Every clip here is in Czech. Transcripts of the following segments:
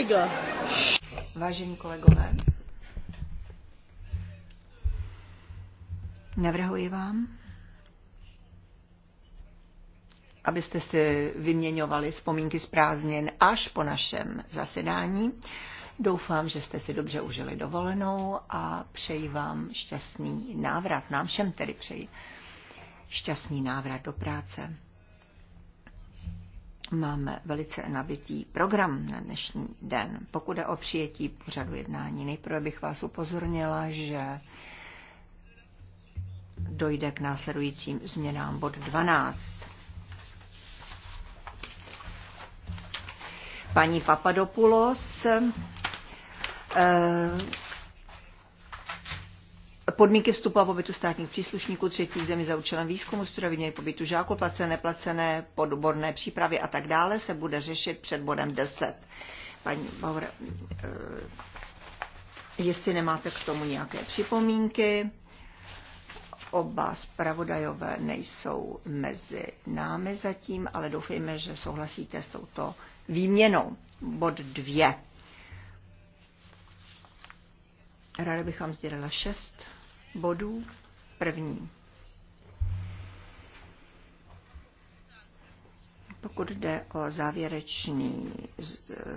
collègues. Vážení kolegové, navrhuji vám, abyste si vyměňovali vzpomínky z prázdnin až po našem zasedání. Doufám, že jste si dobře užili dovolenou a přeji vám šťastný návrat, nám všem tedy přeji šťastný návrat do práce. Máme velice nabitý program na dnešní den. Pokud je o přijetí pořadu jednání, nejprve bych vás upozornila, že dojde k následujícím změnám bod 12. Paní Papadopoulos eh, podmínky vstupu a pobytu státních příslušníků třetích zemí za účelem výzkumu, studovině pobytu žáků, placené, placené, podborné přípravy a tak dále se bude řešit před bodem 10. Paní Bauer, eh, jestli nemáte k tomu nějaké připomínky, oba zpravodajové nejsou mezi námi zatím, ale doufejme, že souhlasíte s touto výměnou. Bod 2. Ráda bych vám sdělila šest bodů. První. Pokud jde o závěrečný,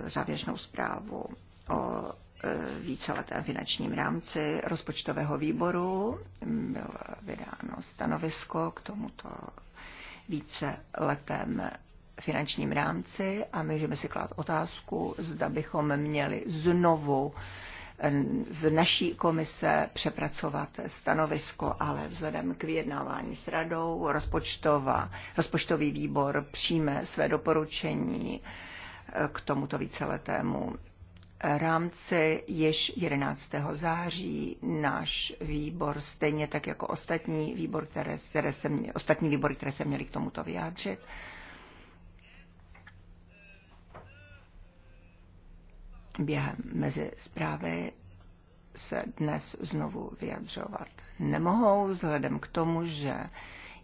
závěrečnou zprávu o e, víceletém finančním rámci rozpočtového výboru, bylo vydáno stanovisko k tomuto víceletém finančním rámci a můžeme si klát otázku, zda bychom měli znovu z naší komise přepracovat stanovisko, ale vzhledem k vyjednávání s radou rozpočtová, rozpočtový výbor přijme své doporučení eh, k tomuto víceletému rámci již 11. září náš výbor, stejně tak jako ostatní, výbor, které, které se, ostatní výbory, které se měly k tomuto vyjádřit, během mezi zprávy se dnes znovu vyjadřovat nemohou, vzhledem k tomu, že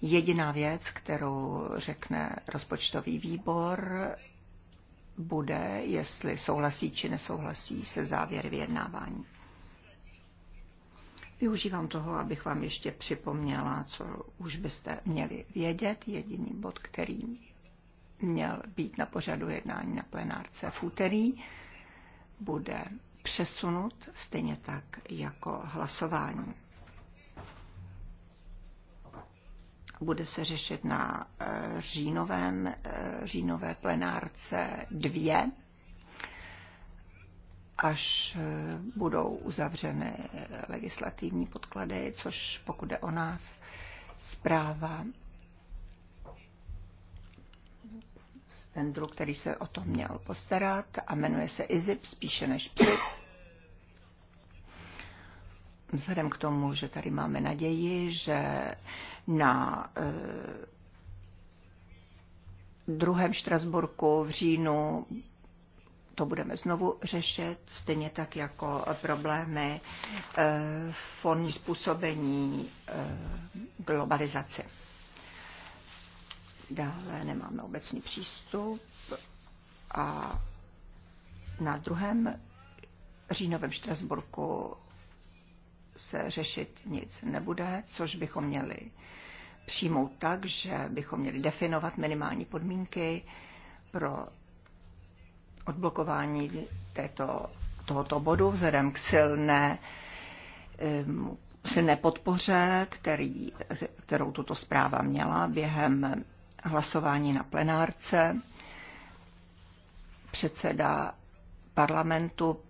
jediná věc, kterou řekne rozpočtový výbor, bude, jestli souhlasí či nesouhlasí se závěry vyjednávání. Využívám toho, abych vám ještě připomněla, co už byste měli vědět. Jediný bod, který měl být na pořadu jednání na plenárce v úterý, bude přesunut, stejně tak jako hlasování. Bude se řešit na eh, říjnovém, eh, říjnové plenárce dvě, až eh, budou uzavřeny legislativní podklady, což pokud je o nás, zpráva Pendru, který se o to měl postarat a jmenuje se IZIP spíše než PSIP. Vzhledem k tomu, že tady máme naději, že na e, druhém Štrasburku v říjnu to budeme znovu řešit, stejně tak jako problémy e, fondní způsobení e, globalizace. Dále nemáme obecný přístup a na druhém říjnovém Štrasburku se řešit nic nebude, což bychom měli přijmout tak, že bychom měli definovat minimální podmínky pro odblokování této, tohoto bodu vzhledem k silné, ehm, silné podpoře, který, kterou tuto zpráva měla během hlasování na plenárce. Předseda parlamentu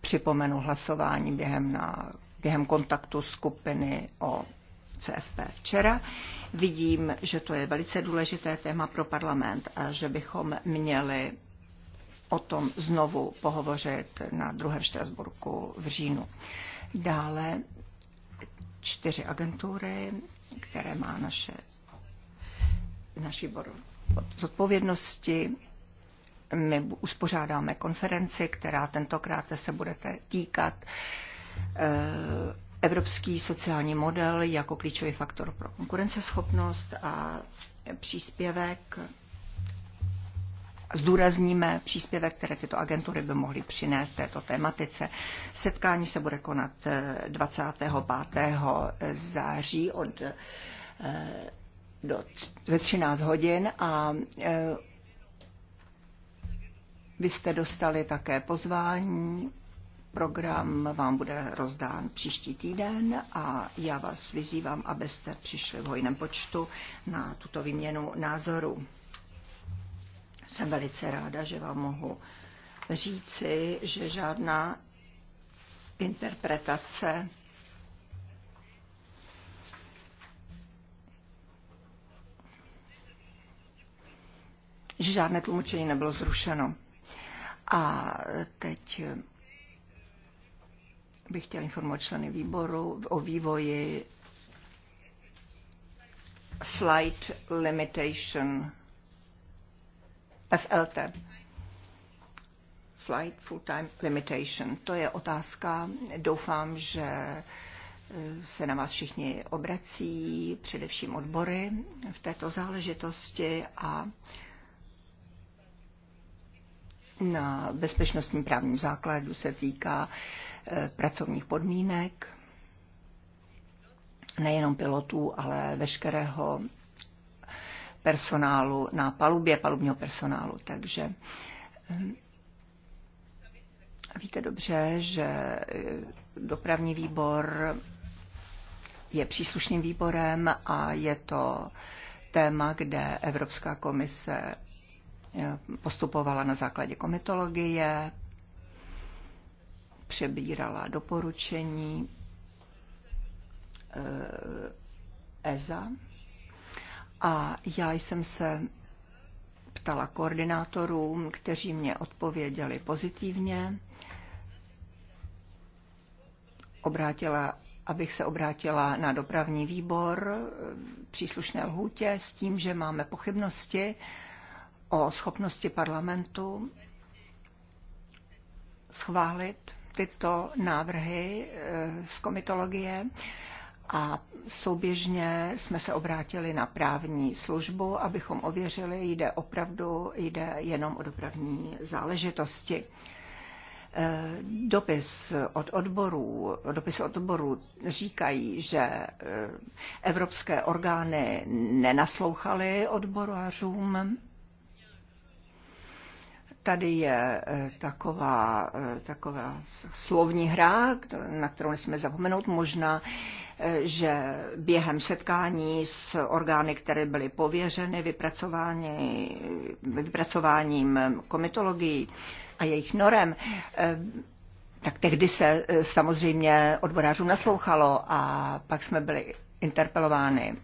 připomenu hlasování během, na, během kontaktu skupiny o CFP včera. Vidím, že to je velice důležité téma pro parlament a že bychom měli o tom znovu pohovořit na druhém Štrasburku v říjnu. Dále čtyři agentury, které má naše naší zodpovědnosti. My uspořádáme konferenci, která tentokrát se bude týkat eh, evropský sociální model jako klíčový faktor pro konkurenceschopnost a příspěvek zdůrazníme příspěvek, které tyto agentury by mohly přinést této tématice. Setkání se bude konat 25. Eh, září od eh, do, ve 13 hodin a e, vy jste dostali také pozvání. Program vám bude rozdán příští týden a já vás vyzývám, abyste přišli v hojném počtu na tuto výměnu názorů. Jsem velice ráda, že vám mohu říci, že žádná interpretace že žádné tlumočení nebylo zrušeno. A teď eh, bych chtěl informovat členy výboru o vývoji Flight Limitation FLT. Flight Full Time Limitation. To je otázka, doufám, že eh, se na vás všichni obrací, především odbory v této záležitosti a na bezpečnostním právním základu se týká eh, pracovních podmínek, nejenom pilotů, ale veškerého personálu na palubě, palubního personálu. Takže eh, víte dobře, že eh, dopravní výbor je příslušným výborem a je to téma, kde Evropská komise Eh, postupovala na základě komitologie, přebírala doporučení EZA eh, e a já jsem se ptala koordinátorům, kteří mě odpověděli pozitivně. Obrátila, abych se obrátila na dopravní výbor příslušné lhůtě s tím, že máme pochybnosti, o schopnosti parlamentu schválit tyto návrhy e, z komitologie a souběžně jsme se obrátili na právní službu, abychom ověřili, jde opravdu, jde jenom o dopravní záležitosti. E, dopis od odborů, dopis od odborů říkají, že e, evropské orgány nenaslouchaly odborářům tady je eh, taková, eh, taková slovní hra, na kterou nesmíme zapomenout. Možná, eh, že během setkání s orgány, které byly pověřeny vypracování, vypracováním komitologií a jejich norem, tak tehdy se samozřejmě odborářům naslouchalo a pak jsme byli interpelovány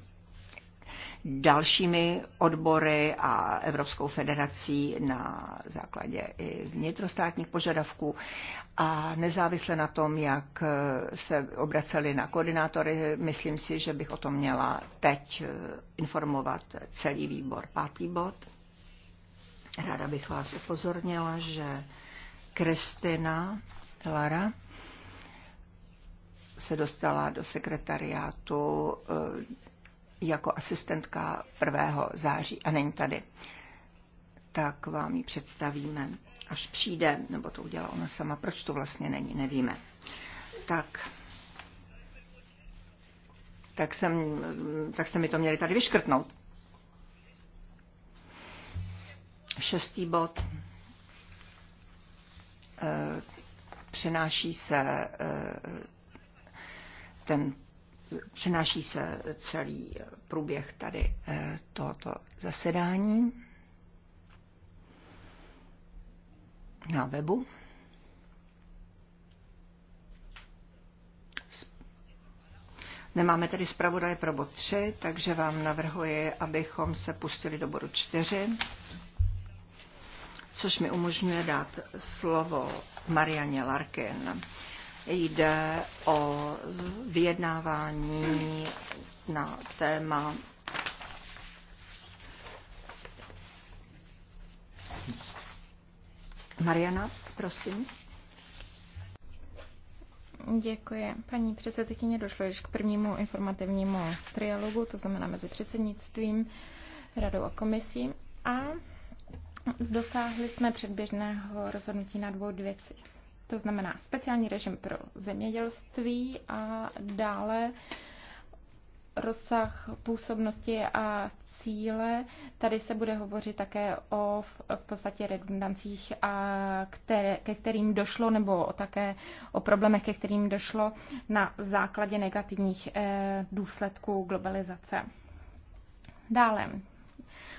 dalšími odbory a Evropskou federací na základě i vnitrostátních požadavků a nezávisle na tom, jak se obraceli na koordinátory, myslím si, že bych o tom měla teď eh, informovat celý výbor. Pátý bod. Ráda bych vás upozornila, že Kristina Lara se dostala do sekretariátu eh, jako asistentka 1. září a není tady. Tak vám ji představíme, až přijde, nebo to udělá ona sama. Proč to vlastně není, nevíme. Tak tak, jsem, tak jste mi to měli tady vyškrtnout. Šestý bod. Eh, přenáší se eh, ten přenáší se celý průběh tady eh, tohoto zasedání na webu. Nemáme tedy zpravodaje pro bod 3, takže vám navrhuji, abychom se pustili do bodu 4, což mi umožňuje dát slovo Marianě Larkin Jde o vyjednávání na téma Mariana, prosím. Děkuji. Paní předsedkyně, došlo již k prvnímu informativnímu trialogu, to znamená mezi předsednictvím, radou a komisí. A dosáhli jsme předběžného rozhodnutí na dvou věcích to znamená speciální režim pro zemědělství a dále rozsah působnosti a cíle. Tady se bude hovořit také o v podstatě redundancích, a které, ke kterým došlo, nebo také o problémech, ke kterým došlo na základě negativních eh, důsledků globalizace. Dále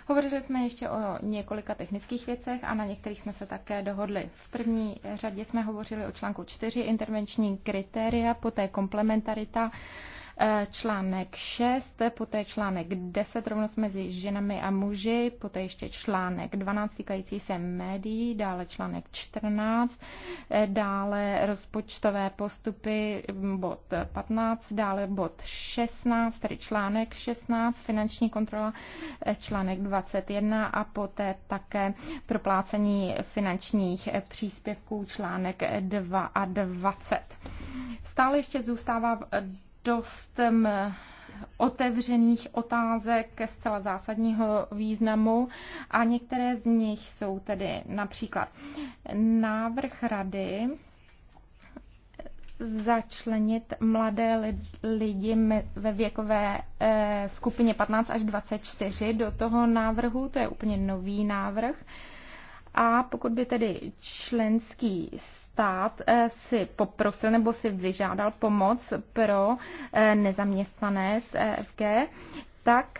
Hovořili jsme ještě o několika technických věcech a na některých jsme se také dohodli. V první řadě jsme hovořili o článku 4 intervenční kritéria, poté komplementarita Eh, článek 6, poté článek 10, rovnost mezi ženami a muži, poté ještě článek 12 týkající se médií, dále článek 14, eh, dále rozpočtové postupy, mm, bod 15, dále bod 16, tedy článek 16, finanční kontrola, eh, článek 21 a poté také proplácení finančních příspěvků, článek 2 a 20. Stále ještě zůstává dost otevřených otázek zcela zásadního významu a některé z nich jsou tedy například návrh rady začlenit mladé lidi ve věkové eh, skupině 15 až 24 do toho návrhu, to je úplně nový návrh. A pokud by tedy členský stát eh, si poprosil nebo si vyžádal pomoc pro eh, nezaměstnané z EFG, tak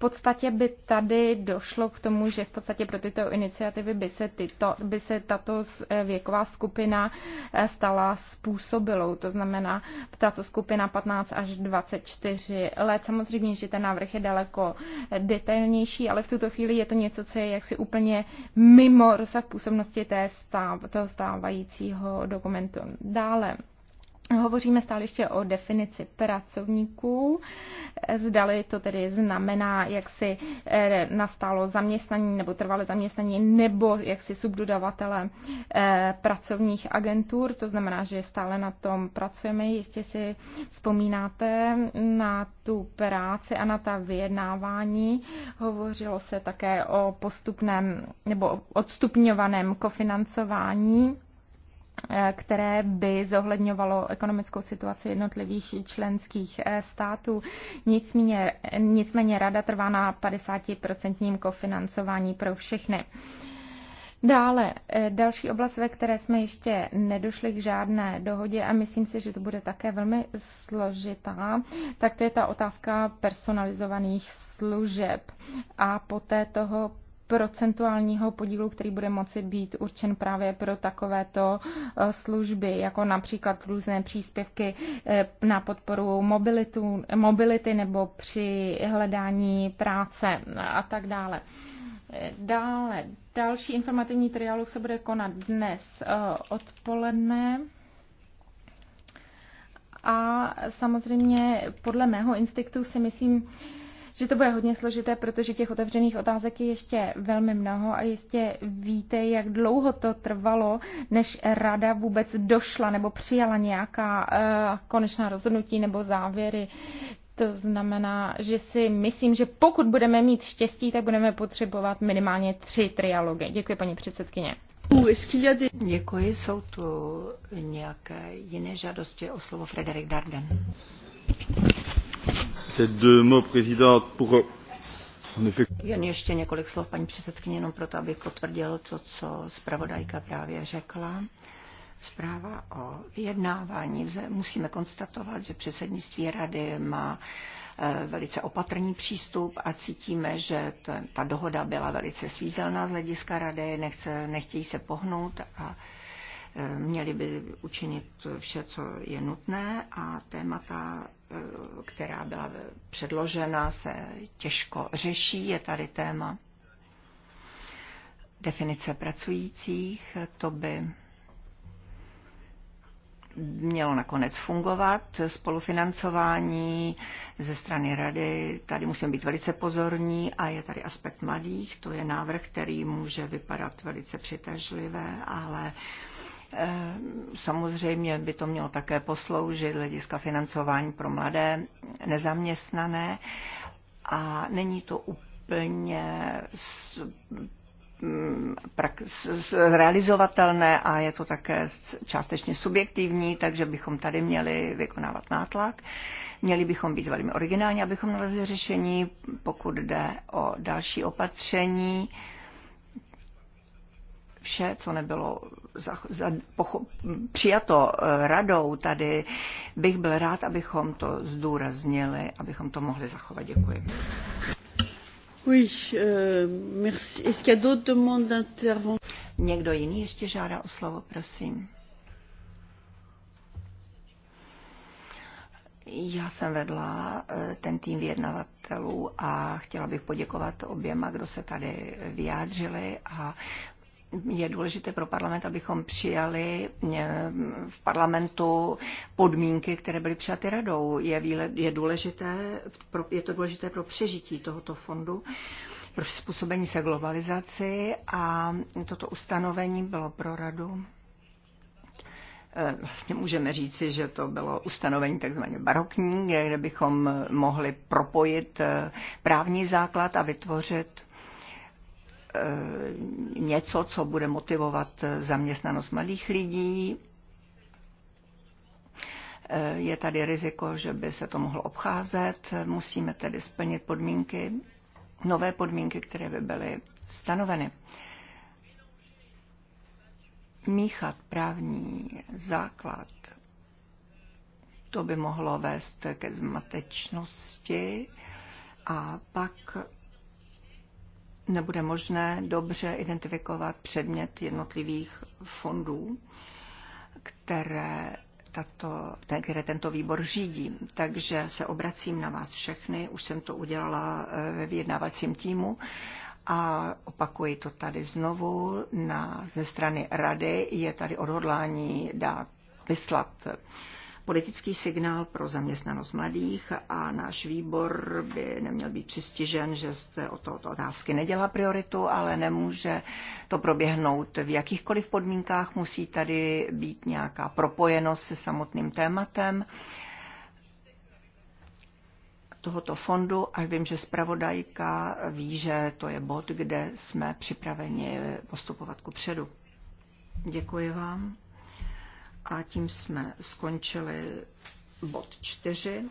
podstatě by tady došlo k tomu, že v podstatě pro tyto iniciativy by se, tyto, by se tato eh, věková skupina eh, stala způsobilou, to znamená tato skupina 15 až 24 let. Samozřejmě, že ten návrh je daleko eh, detailnější, ale v tuto chvíli je to něco, co je jaksi úplně mimo rozsah působnosti té stáv, toho stávajícího dokumentu. Dále. Hovoříme stále ještě o definici pracovníků, zdali to tedy znamená, jak si eh, nastalo zaměstnaní nebo trvalé zaměstnaní, nebo jak si subdodavatele eh, pracovních agentur, to znamená, že stále na tom pracujeme. Jistě si vzpomínáte na tu práci a na ta vyjednávání. Hovořilo se také o postupném nebo odstupňovaném kofinancování Eh, které by zohledňovalo ekonomickou situaci jednotlivých členských eh, států. Nicméně, nicméně rada trvá na 50% kofinancování pro všechny. Dále, eh, další oblast, ve které jsme ještě nedošli k žádné dohodě a myslím si, že to bude také velmi složitá, tak to je ta otázka personalizovaných služeb a poté toho procentuálního podílu, který bude moci být určen právě pro takovéto eh, služby, jako například různé příspěvky eh, na podporu mobilitu, mobility nebo při hledání práce a tak dále. Eh, dále, další informativní triálu se bude konat dnes odpoledne. A samozřejmě podle mého instinktu si myslím, že to bude hodně složité, protože těch otevřených otázek je ještě velmi mnoho a jistě víte, jak dlouho to trvalo, než rada vůbec došla nebo přijala nějaká eh, konečná rozhodnutí nebo závěry. To znamená, že si myslím, že pokud budeme mít štěstí, tak budeme potřebovat minimálně tři trialogy. Děkuji, paní předsedkyně. Děkuji. Jsou tu nějaké jiné žádosti o slovo Frederik Darden. Jen ještě několik slov, paní předsedkyně, jenom proto, abych potvrdil to, co zpravodajka právě řekla. Zpráva o vyjednávání. Musíme konstatovat, že předsednictví rady má eh, velice opatrný přístup a cítíme, že ta dohoda byla velice svízelná z hlediska rady, nechce, nechtějí se pohnout a Měli by učinit vše, co je nutné a témata, eh, která byla předložena, se těžko řeší. Je tady téma definice pracujících, to by mělo nakonec fungovat. Spolufinancování ze strany rady, tady musíme být velice pozorní a je tady aspekt mladých, to je návrh, který může vypadat velice přitažlivé, ale uh, Eh, samozřejmě by to mělo také posloužit hlediska financování pro mladé nezaměstnané a není to úplně mm, realizovatelné a je to také částečně subjektivní, takže bychom tady měli vykonávat nátlak. Měli bychom být velmi originální, abychom nalezli řešení, pokud jde o další opatření vše, co nebylo za, za, pocho, přijato eh, radou tady, bych byl rád, abychom to zdůraznili, abychom to mohli zachovat. Děkuji. Oui, euh, merci. Est-ce qu'il y a d'autres demandes d'intervention? Někdo jiný ještě žádá o slovo, prosím. Já jsem vedla eh, ten tým vyjednavatelů a chtěla bych poděkovat oběma, kdo se tady vyjádřili a je důležité pro parlament, abychom přijali eh, v parlamentu podmínky, které byly přijaty radou. Je, je, důležité, je to důležité pro přežití tohoto fondu pro způsobení se globalizaci a toto ustanovení bylo pro radu eh, vlastně můžeme říci, že to bylo ustanovení takzvaně barokní, kde bychom mohli propojit eh, právní základ a vytvořit Eh, něco, co bude motivovat zaměstnanost malých lidí. Eh, je tady riziko, že by se to mohlo obcházet. Musíme tedy splnit podmínky, nové podmínky, které by byly stanoveny. Míchat právní základ, to by mohlo vést ke zmatečnosti a pak nebude možné dobře identifikovat předmět jednotlivých fondů, které, tato, které tento výbor řídí. Takže se obracím na vás všechny, už jsem to udělala eh, ve vyjednávacím týmu a opakuji to tady znovu, na, ze strany rady je tady odhodlání dát vyslat politický signál pro zaměstnanost mladých a náš výbor by neměl být přistižen, že jste o tohoto otázky nedělá prioritu, ale nemůže to proběhnout v jakýchkoliv podmínkách. Musí tady být nějaká propojenost se samotným tématem tohoto fondu a vím, že zpravodajka ví, že to je bod, kde jsme připraveni postupovat ku předu. Děkuji vám. A tím jsme skončili bod čtyři.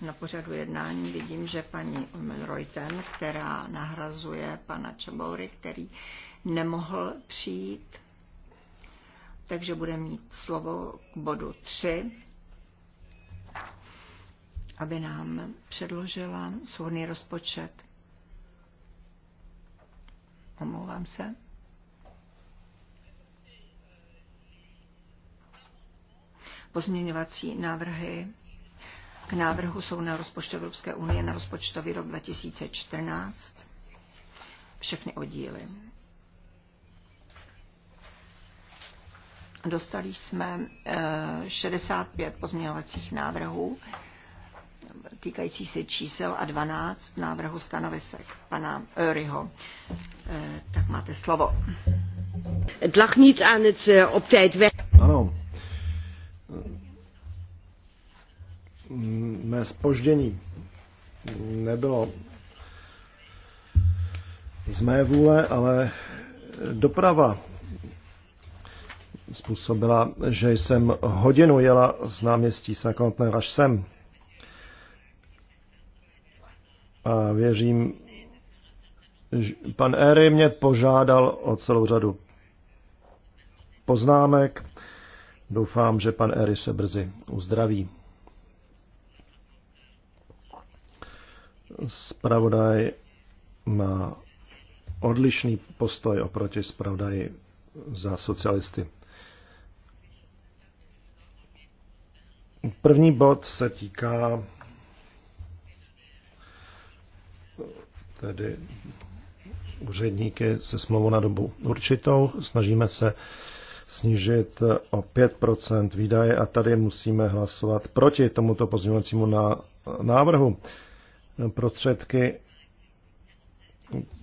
Na pořadu jednání vidím, že paní Reuten, která nahrazuje pana Čabory, který nemohl přijít, takže bude mít slovo k bodu 3, aby nám předložila souhrný rozpočet. Omlouvám se. Pozměňovací návrhy k návrhu jsou na rozpočtu Evropské unie na rozpočtový rok 2014 všechny oddíly. Dostali jsme 65 eh, pozměňovacích návrhů týkající se čísel a 12 návrhu stanovisek pana Öryho. Eh, tak máte slovo. Eh, ano, mé spoždění nebylo z mé vůle, ale doprava způsobila, že jsem hodinu jela z náměstí saint až sem. A věřím, že pan Éry mě požádal o celou řadu poznámek, Doufám, že pan Ery se brzy uzdraví. Spravodaj má odlišný postoj oproti spravodaji za socialisty. První bod se týká tedy úředníky se smlouvou na dobu určitou. Snažíme se snížit o 5 výdaje a tady musíme hlasovat proti tomuto pozměňovacímu návrhu. Prostředky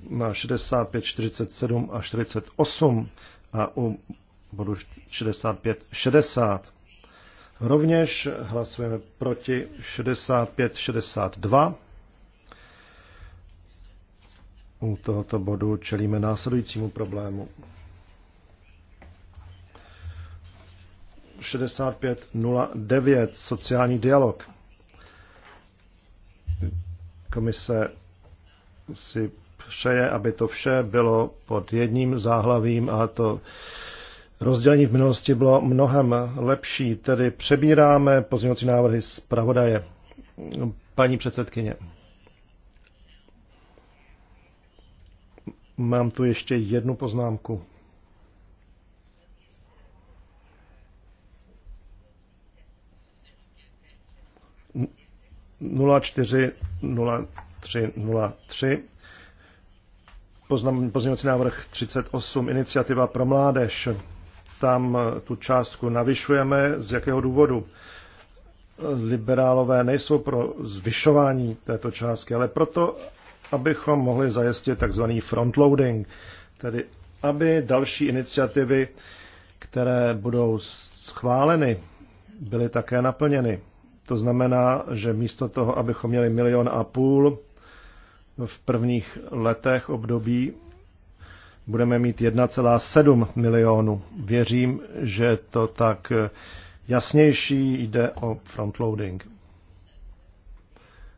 na 65, 47 a 48 a u bodu 65, 60. Rovněž hlasujeme proti 65, 62. U tohoto bodu čelíme následujícímu problému. 6509 sociální dialog. Komise si přeje, aby to vše bylo pod jedním záhlavím a to rozdělení v minulosti bylo mnohem lepší. Tedy přebíráme pozměňovací návrhy z pravodaje. Paní předsedkyně. Mám tu ještě jednu poznámku. 040303. Pozměňovací návrh 38, iniciativa pro mládež. Tam eh, tu částku navyšujeme. Z jakého důvodu? Liberálové nejsou pro zvyšování této částky, ale proto, abychom mohli zajistit tzv. frontloading, tedy aby další iniciativy, které budou schváleny, byly také naplněny. To znamená, že místo toho, abychom měli milion a půl v prvních letech období, budeme mít 1,7 milionu. Věřím, že to tak jasnější jde o frontloading.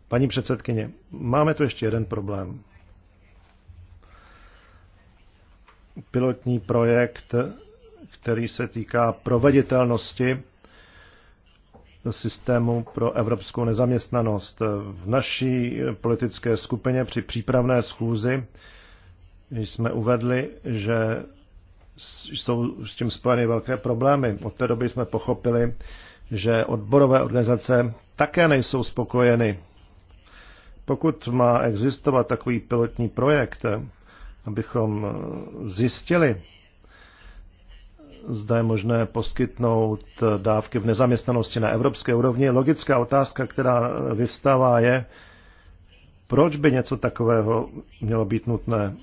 Paní předsedkyně, máme tu ještě jeden problém. Pilotní projekt, který se týká proveditelnosti systému pro evropskou nezaměstnanost. V naší politické skupině při přípravné schůzi jsme uvedli, že jsou s tím spojeny velké problémy. Od té doby jsme pochopili, že odborové organizace také nejsou spokojeny. Pokud má existovat takový pilotní projekt, abychom zjistili, zda je možné poskytnout dávky v nezaměstnanosti na evropské úrovni. Logická otázka, která vyvstává, je, proč by něco takového mělo být nutné?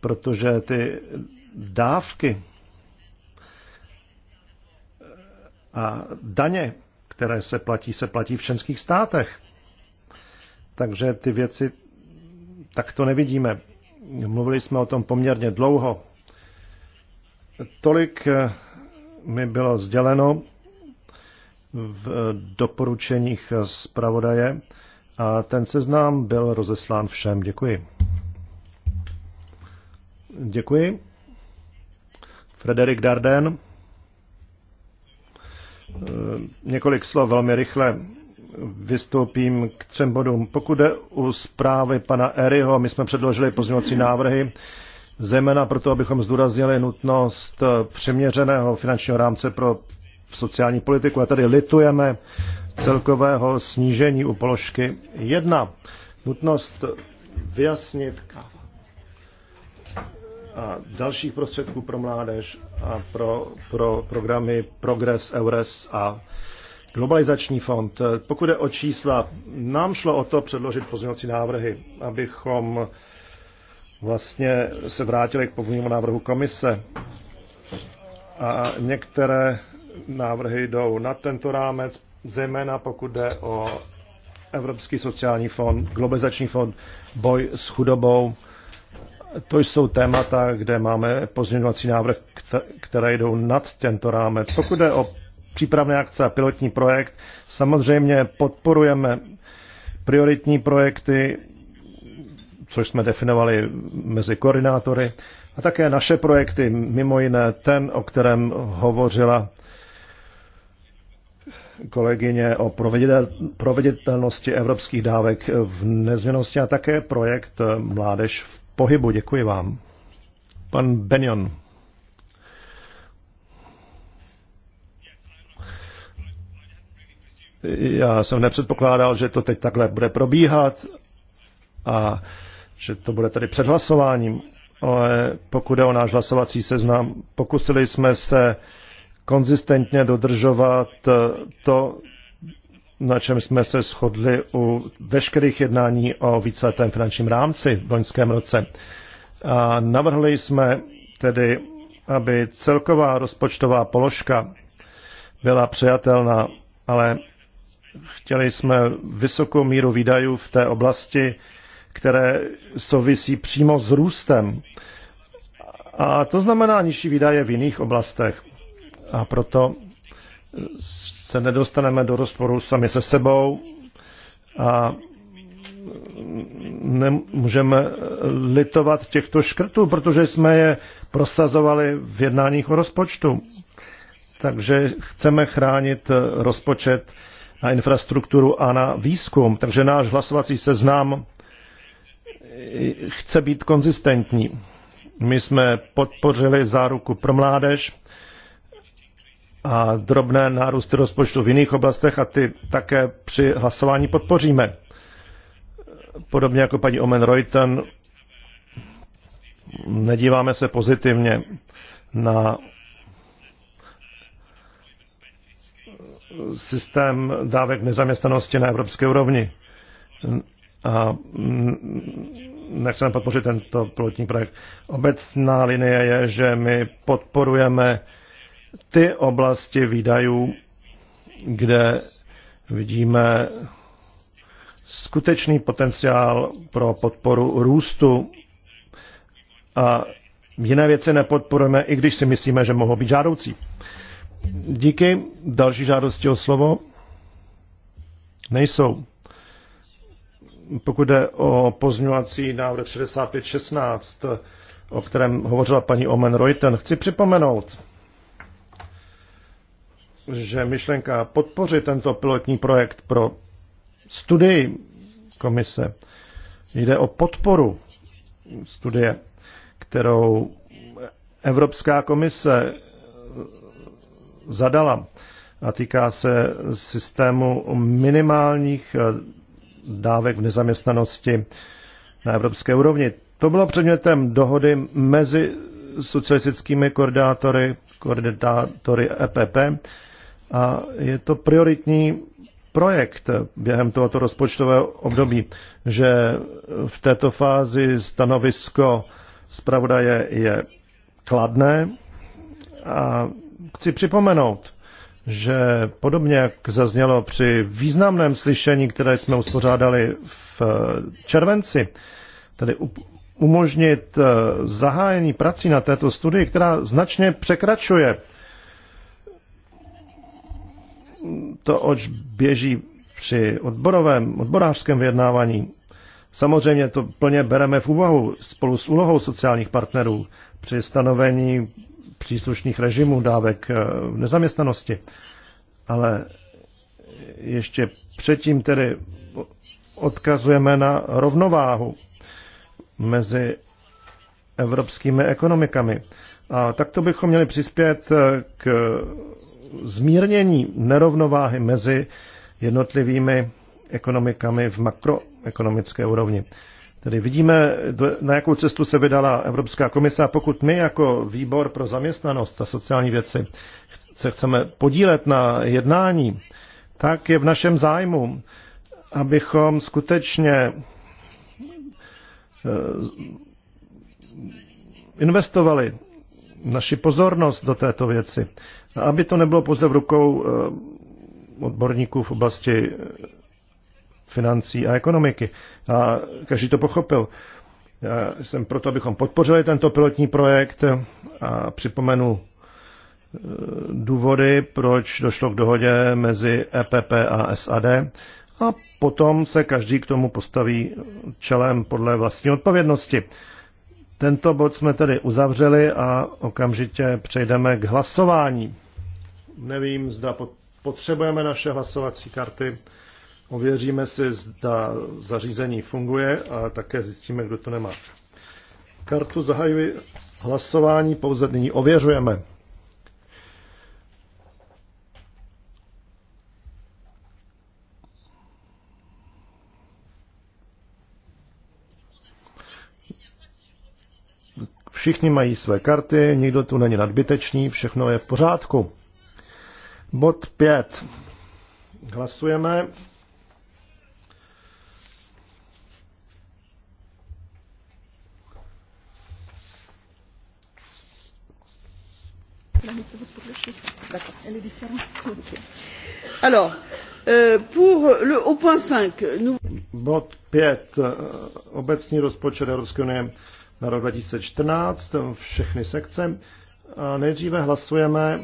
Protože ty dávky a daně, které se platí, se platí v členských státech. Takže ty věci takto nevidíme. Mluvili jsme o tom poměrně dlouho Tolik eh, mi bylo sděleno v eh, doporučeních eh, zpravodaje a ten seznám byl rozeslán všem. Děkuji. Děkuji. Frederik Darden. Několik slov velmi rychle. Vystoupím k třem bodům. Pokud jde u zprávy pana Eryho, my jsme předložili pozměňovací návrhy zejména proto, abychom zdůraznili nutnost eh, přeměřeného finančního rámce pro sociální politiku. A tady litujeme celkového snížení u položky 1. Nutnost vyjasnit a dalších prostředků pro mládež a pro, pro programy Progress, Eures a Globalizační fond. Pokud je o čísla, nám šlo o to předložit pozměňovací návrhy, abychom vlastně se vrátili k původnímu návrhu komise. A některé návrhy jdou na tento rámec, zejména pokud jde o Evropský sociální fond, Globalizační fond, boj s chudobou. To jsou témata, kde máme pozměňovací návrh, které jdou nad tento rámec. Pokud jde o přípravné akce a pilotní projekt, samozřejmě podporujeme prioritní projekty, což jsme definovali mezi koordinátory, a také naše projekty, mimo jiné ten, o kterém hovořila kolegyně o proveditelnosti evropských dávek v nezměnosti a také projekt eh, Mládež v pohybu. Děkuji vám. Pan Benjon. Já jsem nepředpokládal, že to teď takhle bude probíhat a že to bude tady před hlasováním, ale pokud je o náš hlasovací seznam, pokusili jsme se konzistentně dodržovat eh, to, na čem jsme se shodli u veškerých jednání o víceletém finančním rámci v loňském roce. A navrhli jsme tedy, aby celková rozpočtová položka byla přijatelná, ale chtěli jsme vysokou míru výdajů v té oblasti, které souvisí přímo s růstem. A to znamená nižší výdaje v jiných oblastech. A proto se nedostaneme do rozporu sami se sebou a nemůžeme litovat těchto škrtů, protože jsme je prosazovali v jednáních o rozpočtu. Takže chceme chránit rozpočet na infrastrukturu a na výzkum. Takže náš hlasovací seznam chce být konzistentní. My jsme podpořili záruku pro mládež a drobné nárůsty rozpočtu v jiných oblastech a ty také při hlasování podpoříme. Podobně jako paní Omen Reuten, nedíváme se pozitivně na systém dávek nezaměstnanosti na evropské úrovni. A nechceme podpořit tento pilotní projekt. Obecná linie je, že my podporujeme ty oblasti výdajů, kde vidíme skutečný potenciál pro podporu růstu a jiné věci nepodporujeme, i když si myslíme, že mohou být žádoucí. Díky. Další žádosti o slovo nejsou. Pokud jde o pozňovací návrh 6516, o kterém hovořila paní Omen Reuten, chci připomenout, že myšlenka podpořit tento pilotní projekt pro studii komise jde o podporu studie, kterou Evropská komise zadala a týká se systému minimálních dávek v nezaměstnanosti na evropské úrovni. To bylo předmětem dohody mezi socialistickými koordinátory, koordinátory EPP a je to prioritní projekt během tohoto rozpočtového období, že v této fázi stanovisko zpravodaje je kladné a chci připomenout, že podobně jak zaznělo při významném slyšení, které jsme uspořádali v eh, červenci, tedy umožnit eh, zahájení prací na této studii, která značně překračuje to, oč běží při odborovém, odborářském vyjednávání. Samozřejmě to plně bereme v úvahu spolu s úlohou sociálních partnerů při stanovení příslušných režimů dávek eh, v nezaměstnanosti. Ale ještě předtím tedy odkazujeme na rovnováhu mezi evropskými ekonomikami. A takto bychom měli přispět eh, k zmírnění nerovnováhy mezi jednotlivými ekonomikami v makroekonomické úrovni. Tedy vidíme, na jakou cestu se vydala Evropská komise a pokud my jako výbor pro zaměstnanost a sociální věci se chceme podílet na jednání, tak je v našem zájmu, abychom skutečně eh, investovali naši pozornost do této věci. A aby to nebylo pouze v rukou eh, odborníků v oblasti eh, financí a ekonomiky a každý to pochopil. Já jsem proto, abychom podpořili tento pilotní projekt a připomenu eh, důvody, proč došlo k dohodě mezi EPP a SAD a potom se každý k tomu postaví čelem podle vlastní odpovědnosti. Tento bod jsme tedy uzavřeli a okamžitě přejdeme k hlasování. Nevím, zda potřebujeme naše hlasovací karty. Ověříme si, zda zařízení funguje a také zjistíme, kdo to nemá. Kartu zahajuji hlasování, pouze nyní ověřujeme. Všichni mají své karty, nikdo tu není nadbytečný, všechno je v pořádku. Bod 5. Hlasujeme. Alors, euh, pour le, au point 5, nous... Bod 5. Eh, obecný rozpočet Evropské unie na rok 2014, všechny sekce. A nejdříve hlasujeme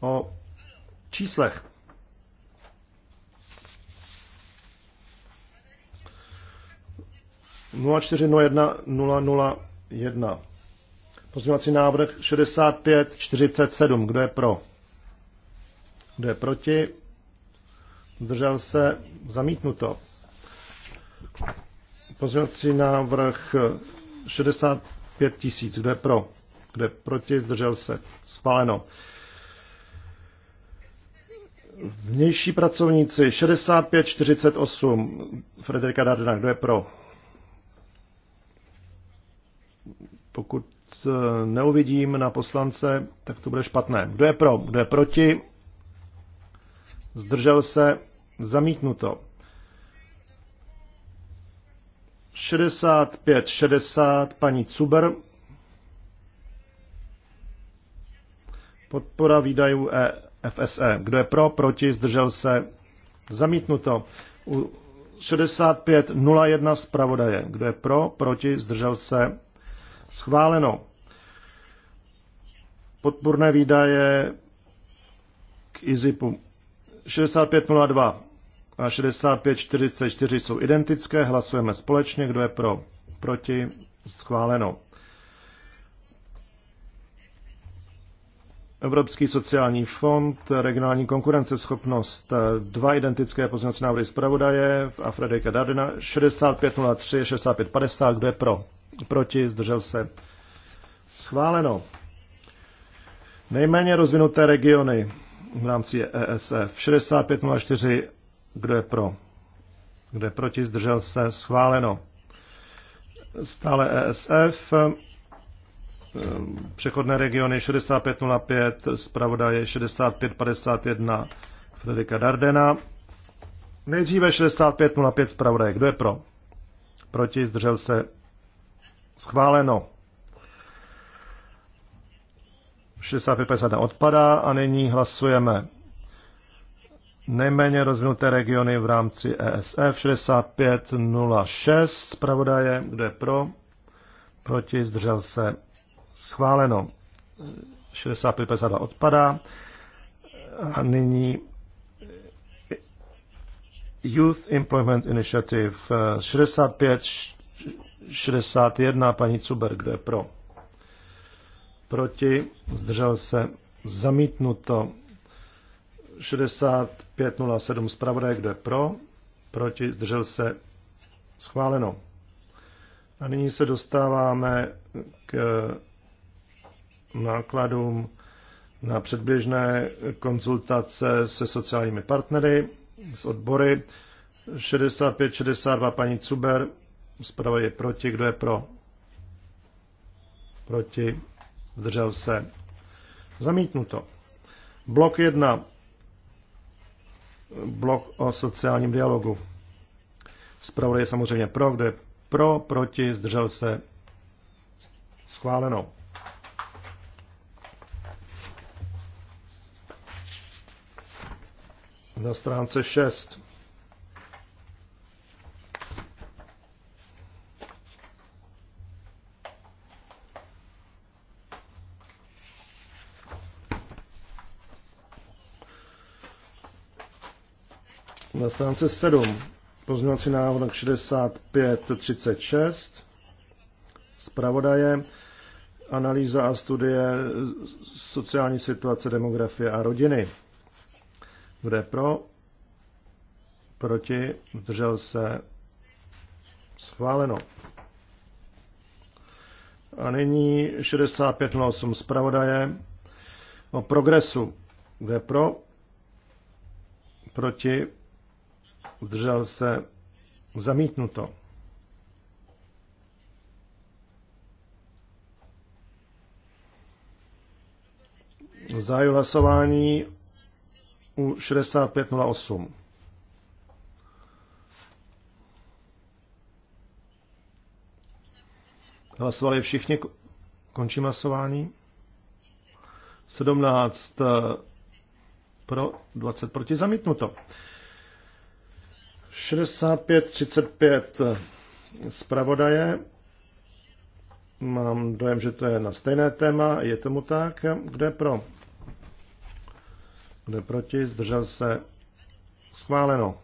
o číslech. Nula čtyři nula jedna nula nula jedna. Pozměňovací návrh 6547. Kdo je pro? Kdo je proti? Zdržel se? Zamítnuto. Pozměňovací návrh 65 tisíc. Kdo je pro? Kdo je proti? Zdržel se? Spáleno. Vnější pracovníci 6548. Frederika Dardena. Kdo je pro? Pokud Eh, neuvidím na poslance, tak to bude špatné. Kdo je pro, kdo je proti? Zdržel se, zamítnuto. 65, 60, paní Cuber. Podpora výdajů FSE. E. Kdo je pro, proti, zdržel se, zamítnuto. U 65, 01, zpravodaje. Kdo je pro, proti, zdržel se, schváleno. Podpůrné výdaje k IZIPu 6502 a 6544 jsou identické, hlasujeme společně, kdo je pro, proti, schváleno. Evropský sociální fond, regionální konkurenceschopnost, dva identické pozměňovací návrhy zpravodaje a Frederika Dardina, 6503, 6550, kdo je pro, proti, zdržel se. Schváleno. Nejméně rozvinuté regiony v rámci e ESF 6504, kdo je pro? Kdo je proti? Zdržel se? Schváleno. Stále ESF, ehm, přechodné regiony 6505, je 6551 Frederika Dardena. Nejdříve 6505 Zpravodaj. Kdo je pro? Proti? Zdržel se? Schváleno. 65% odpadá a nyní hlasujeme nejméně rozvinuté regiony v rámci e ESF 6506 zpravodaje, kdo je pro, proti, zdržel se, schváleno. 65% odpadá a nyní Youth Employment Initiative 65 61 paní Cuber, kdo je pro proti, zdržel se, zamítnuto. 6507 zpravodaj, kdo je pro, proti, zdržel se, schváleno. A nyní se dostáváme k nákladům na předběžné konzultace se sociálními partnery, s odbory. 65, 62 paní Cuber, zpravodaj je proti, kdo je pro? Proti, zdržel se, zamítnuto. Blok 1, blok o sociálním dialogu. Zpravodaj je samozřejmě pro, kde je pro, proti, zdržel se, schváleno. Na stránce 6 Na stránce 7 pozměňovací návrh 6536 zpravodaje analýza a studie sociální situace, demografie a rodiny. Kde pro? Proti? Držel se? Schváleno. A nyní 6508 zpravodaje o progresu. Kde pro? Proti? zdržel se, zamítnuto. Zahájil hlasování u 6508. Hlasovali všichni, končím hlasování. 17 eh, pro, 20 proti, zamítnuto. 65-35 zpravodaje. Mám dojem, že to je na stejné téma. Je tomu tak? Kde pro? Kde proti? Zdržel se? Schváleno.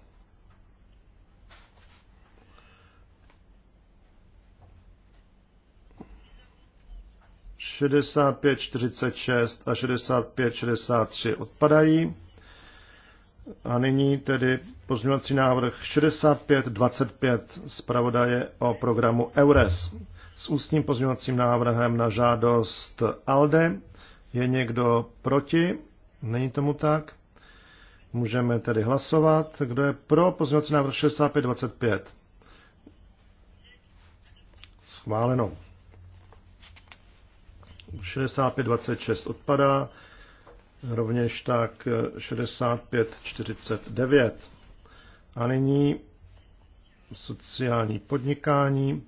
Šedesát pět čtyřicet šest a šedesát pět šedesát tři odpadají. A nyní tedy pozměňovací návrh 6525 zpravodaje o programu EURES s ústním pozměňovacím návrhem na žádost ALDE. Je někdo proti? Není tomu tak. Můžeme tedy hlasovat. Kdo je pro pozměňovací návrh 6525? Schváleno. 6526 odpadá rovněž tak 6549. A nyní sociální podnikání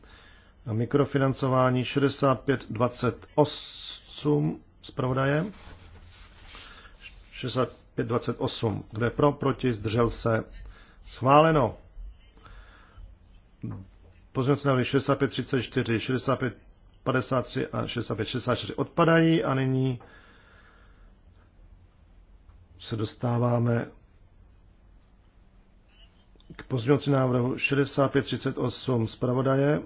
a mikrofinancování 6528 zpravodaje. 6528. Kdo je pro, proti, zdržel se. Schváleno. Pozměnce návrhy 6534, 6553 a 6564 odpadají a nyní se dostáváme k pozměňovací návrhu 6538 zpravodaje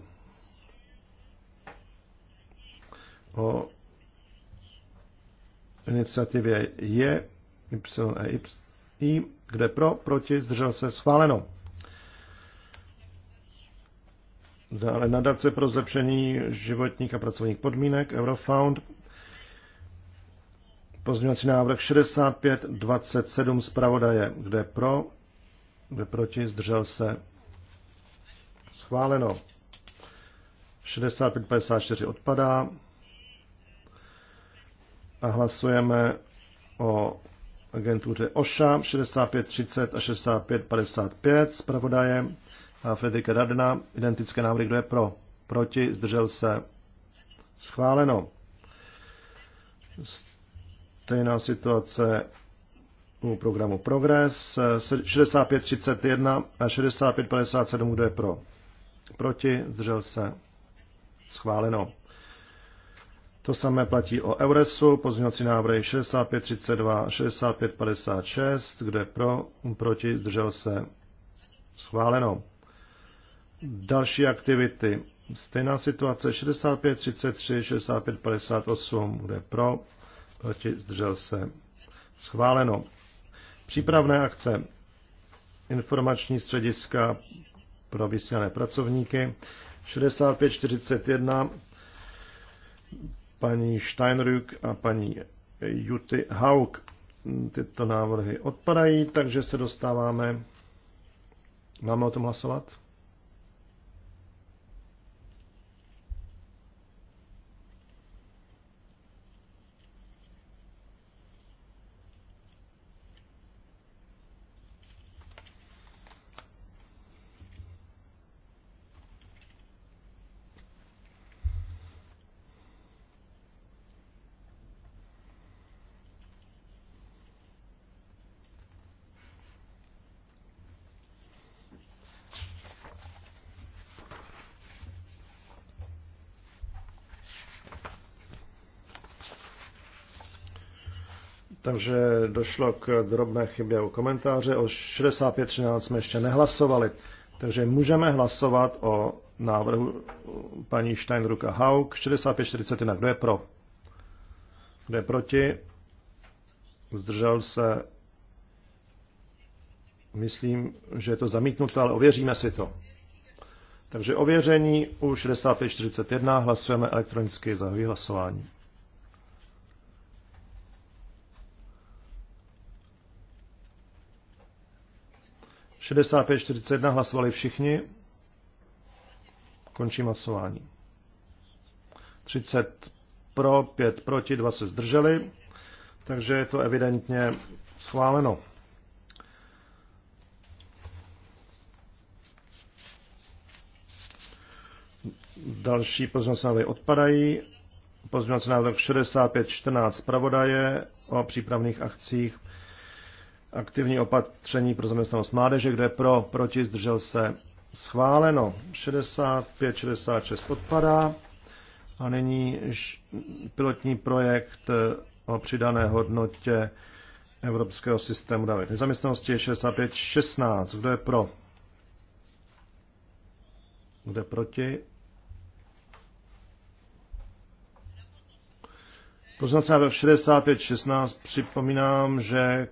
o iniciativě je YEI, kde pro, proti, zdržel se, schváleno. Dále nadace pro zlepšení životních a pracovních podmínek Eurofound Pozměňovací návrh 6527 zpravodaje. Kde pro? Kde proti? Zdržel se? Schváleno. 6554 odpadá. A hlasujeme o agentuře OŠA 6530 a 6555 zpravodaje a Fredrika Radna. Identické návrhy, kdo je pro? Proti? Zdržel se? Schváleno. Stejná situace u programu Progress 6531 a 6557, kdo je pro? Proti, zdržel se, schváleno. To samé platí o Euresu, pozměňovací návrhy 6532, 6556, je pro, proti, zdržel se, schváleno. Další aktivity. Stejná situace 6533, 6558, kde pro, proti, zdržel se, schváleno. Přípravné akce, informační střediska pro vysílané pracovníky, 6541, paní Steinrück a paní Juty Haug. Tyto návrhy odpadají, takže se dostáváme. Máme o tom hlasovat? takže došlo k drobné chybě u komentáře. O 65.13 jsme ještě nehlasovali, takže můžeme hlasovat o návrhu paní Steinruka Haug 65.41. Kdo je pro? Kdo je proti? Zdržel se. Myslím, že je to zamítnuté, ale ověříme si to. Takže ověření u 65.41 hlasujeme elektronicky za vyhlasování. 65-41 hlasovali všichni. Končím hlasování. 30 pro, 5 proti, 2 se zdrželi, takže je to evidentně schváleno. Další pozměnce návrhy odpadají. Pozměnce návrh 65-14 zpravodaje o přípravných akcích Aktivní opatření pro zaměstnanost mládeže, kde pro, proti, zdržel se schváleno. 65, 66 odpadá. A nyní pilotní projekt eh, o přidané hodnotě Evropského systému dávek nezaměstnanosti je 65, 16. Kdo je pro? Kdo je proti? Poznacená návrh 65.16 připomínám, že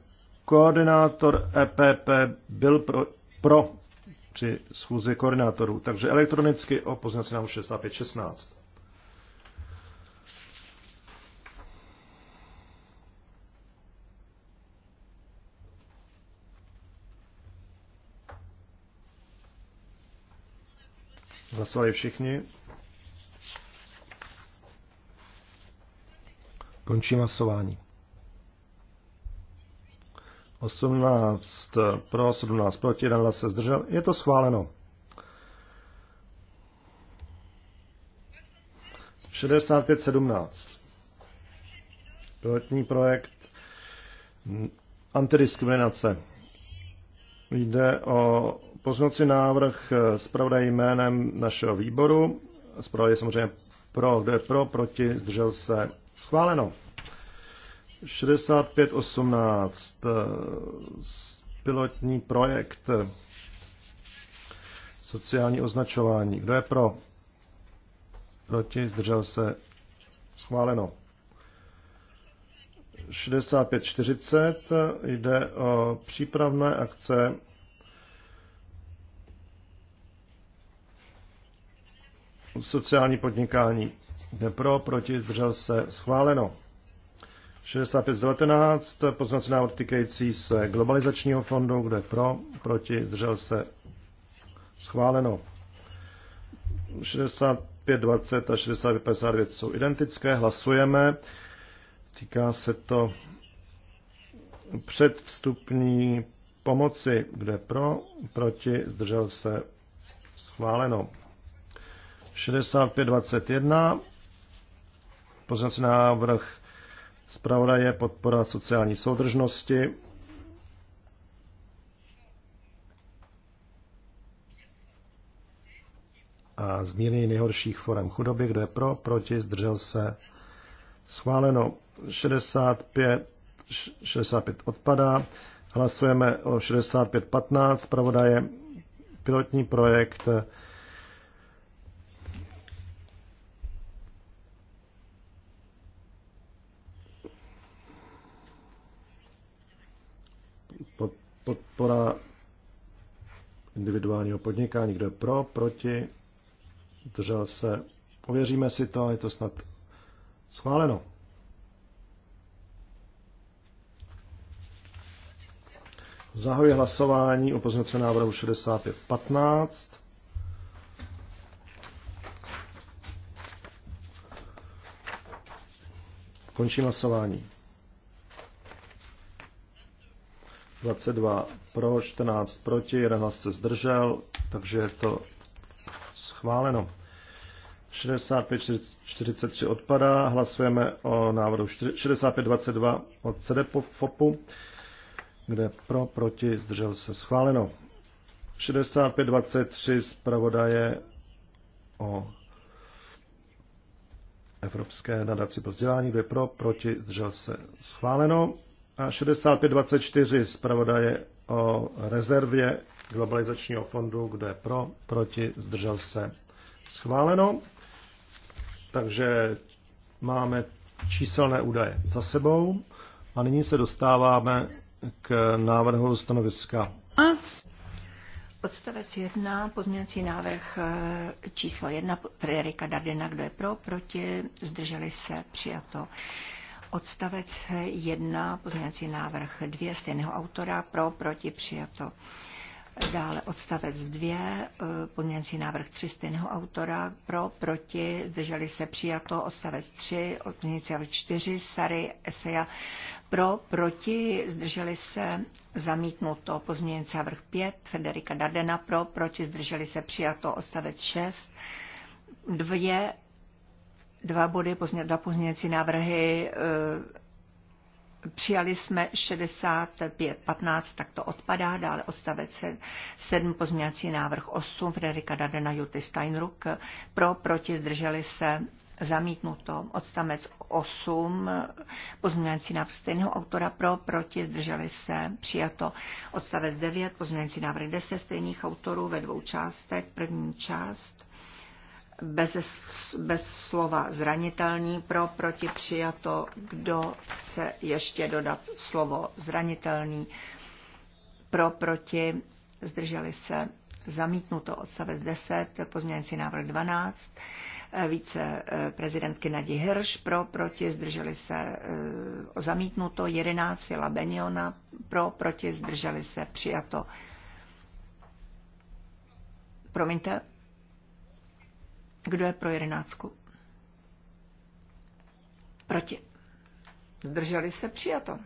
koordinátor EPP byl pro, pro při schůzi koordinátorů, takže elektronicky o poznací nám 6516. Hlasovali všichni. Končím hlasování. 18 pro, 17 proti, 11 se zdržel. Je to schváleno. 65 17. Pilotní projekt antidiskriminace. Jde o pozměňovací návrh zpravodaj jménem našeho výboru. Zpravodaj je samozřejmě pro, kdo je pro, proti, zdržel se. Schváleno. 6518, eh, pilotní projekt eh, sociální označování. Kdo je pro? Proti, zdržel se. Schváleno. 6540 eh, jde o přípravné akce sociální podnikání. Jde pro, proti, zdržel se. Schváleno. 6519, poznací návrh týkající se globalizačního fondu, kde pro, proti, zdržel se schváleno. 6520 a 6559 jsou identické, hlasujeme. Týká se to předvstupní pomoci, kde pro, proti, zdržel se schváleno. 6521, poznací návrh Zpravodaje podpora sociální soudržnosti. A zmírnění nejhorších forem chudoby. Kdo je pro, proti, zdržel se. Schváleno 65, 65 odpadá. Hlasujeme o 65.15. Zpravodaje pilotní projekt Podpora individuálního podnikání, kdo je pro, proti, držel se. Ověříme si to, je to snad schváleno. Zahajuji hlasování o pozměnce návrhu 6515. Končím hlasování. 22 pro, 14 proti, 11 se zdržel, takže je to schváleno. 65-43 odpadá, hlasujeme o návrhu 65-22 od CDFOPu, kde pro, proti, zdržel se schváleno. 65-23 zpravodaje o Evropské nadaci pro vzdělání, kde pro, proti, zdržel se schváleno. A 6524 zpravodaje o rezervě globalizačního fondu, kdo je pro, proti, zdržel se. Schváleno. Takže máme číselné údaje za sebou a nyní se dostáváme k návrhu stanoviska. Odstavec 1, pozměňovací návrh eh, číslo 1, Frederika Dardena, kdo je pro, proti, zdrželi se, přijato. Odstavec 1, pozměňovací návrh 2 stejného autora, pro, proti, přijato. Dále odstavec 2, eh, pozměňovací návrh 3 stejného autora, pro, proti, zdrželi se přijato, odstavec 3, pozměňovací návrh 4, Sary, Eseja, pro, proti, zdrželi se zamítnuto, pozměňovací návrh 5, Federika Dardena, pro, proti, zdrželi se přijato, odstavec 6, dvě dva body, dva pozměňovací návrhy. Eh, přijali jsme 65.15, tak to odpadá, dále odstavec 7, pozměňovací návrh 8, Frederika Dadena, Juty Steinruck, pro, proti, zdrželi se, zamítnuto, odstavec 8, pozměňovací návrh stejného autora, pro, proti, zdrželi se, přijato, odstavec 9, pozměňovací návrh 10 stejných autorů ve dvou částech, první část, bez, bez slova zranitelní, pro, proti, přijato, kdo chce ještě dodat slovo zranitelný, pro, proti, zdrželi se, zamítnuto odstavec 10, pozměňující návrh 12, eh, více eh, prezidentky Nadi Hirš, pro, proti, zdrželi se, eh, zamítnuto 11, Fila Beniona, pro, proti, zdrželi se, přijato. Promiňte, kdo je pro jedenáctku? Proti. Zdrželi se přijato.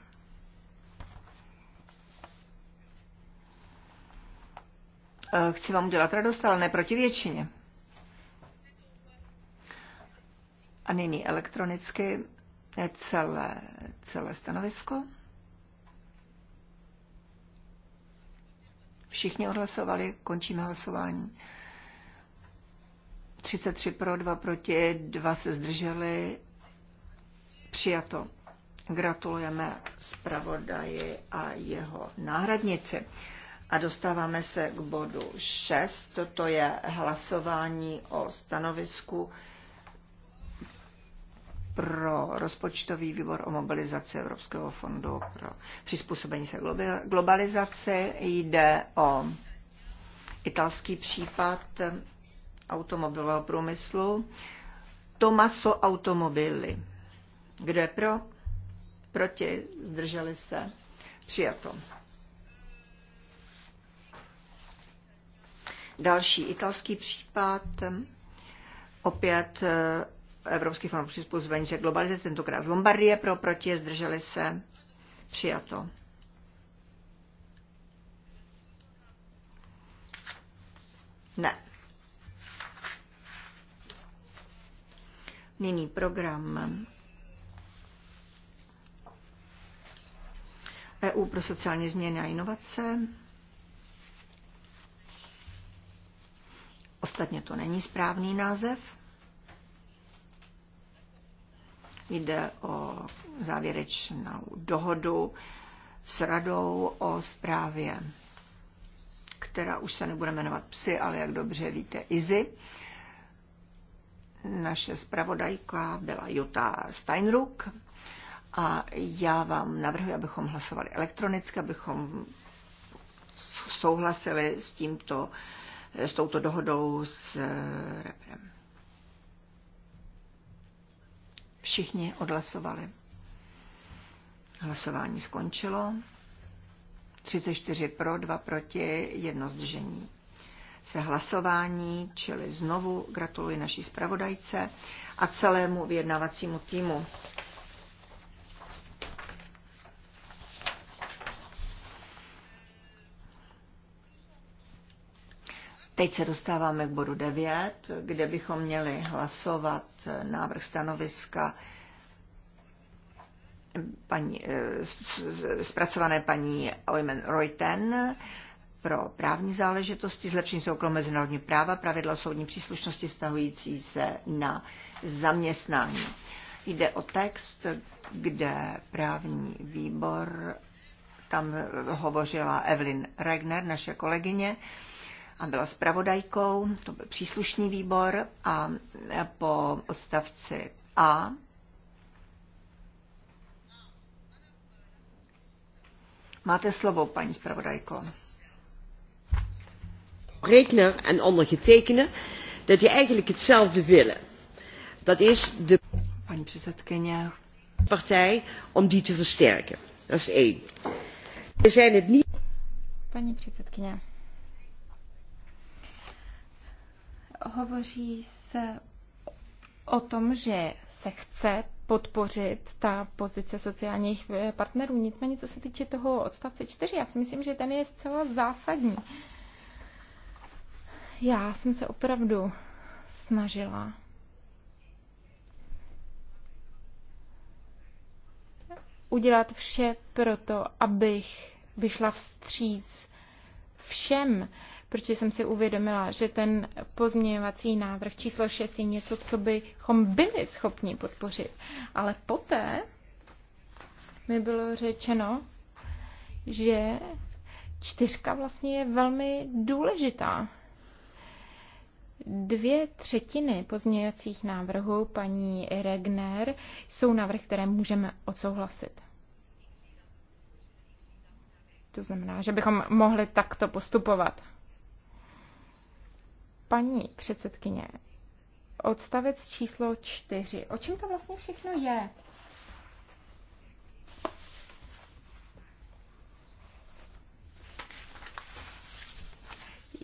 Eh, chci vám udělat radost, ale ne proti většině. A nyní elektronicky celé, celé stanovisko. Všichni odhlasovali, končíme hlasování. 33 pro, 2 proti, 2 se zdrželi. Přijato. Gratulujeme zpravodaji a jeho náhradnici. A dostáváme se k bodu 6. Toto je hlasování o stanovisku pro rozpočtový výbor o mobilizaci Evropského fondu pro přizpůsobení se globalizaci. Jde o italský případ automobilového průmyslu Tomaso Automobily. Kdo je pro? Proti? Zdrželi se? Přijato. Další italský případ, opět eh, Evropský fond přizpůsobení se globalizace, tentokrát z Lombardie pro proti, zdrželi se, přijato. Ne. Nyní program EU pro sociální změny a inovace. Ostatně to není správný název. Jde o závěrečnou dohodu s radou o zprávě, která už se nebude jmenovat psy, ale jak dobře víte, IZY. Naše zpravodajka byla Jutta Steinruck a já vám navrhuji, abychom hlasovali elektronicky, abychom souhlasili s tímto, s touto dohodou s eh, reprem. Všichni odhlasovali. Hlasování skončilo. 34 pro, 2 proti, jedno zdržení se hlasování, čili znovu gratuluji naší zpravodajce a celému vyjednavacímu týmu. Teď se dostáváme k bodu 9, kde bychom měli hlasovat návrh stanoviska paní, eh, zpracované paní Oymen Reuten pro právní záležitosti, zlepšení se okolo mezinárodní práva, pravidla o soudní příslušnosti vztahující se na zaměstnání. Jde o text, kde právní výbor, tam hovořila Evelyn Regner, naše kolegyně, a byla zpravodajkou, to byl příslušný výbor a po odstavci A Máte slovo, paní zpravodajko spreekner en ondergetekende dat die eigenlijk hetzelfde willen. Dat is de partij om die te versterken. Dat is één. We zijn het niet. Pani předsedkyně, hovoří se o tom, že se chce podpořit ta pozice sociálních eh, partnerů. Nicméně, co se týče toho odstavce 4, já si myslím, že ten je zcela zásadní. Uh, já jsem se opravdu snažila udělat vše pro to, abych vyšla vstříc všem, protože jsem si uvědomila, že ten pozměňovací návrh číslo 6 je něco, co bychom byli schopni podpořit. Ale poté mi bylo řečeno, že čtyřka vlastně je velmi důležitá. Dvě třetiny pozměňovacích návrhů paní Regner jsou návrh, které můžeme odsouhlasit. To znamená, že bychom mohli takto postupovat. Paní předsedkyně, odstavec číslo čtyři. O čem to vlastně všechno je?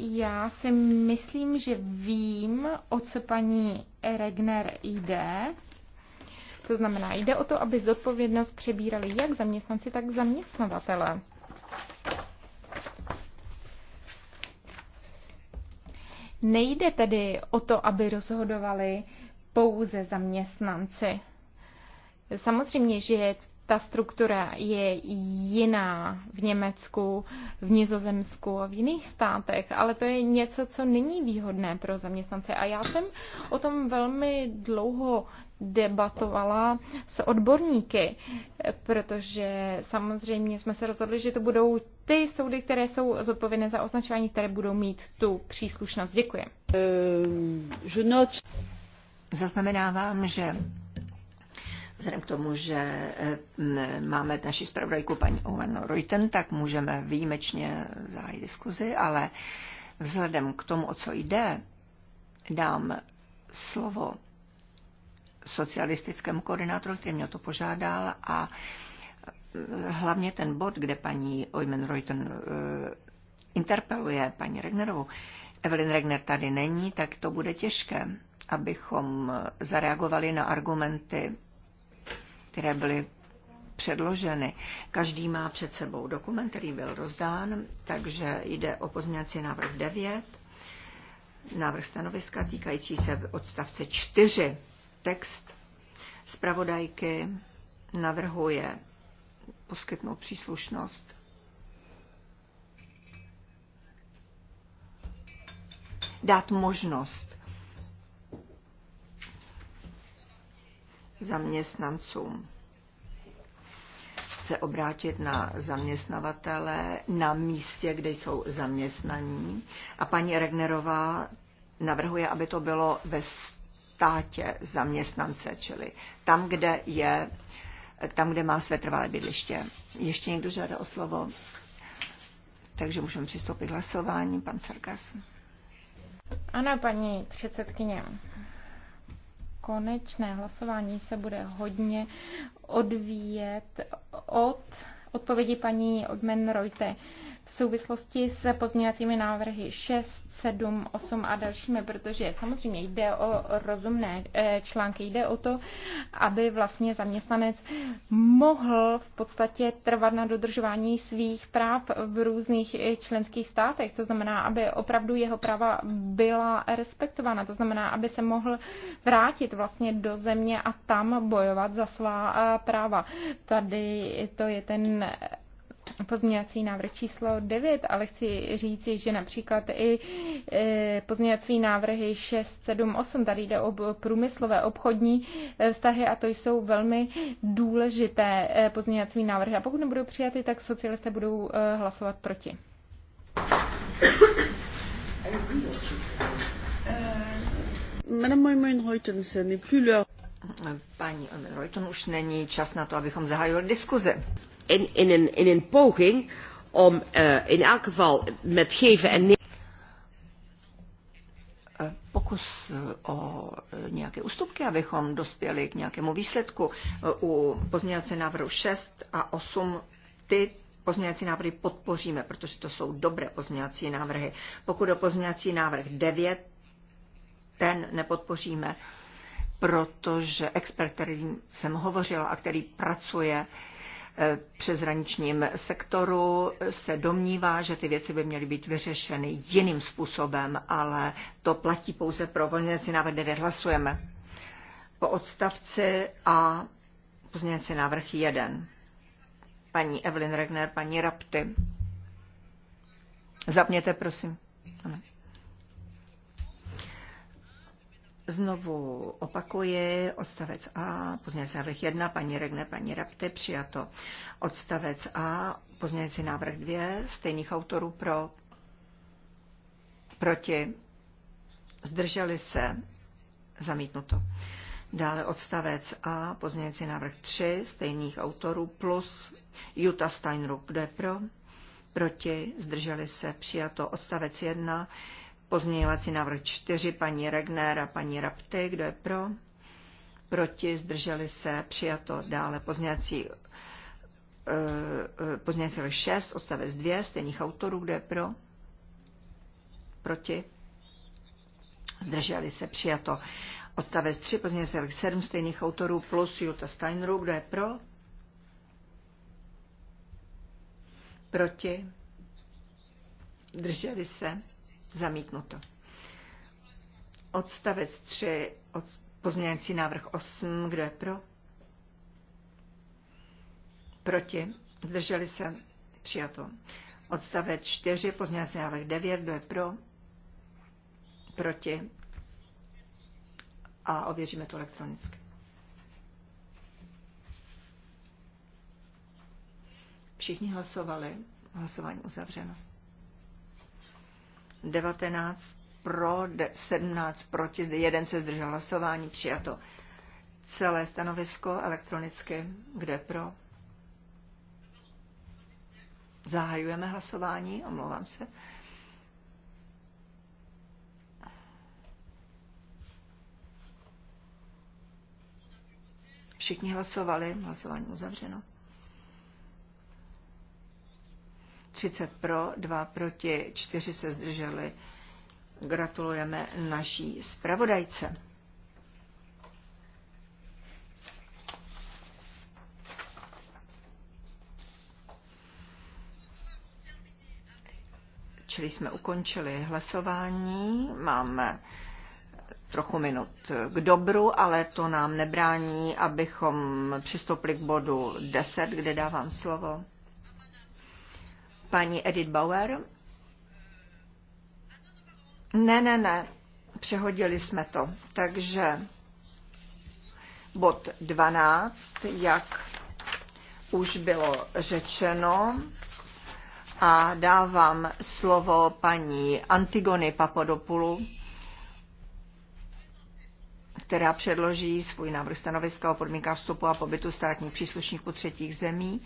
já si myslím, že vím, o co paní Regner jde. To znamená, jde o to, aby zodpovědnost přebírali jak zaměstnanci, tak zaměstnavatele. Nejde tedy o to, aby rozhodovali pouze zaměstnanci. Samozřejmě, že ta struktura je jiná v Německu, v Nizozemsku a v jiných státech, ale to je něco, co není výhodné pro zaměstnance. A já jsem o tom velmi dlouho debatovala s odborníky, protože samozřejmě jsme se rozhodli, že to budou ty soudy, které jsou zodpovědné za označování, které budou mít tu příslušnost. Děkuji. Ehm, Zaznamenávám, že Vzhledem k tomu, že eh, máme naši zpravodajku paní Owen Reuten, tak můžeme výjimečně zahájit diskuzi, ale vzhledem k tomu, o co jde, dám slovo socialistickému koordinátoru, který mě to požádal a eh, hlavně ten bod, kde paní Oymen Reuten eh, interpeluje paní Regnerovou, Evelyn Regner tady není, tak to bude těžké, abychom zareagovali na argumenty které byly předloženy. Každý má před sebou dokument, který byl rozdán, takže jde o pozměňovací návrh 9, návrh stanoviska týkající se odstavce 4. Text zpravodajky navrhuje poskytnout příslušnost dát možnost zaměstnancům se obrátit na zaměstnavatele na místě, kde jsou zaměstnaní. A paní Regnerová navrhuje, aby to bylo ve státě zaměstnance, čili tam, kde je tam, kde má své trvalé bydliště. Ještě někdo žádá o slovo? Takže můžeme přistoupit k hlasování. Pan Sarkas. Ano, paní předsedkyně konečné hlasování se bude hodně odvíjet od odpovědi paní Odmen Rojte v souvislosti s pozměňovacími návrhy 6, 7, 8 a dalšími, protože samozřejmě jde o rozumné eh, články, jde o to, aby vlastně zaměstnanec mohl v podstatě trvat na dodržování svých práv v různých eh, členských státech. To znamená, aby opravdu jeho práva byla respektována. To znamená, aby se mohl vrátit vlastně do země a tam bojovat za svá eh, práva. Tady to je ten pozměňovací návrh číslo 9, ale chci říci, že například i e, pozměňovací návrhy 6, 7, 8, tady jde o průmyslové obchodní e, vztahy a to jsou velmi důležité e, pozměňovací návrhy. A pokud nebudou přijaty, tak socialisté budou hlasovat proti. Madame moyman Paní Omen už není čas na to, abychom zahájili diskuze in, in, een, in een poging om uh, in elk geval met geven en nemen. Eh, pokus eh, o nějaké ústupky, abychom dospěli k nějakému výsledku. U pozměňovací návrhu 6 a 8 ty pozměňovací návrhy podpoříme, protože to jsou dobré pozměňovací návrhy. Pokud o pozměňovací návrh 9, ten nepodpoříme, protože expert, který jsem hovořila a který pracuje Eh, přeshraničním sektoru se domnívá, že ty věci by měly být vyřešeny jiným způsobem, ale to platí pouze pro pozměňovací návrh kde Hlasujeme. Po odstavci a pozměňovací návrh 1. Paní Evelyn Regner, paní Rapty. Zapněte, prosím. Ano. Znovu opakuje odstavec A, pozměňovací návrh 1, paní Regne, paní Rapte, přijato. Odstavec A, pozměňovací návrh 2, stejných autorů pro, proti, zdrželi se, zamítnuto. Dále odstavec A, pozměňovací návrh 3, stejných autorů plus Jutta Steinruck, kdo je pro, proti, zdrželi se, přijato. Odstavec 1, Pozměňovací návrh 4, paní Regner a paní Rapty, kdo je pro? Proti, zdrželi se, přijato dále pozměňovací eh, eh, pozměňovací návrh 6, odstavec 2, stejných autorů, kde je pro? Proti? Zdrželi se, přijato. Odstavec 3, pozměňovací návrh 7, stejných autorů, plus Jutta Steinru, kdo je pro? Proti? Drželi se. Zamítnuto. Odstavec 3, od, pozměňující návrh 8, kdo je pro? Proti? Zdrželi se? Přijato. Odstavec 4, pozměňující návrh 9, kdo je pro? Proti? A ověříme to elektronicky. Všichni hlasovali. Hlasování uzavřeno. 19 pro, 17 proti, jeden se zdržel hlasování, přijato celé stanovisko elektronicky, kde pro. Zahajujeme hlasování, omlouvám se. Všichni hlasovali, hlasování uzavřeno. 30 pro, 2 proti, 4 se zdrželi. Gratulujeme naší zpravodajce. Čili jsme ukončili hlasování. Máme trochu minut k dobru, ale to nám nebrání, abychom přistoupili k bodu 10, kde dávám slovo. Paní Edith Bauer. Ne, ne, ne, přehodili jsme to. Takže bod 12, jak už bylo řečeno, a dávám slovo paní Antigony Papadopoulou, která předloží svůj návrh stanoviska o podmínkách vstupu a pobytu státních příslušníků třetích zemí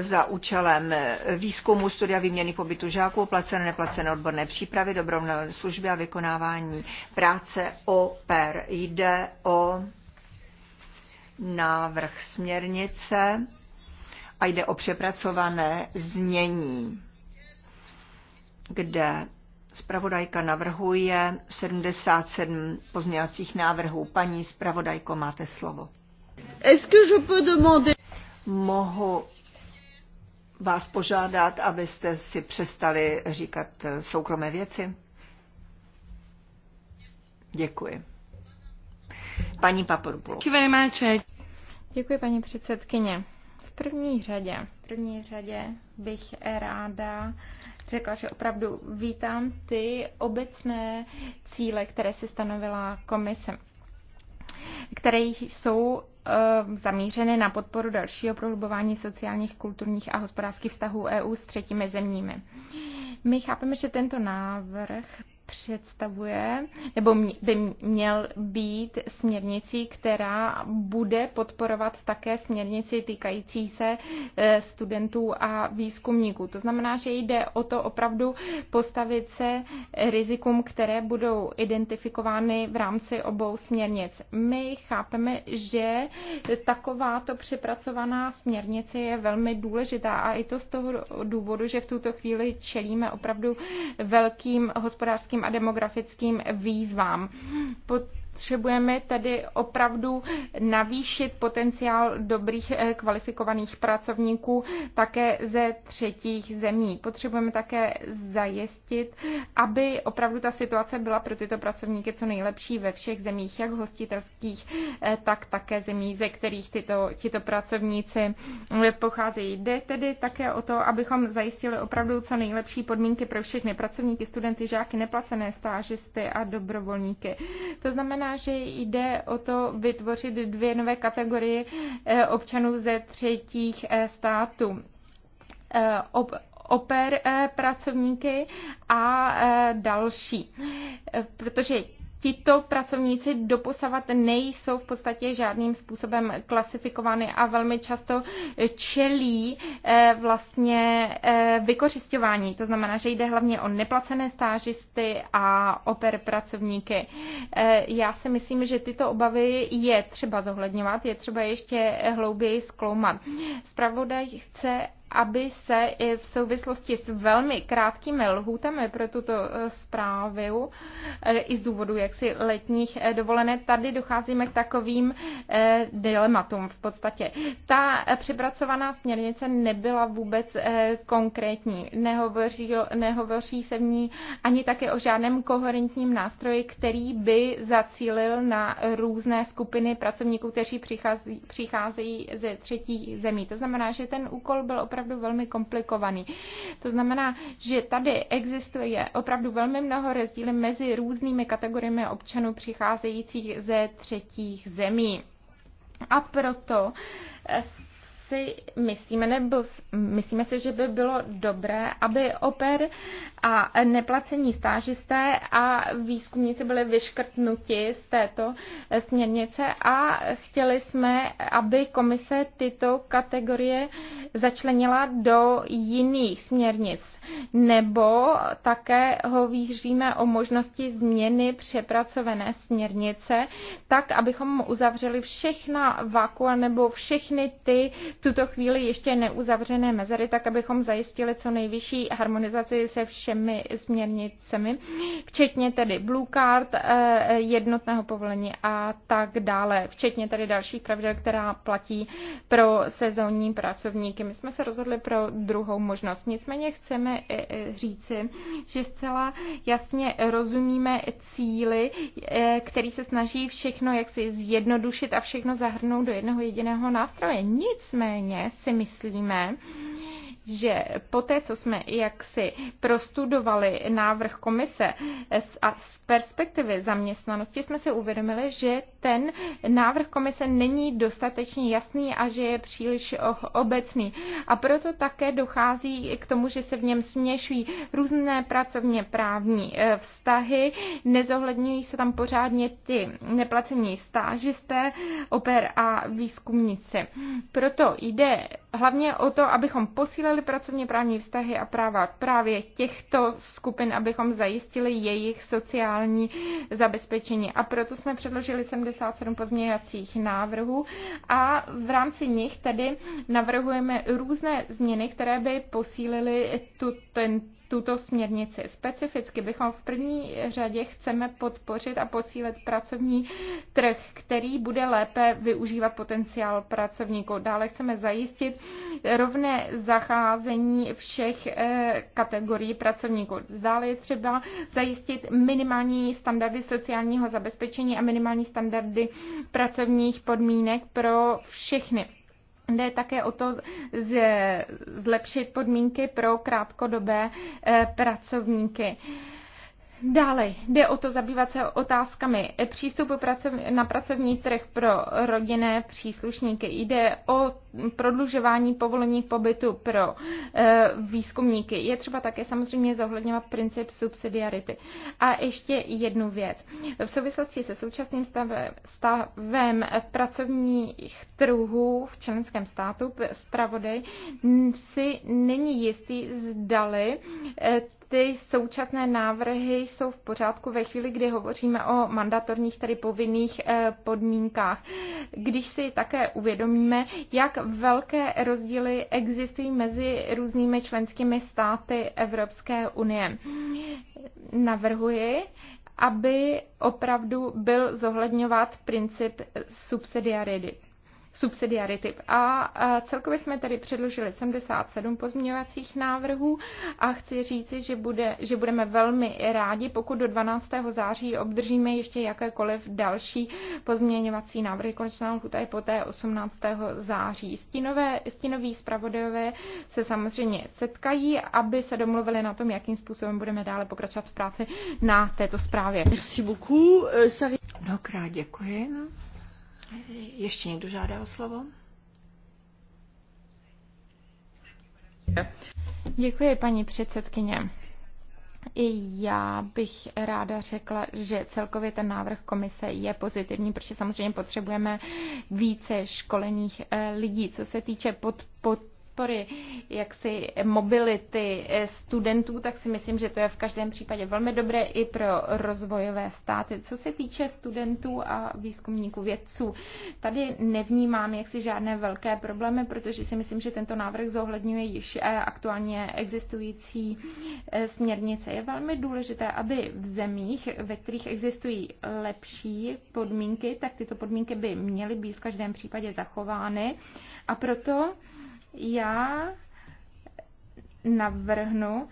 za účelem výzkumu, studia výměny pobytu žáků, placené neplacené odborné přípravy, dobrovolné služby a vykonávání práce O per Jde o návrh směrnice a jde o přepracované znění, kde Spravodajka navrhuje 77 pozměňovacích návrhů. Paní spravodajko, máte slovo. Mohu vás požádat, abyste si přestali říkat eh, soukromé věci? Děkuji. Paní Papodopoulou. Děkuji, paní předsedkyně. V první řadě, v první řadě bych ráda řekla, že opravdu vítám ty obecné cíle, které si stanovila komise které jsou Eh, zamířeny na podporu dalšího prohlubování sociálních, kulturních a hospodářských vztahů EU s třetími zeměmi. My chápeme, že tento návrh představuje, nebo by měl být směrnicí, která bude podporovat také směrnici týkající se e, studentů a výzkumníků. To znamená, že jde o to opravdu postavit se rizikum, které budou identifikovány v rámci obou směrnic. My chápeme, že takováto přepracovaná směrnice je velmi důležitá a i to z toho důvodu, že v tuto chvíli čelíme opravdu velkým hospodářským a demografickým výzvám. Pod potřebujeme tedy opravdu navýšit potenciál dobrých eh, kvalifikovaných pracovníků také ze třetích zemí. Potřebujeme také zajistit, aby opravdu ta situace byla pro tyto pracovníky co nejlepší ve všech zemích, jak hostitelských, eh, tak také zemí, ze kterých tyto, tyto pracovníci eh, pocházejí. Jde tedy také o to, abychom zajistili opravdu co nejlepší podmínky pro všechny pracovníky, studenty, žáky, neplacené stážisty a dobrovolníky. To znamená, znamená, že jde o to vytvořit dvě nové kategorie eh, občanů ze třetích eh, států. Eh, ob oper pracovníky a další. Protože tito pracovníci doposavat nejsou v podstatě žádným způsobem klasifikovány a velmi často čelí eh, vlastně eh, vykořišťování. To znamená, že jde hlavně o neplacené stážisty a oper pracovníky. Eh, já si myslím, že tyto obavy je třeba zohledňovat, je třeba ještě hlouběji zkloumat. Spravodaj chce, aby se i v souvislosti s velmi krátkými lhůtami pro tuto eh, zprávu eh, i z důvodu jaksi letních eh, dovolené, tady docházíme k takovým dilematům v podstatě. Ta přepracovaná směrnice nebyla vůbec konkrétní. Nehovoří, nehovoří se v ní ani také o žádném koherentním nástroji, který by zacílil na různé skupiny pracovníků, kteří přichází, přicházejí ze třetí zemí. To znamená, že ten úkol byl opravdu opravdu velmi komplikovaný. To znamená, že tady existuje opravdu velmi mnoho rozdílů mezi různými kategoriemi občanů přicházejících ze třetích zemí. A proto si myslíme, nebo myslíme si, že by bylo dobré, aby oper a neplacení stážisté a výzkumníci byli vyškrtnuti z této eh, směrnice a chtěli jsme, aby komise tyto kategorie začlenila do jiných směrnic nebo také hovíříme o možnosti změny přepracované směrnice, tak, abychom uzavřeli všechna vakua nebo všechny ty tuto chvíli ještě neuzavřené mezery, tak, abychom zajistili co nejvyšší harmonizaci se všemi směrnicemi, včetně tedy Blue Card, eh, jednotného povolení a tak dále, včetně tedy dalších pravidel, která platí pro sezónní pracovníky. My jsme se rozhodli pro druhou možnost. Nicméně chceme můžeme eh, eh, říci, že zcela jasně rozumíme cíly, eh, který se snaží všechno jak si zjednodušit a všechno zahrnout do jednoho jediného nástroje. Nicméně si myslíme, že po té, co jsme jaksi prostudovali návrh komise a z perspektivy zaměstnanosti, jsme si uvědomili, že ten návrh komise není dostatečně jasný a že je příliš obecný. A proto také dochází k tomu, že se v něm směšují různé pracovně právní e, vztahy, nezohledňují se tam pořádně ty neplacení stážisté, oper a výzkumníci. Proto jde hlavně o to, abychom posílili upravili pracovně právní vztahy a práva právě těchto skupin, abychom zajistili jejich sociální zabezpečení. A proto jsme předložili 77 pozměňovacích návrhů a v rámci nich tedy navrhujeme různé změny, které by posílily tu, ten, tuto směrnici. Specificky bychom v první řadě chceme podpořit a posílit pracovní trh, který bude lépe využívat potenciál pracovníků. Dále chceme zajistit rovné zacházení všech eh, kategorií pracovníků. Dále je třeba zajistit minimální standardy sociálního zabezpečení a minimální standardy pracovních podmínek pro všechny Jde také o to zlepšit podmínky pro krátkodobé eh, pracovníky. Dále jde o to zabývat se otázkami přístupu na pracovní trh pro rodinné příslušníky. Jde o prodlužování povolení pobytu pro eh, výzkumníky. Je třeba také samozřejmě zohledňovat princip subsidiarity. A ještě jednu věc. V souvislosti se současným stavem, stavem pracovních trhů v členském státu zpravodaj si není jistý, zdali eh, ty současné návrhy jsou v pořádku ve chvíli, kdy hovoříme o mandatorních, tedy povinných eh, podmínkách. Když si také uvědomíme, jak velké rozdíly existují mezi různými členskými státy Evropské unie. Navrhuji, aby opravdu byl zohledňovat princip subsidiarity subsidiarity. A celkově jsme tedy předložili 77 pozměňovacích návrhů a chci říci, že, bude, že budeme velmi rádi, pokud do 12. září obdržíme ještě jakékoliv další pozměňovací návrhy. Konečná lhuta je poté 18. září. stinové stinoví zpravodajové se samozřejmě setkají, aby se domluvili na tom, jakým způsobem budeme dále pokračovat v práci na této zprávě. Merci beaucoup. Dokrát euh, děkuji. Ještě někdo žádá o slovo? Děkuji, paní předsedkyně. I já bych ráda řekla, že celkově ten návrh komise je pozitivní, protože samozřejmě potřebujeme více školených eh, lidí. Co se týče pod, pod podpory jaksi mobility eh, studentů, tak si myslím, že to je v každém případě velmi dobré i pro rozvojové státy. Co se týče studentů a výzkumníků vědců, tady nevnímám jaksi žádné velké problémy, protože si myslím, že tento návrh zohledňuje již eh, aktuálně existující eh, směrnice. Je velmi důležité, aby v zemích, ve kterých existují lepší podmínky, tak tyto podmínky by měly být v každém případě zachovány. A proto já navrhnu,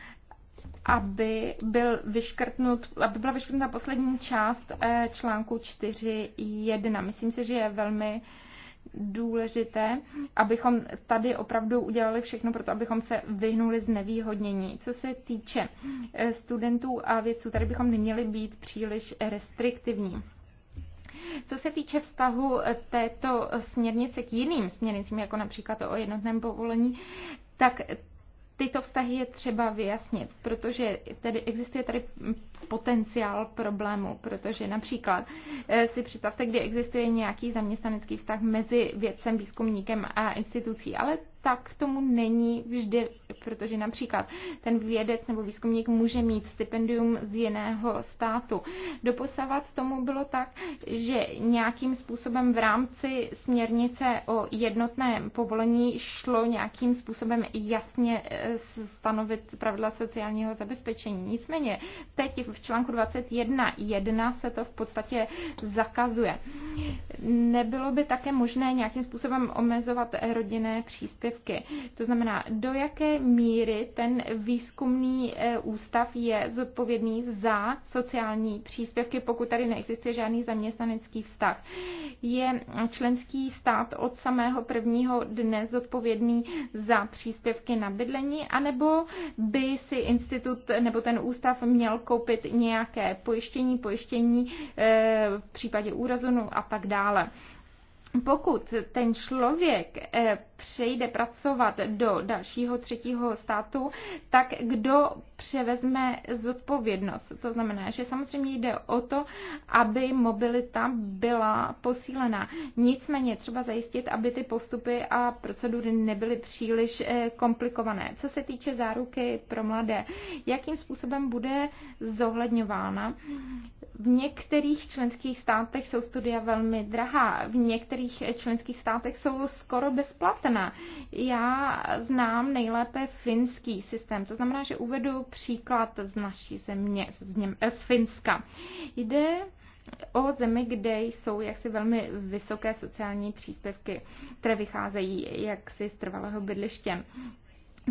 aby, byl vyškrtnut, aby byla vyškrtnuta poslední část eh, článku 4.1. Myslím si, že je velmi důležité, abychom tady opravdu udělali všechno pro to, abychom se vyhnuli z nevýhodnění. Co se týče eh, studentů a vědců, tady bychom neměli být příliš restriktivní. Co se týče vztahu eh, této směrnice k jiným směrnicím, jako například o jednotném povolení, tak tyto vztahy je třeba vyjasnit, protože tedy existuje tady potenciál problému, protože například eh, si představte, kdy existuje nějaký zaměstnanecký vztah mezi vědcem, výzkumníkem a institucí, ale tak tomu není vždy, protože například ten vědec nebo výzkumník může mít stipendium z jiného státu. Doposavat tomu bylo tak, že nějakým způsobem v rámci směrnice o jednotném povolení šlo nějakým způsobem jasně eh, stanovit pravidla sociálního zabezpečení. Nicméně teď v článku 21.1 se to v podstatě zakazuje. Nebylo by také možné nějakým způsobem omezovat rodinné příspěvky. To znamená, do jaké míry ten výzkumný eh, ústav je zodpovědný za sociální příspěvky, pokud tady neexistuje žádný zaměstnanecký vztah. Je členský stát od samého prvního dne zodpovědný za příspěvky na bydlení, anebo by si institut nebo ten ústav měl koupit koupit nějaké pojištění, pojištění eh, v případě úrazu a tak dále. Pokud ten člověk eh, přejde pracovat do dalšího třetího státu, tak kdo převezme zodpovědnost. To znamená, že samozřejmě jde o to, aby mobilita byla posílená. Nicméně třeba zajistit, aby ty postupy a procedury nebyly příliš eh, komplikované. Co se týče záruky pro mladé, jakým způsobem bude zohledňována? V některých členských státech jsou studia velmi drahá, v některých členských státech jsou skoro bezplatné opatrná. Já znám nejlépe finský systém, to znamená, že uvedu příklad z naší země, z, Něm, eh, z Finska. Jde o zemi, kde jsou jaksi velmi vysoké sociální příspěvky, které vycházejí jaksi z trvalého bydliště.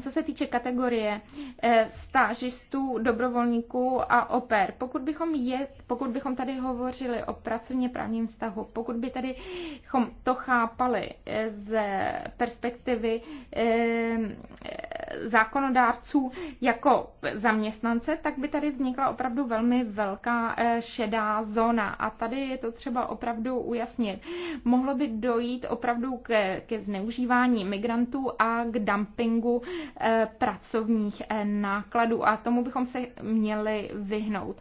Co se týče kategorie eh, stážistů, dobrovolníků a oper, pokud bychom, je, pokud bychom tady hovořili o pracovně právním vztahu, pokud by tady to chápali eh, z perspektivy eh, zákonodárců jako zaměstnance, tak by tady vznikla opravdu velmi velká eh, šedá zóna. A tady je to třeba opravdu ujasnit. Mohlo by dojít opravdu ke, ke zneužívání migrantů a k dumpingu eh, pracovních eh, nákladů. A tomu bychom se měli vyhnout.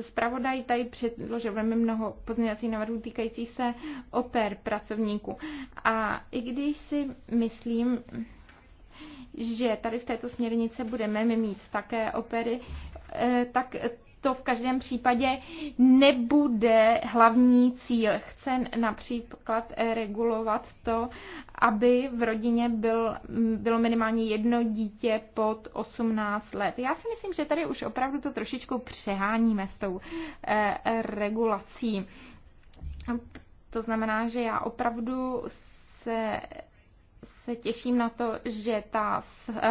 Zpravodaj tady předložil velmi mnoho pozměňovacích návrhů týkajících se oper pracovníků. A i když si myslím, že tady v této směrnice budeme mít také opery, eh, tak to v každém případě nebude hlavní cíl. Chce například eh, regulovat to, aby v rodině byl, bylo minimálně jedno dítě pod 18 let. Já si myslím, že tady už opravdu to trošičku přeháníme s tou eh, regulací. To znamená, že já opravdu se se těším na to, že ta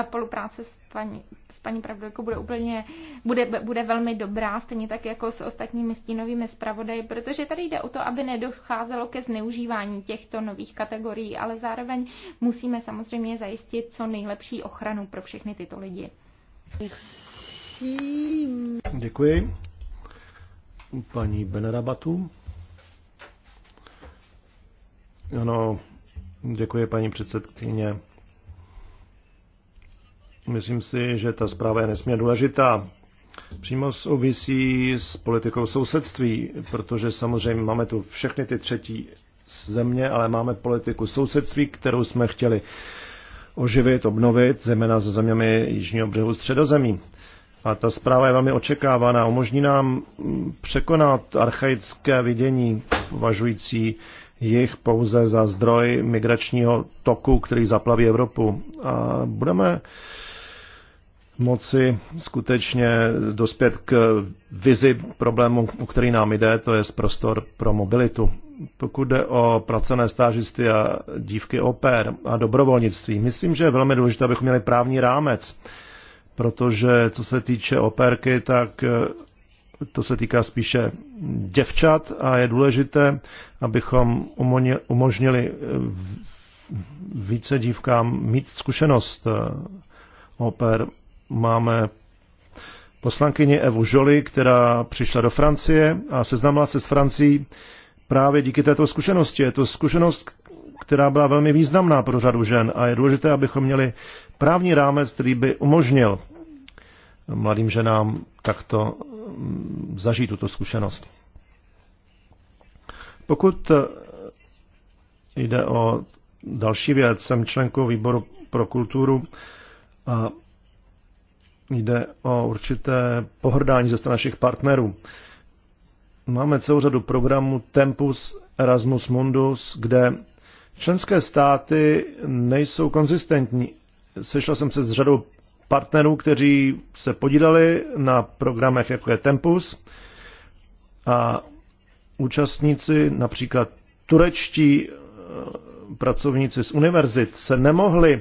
spolupráce s paní, s paní Pravdojkou bude úplně, bude, bude velmi dobrá, stejně tak jako s ostatními stínovými zpravodaji, protože tady jde o to, aby nedocházelo ke zneužívání těchto nových kategorií, ale zároveň musíme samozřejmě zajistit co nejlepší ochranu pro všechny tyto lidi. Děkuji. Paní Benerabatu. Ano, Děkuji, paní předsedkyně. Myslím si, že ta zpráva je nesmírně důležitá. Přímo souvisí s politikou sousedství, protože samozřejmě máme tu všechny ty třetí země, ale máme politiku sousedství, kterou jsme chtěli oživit, obnovit, zejména se zeměmi Jižního břehu Středozemí. A ta zpráva je velmi očekávaná. Umožní nám překonat archaické vidění, považující jich pouze za zdroj migračního toku, který zaplaví Evropu. A budeme moci skutečně dospět k vizi problému, o který nám jde, to je prostor pro mobilitu. Pokud jde o pracovné stážisty a dívky oper a dobrovolnictví, myslím, že je velmi důležité, abychom měli právní rámec, protože co se týče operky, tak to se týká spíše děvčat a je důležité, abychom umožnili eh, více dívkám mít zkušenost eh, oper. Máme poslankyni Evu Žoli, která přišla do Francie a seznámila se s Francií právě díky této zkušenosti. Je to zkušenost, která byla velmi významná pro řadu žen a je důležité, abychom měli právní rámec, který by umožnil mladým ženám takto mm, zažít tuto zkušenost. Pokud eh, jde o další věc, jsem členkou výboru pro kulturu a jde o určité pohrdání ze strany našich partnerů. Máme celou řadu programů Tempus Erasmus Mundus, kde členské státy nejsou konzistentní. Sešel jsem se s řadou partnerů, kteří se podíleli na programech jako je Tempus a účastníci, například turečtí eh, pracovníci z univerzit, se nemohli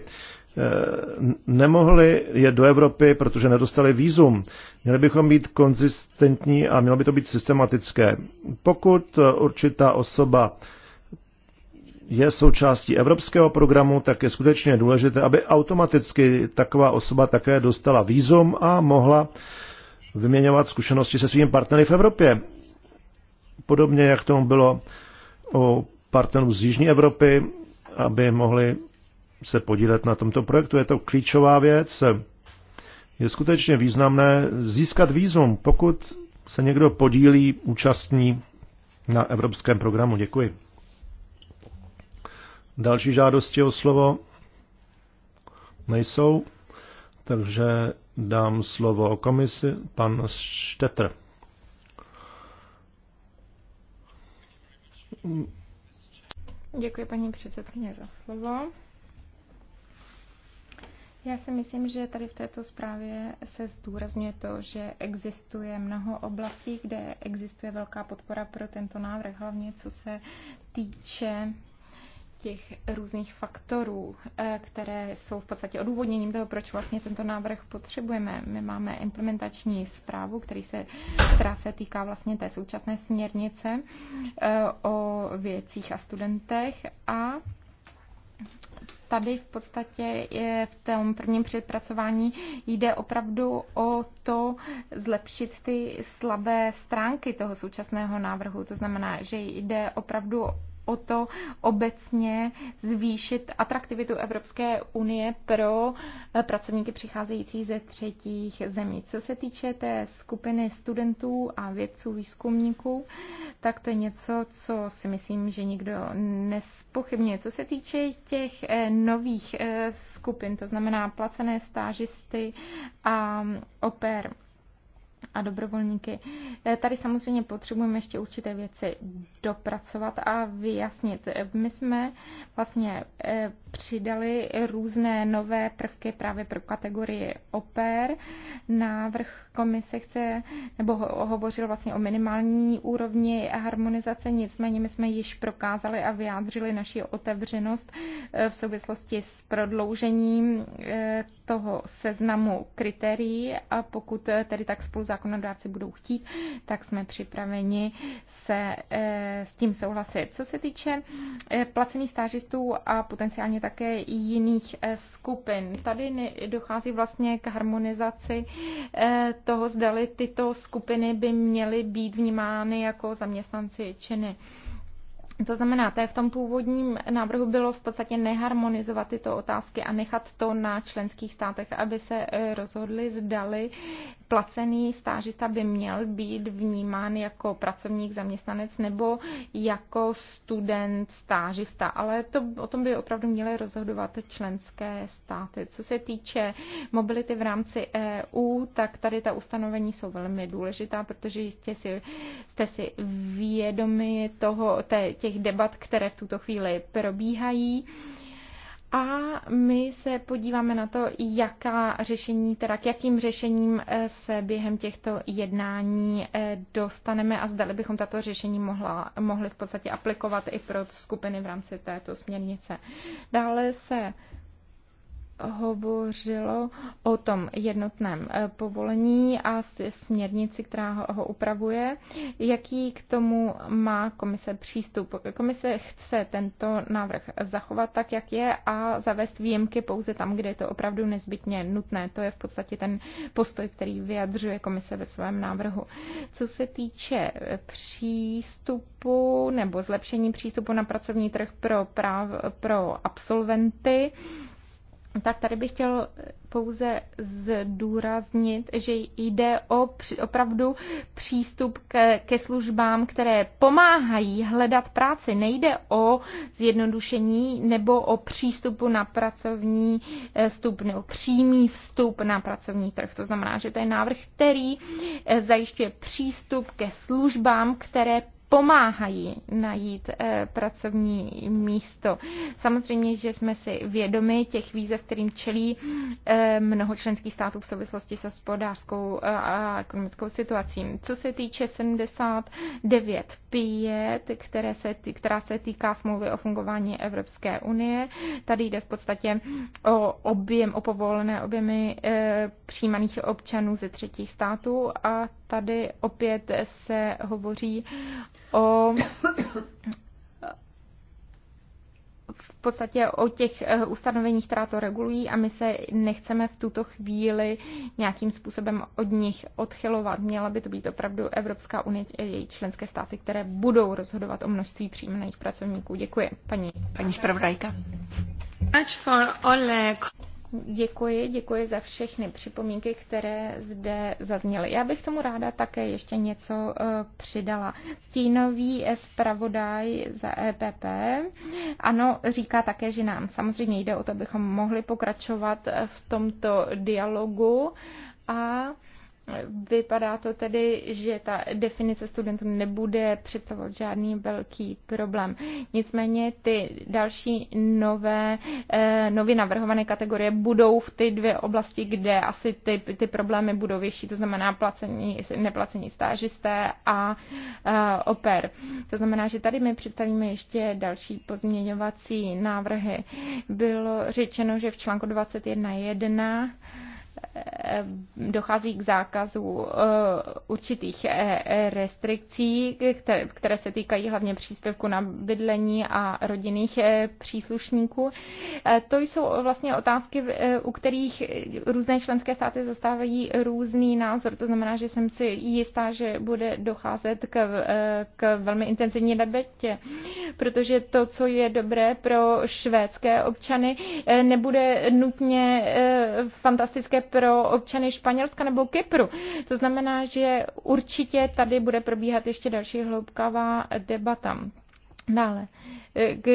eh, nemohli je do Evropy, protože nedostali výzum. Měli bychom být konzistentní a mělo by to být systematické. Pokud eh, určitá osoba je součástí evropského programu, tak je skutečně důležité, aby automaticky taková osoba také dostala výzum a mohla vyměňovat zkušenosti se svými partnery v Evropě. Podobně, jak tomu bylo o partnerů z Jižní Evropy, aby mohli se podílet na tomto projektu. Je to klíčová věc. Je skutečně významné získat výzum, pokud se někdo podílí, účastní na evropském programu. Děkuji. Další žádosti o slovo nejsou, takže dám slovo komisi, pan Štetr. Děkuji paní předsedkyně za slovo. Já si myslím, že tady v této zprávě se zdůrazňuje to, že existuje mnoho oblastí, kde existuje velká podpora pro tento návrh, hlavně co se týče těch různých faktorů, eh, které jsou v podstatě odůvodněním toho, proč vlastně tento návrh potřebujeme. My máme implementační zprávu, který se, která se týká vlastně té současné směrnice eh, o věcích a studentech a tady v podstatě je v tom prvním předpracování jde opravdu o to zlepšit ty slabé stránky toho současného návrhu. To znamená, že jde opravdu o to obecně zvýšit atraktivitu Evropské unie pro eh, pracovníky přicházející ze třetích zemí. Co se týče té skupiny studentů a vědců, výzkumníků, tak to je něco, co si myslím, že nikdo nespochybně. Co se týče těch eh, nových eh, skupin, to znamená placené stážisty a oper a dobrovolníky. Eh, tady samozřejmě potřebujeme ještě určité věci dopracovat a vyjasnit. Eh, my jsme vlastně eh, přidali různé nové prvky právě pro kategorii oper. Návrh komise chce, nebo hovořil vlastně o minimální úrovni harmonizace, nicméně my jsme již prokázali a vyjádřili naši otevřenost v souvislosti s prodloužením toho seznamu kritérií a pokud tedy tak spolu zákonodárci budou chtít, tak jsme připraveni se eh, s tím souhlasit. Co se týče eh, placených stážistů a potenciálně také jiných eh, skupin, tady dochází vlastně k harmonizaci toho, zdali tyto skupiny by měly být vnímány jako zaměstnanci činy. To znamená, je v tom původním návrhu bylo v podstatě neharmonizovat tyto otázky a nechat to na členských státech, aby se eh, rozhodli, zdali placený stážista by měl být vnímán jako pracovník, zaměstnanec nebo jako student, stážista. Ale to, o tom by opravdu měly rozhodovat členské státy. Co se týče mobility v rámci EU, tak tady ta ustanovení jsou velmi důležitá, protože jistě si, jste si vědomi toho, těch těch debat, které v tuto chvíli probíhají. A my se podíváme na to, jaká řešení, teda k jakým řešením eh, se během těchto jednání eh, dostaneme a zdali bychom tato řešení mohla, mohli v podstatě aplikovat i pro skupiny v rámci této směrnice. Dále se hovořilo o tom jednotném eh, povolení a směrnici, která ho upravuje. Jaký k tomu má komise přístup? Komise chce tento návrh zachovat tak, jak je a zavést výjimky pouze tam, kde je to opravdu nezbytně nutné. To je v podstatě ten postoj, který vyjadřuje komise ve svém návrhu. Co se týče eh, přístupu nebo zlepšení přístupu na pracovní trh pro, práv, pro absolventy, tak tady bych chtěl pouze zdůraznit, že jde o při, opravdu přístup ke, ke službám, které pomáhají hledat práci. Nejde o zjednodušení nebo o přístupu na pracovní eh, vstup nebo přímý vstup na pracovní trh. To znamená, že to je návrh, který eh, zajišťuje přístup ke službám, které pomáhají najít eh, pracovní místo. Samozřejmě, že jsme si vědomi těch výzev, kterým čelí eh, mnoho členských států v souvislosti s hospodářskou eh, a ekonomickou situací. Co se týče 79.5, které se, která se týká smlouvy o fungování Evropské unie, tady jde v podstatě o objem, o povolené objemy přijímaných občanů ze třetích států a tady opět se hovoří o v podstatě o těch eh, ustanoveních, která to regulují a my se nechceme v tuto chvíli nějakým způsobem od nich odchylovat. Měla by to být opravdu Evropská unie a eh, její členské státy, které budou rozhodovat o množství přijímaných pracovníků. Děkuji, paní. Paní zpravodajka. Děkuji, děkuji za všechny připomínky, které zde zazněly. Já bych tomu ráda také ještě něco eh, přidala. Stínový eh, zpravodaj za EPP, ano, říká také, že nám samozřejmě jde o to, abychom mohli pokračovat eh, v tomto dialogu a Vypadá to tedy, že ta definice studentů nebude představovat žádný velký problém. Nicméně ty další nové, eh, nově navrhované kategorie budou v ty dvě oblasti, kde asi ty, ty problémy budou větší, to znamená placení, neplacení stážisté a eh, oper. To znamená, že tady my představíme ještě další pozměňovací návrhy. Bylo řečeno, že v článku 21.1 Eh, dochází k zákazu eh, určitých eh, restrikcí, které se týkají hlavně příspěvku na bydlení a rodinných příslušníků. To jsou vlastně otázky, u kterých různé členské státy zastávají různý názor. To znamená, že jsem si jistá, že bude docházet k, k velmi intenzivní debatě, protože to, co je dobré pro švédské občany, nebude nutně fantastické pro občany Španělska nebo Kypru. To znamená, že určitě tady bude probíhat ještě další hloubkavá debata. Dále,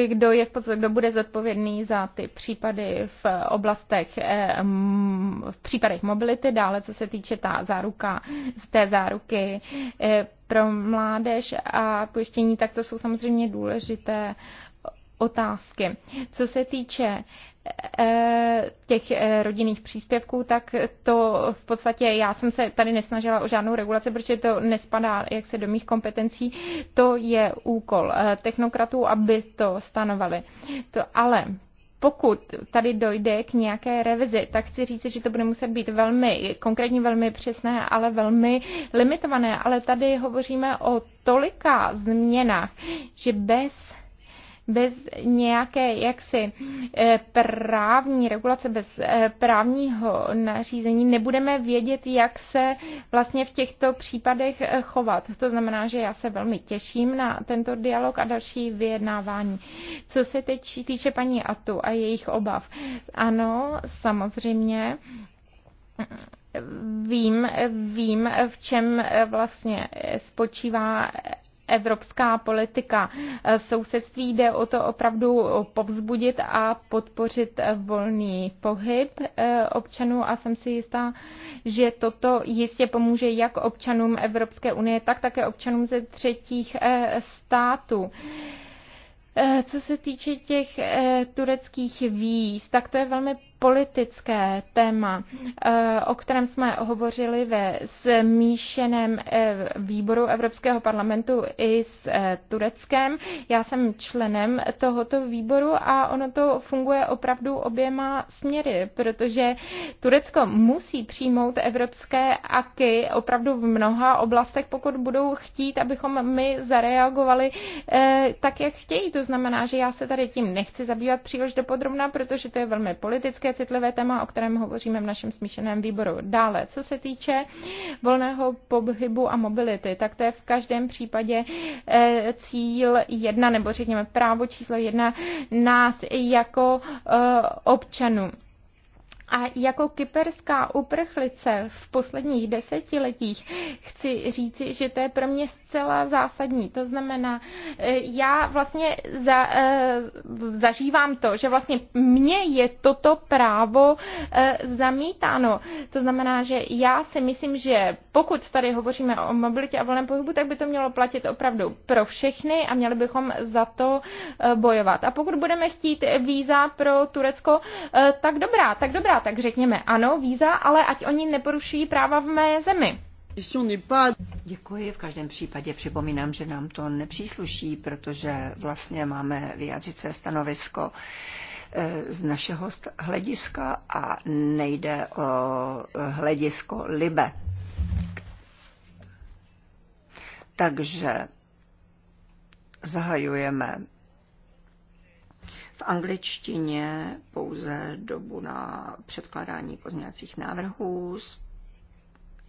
kdo, je v podstatě, kdo bude zodpovědný za ty případy v oblastech, eh, v případech mobility, dále co se týče ta záruka, z té záruky eh, pro mládež a pojištění, tak to jsou samozřejmě důležité otázky. Co se týče eh, těch eh, rodinných příspěvků, tak to v podstatě já jsem se tady nesnažila o žádnou regulaci, protože to nespadá jak se do mých kompetencí. To je úkol eh, technokratů, aby to stanovali. To, ale pokud tady dojde k nějaké revizi, tak chci říct, že to bude muset být velmi konkrétně, velmi přesné, ale velmi limitované. Ale tady hovoříme o tolika změnách, že bez bez nějaké jaksi eh, právní regulace, bez eh, právního nařízení nebudeme vědět, jak se vlastně v těchto případech eh, chovat. To znamená, že já se velmi těším na tento dialog a další vyjednávání. Co se teď týče paní Atu a jejich obav. Ano, samozřejmě vím, vím, v čem vlastně spočívá evropská politika sousedství. Jde o to opravdu povzbudit a podpořit volný pohyb eh, občanů a jsem si jistá, že toto jistě pomůže jak občanům Evropské unie, tak také občanům ze třetích eh, států. Eh, co se týče těch tureckých víz, tak to je velmi politické téma, eh, o kterém jsme hovořili ve smíšeném eh, výboru Evropského parlamentu i s eh, Tureckem. Já jsem členem tohoto výboru a ono to funguje opravdu oběma směry, protože Turecko musí přijmout evropské aky opravdu v mnoha oblastech, pokud budou chtít, abychom my zareagovali tak, jak chtějí. To znamená, že já se tady tím nechci zabývat příliš dopodrobná, protože to je velmi politické obrovské citlivé téma, o kterém hovoříme v našem smíšeném výboru. Dále, co se týče volného pohybu a mobility, tak to je v každém případě eh, cíl jedna, nebo řekněme právo číslo jedna nás jako eh, občanů. A jako kyperská uprchlice v posledních desetiletích chci říci, že to je pro mě zcela zásadní. To znamená, e, já vlastně za, e, zažívám to, že vlastně mně je toto právo e, zamítáno. To znamená, že já si myslím, že pokud tady hovoříme o mobilitě a volném pohybu, tak by to mělo platit opravdu pro všechny a měli bychom za to eh, bojovat. A pokud budeme chtít víza pro Turecko, eh, tak dobrá, tak dobrá, tak řekněme ano, víza, ale ať oni neporušují práva v mé zemi. Děkuji. V každém případě připomínám, že nám to nepřísluší, protože vlastně máme vyjádřit své stanovisko eh, z našeho hlediska a nejde o hledisko Libe. Takže zahajujeme v angličtině pouze dobu na předkládání pozměňovacích návrhů s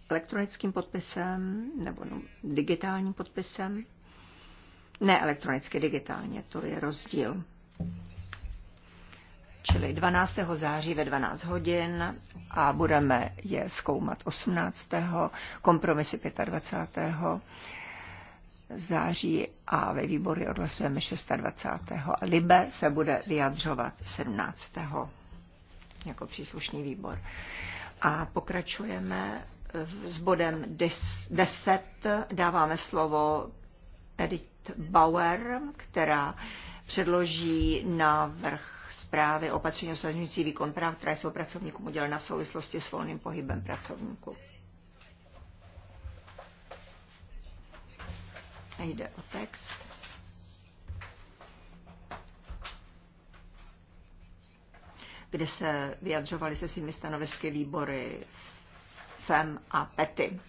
elektronickým podpisem nebo digitálním podpisem. Ne elektronicky, digitálně, to je rozdíl. Čili 12. září ve 12 hodin a budeme je zkoumat 18. kompromisy 25 v září a ve výbory odhlasujeme 26. A Libe se bude vyjadřovat 17. jako příslušný výbor. A pokračujeme s bodem 10. Dáváme slovo Edith Bauer, která předloží návrh zprávy opatření osvědčující výkon práv, které jsou pracovníkům udělena v souvislosti s volným pohybem pracovníků. Nejde o text. kde se vyjadřovali se svými stanovisky výbory FEM a PETY.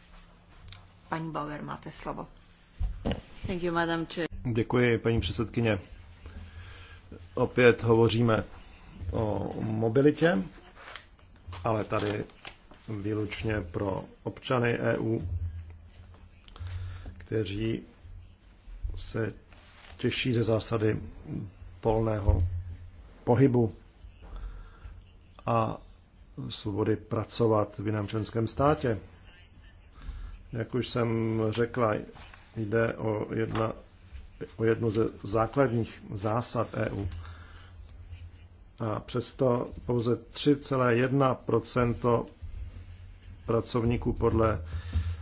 Paní Bauer, máte slovo. Thank you, madam Děkuji, paní předsedkyně. Opět hovoříme o mobilitě, ale tady výlučně pro občany EU, kteří se těší ze zásady volného pohybu a svobody pracovat v jiném členském státě. Jak už jsem řekla, jde o, jedna, o jednu ze základních zásad EU. A přesto pouze 3,1 pracovníků podle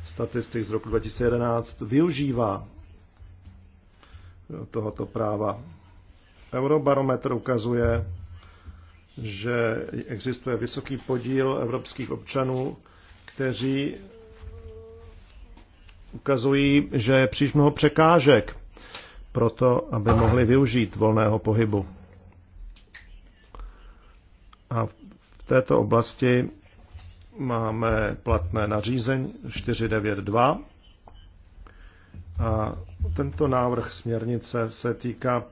statistik z roku 2011 využívá tohoto práva. Eurobarometr ukazuje, že existuje vysoký podíl evropských občanů, kteří ukazují, že je příliš mnoho překážek pro to, aby mohli využít volného pohybu. A v této oblasti máme platné nařízení 492 a tento návrh směrnice se týká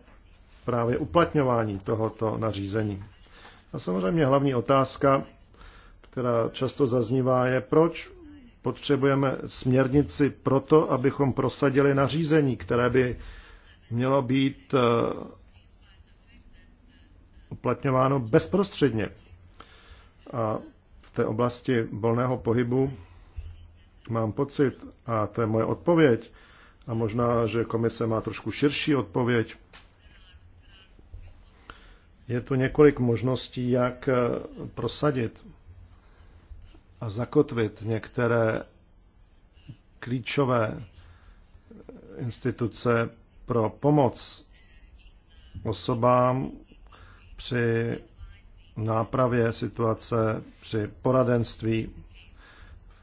právě uplatňování tohoto nařízení. A samozřejmě hlavní otázka, která často zaznívá, je, proč potřebujeme směrnici proto, abychom prosadili nařízení, které by mělo být eh, uplatňováno bezprostředně. A v té oblasti volného pohybu mám pocit, a to je moje odpověď, a možná, že komise má trošku širší odpověď. Je tu několik možností, jak eh, prosadit a zakotvit některé klíčové eh, instituce pro pomoc osobám při nápravě situace, při poradenství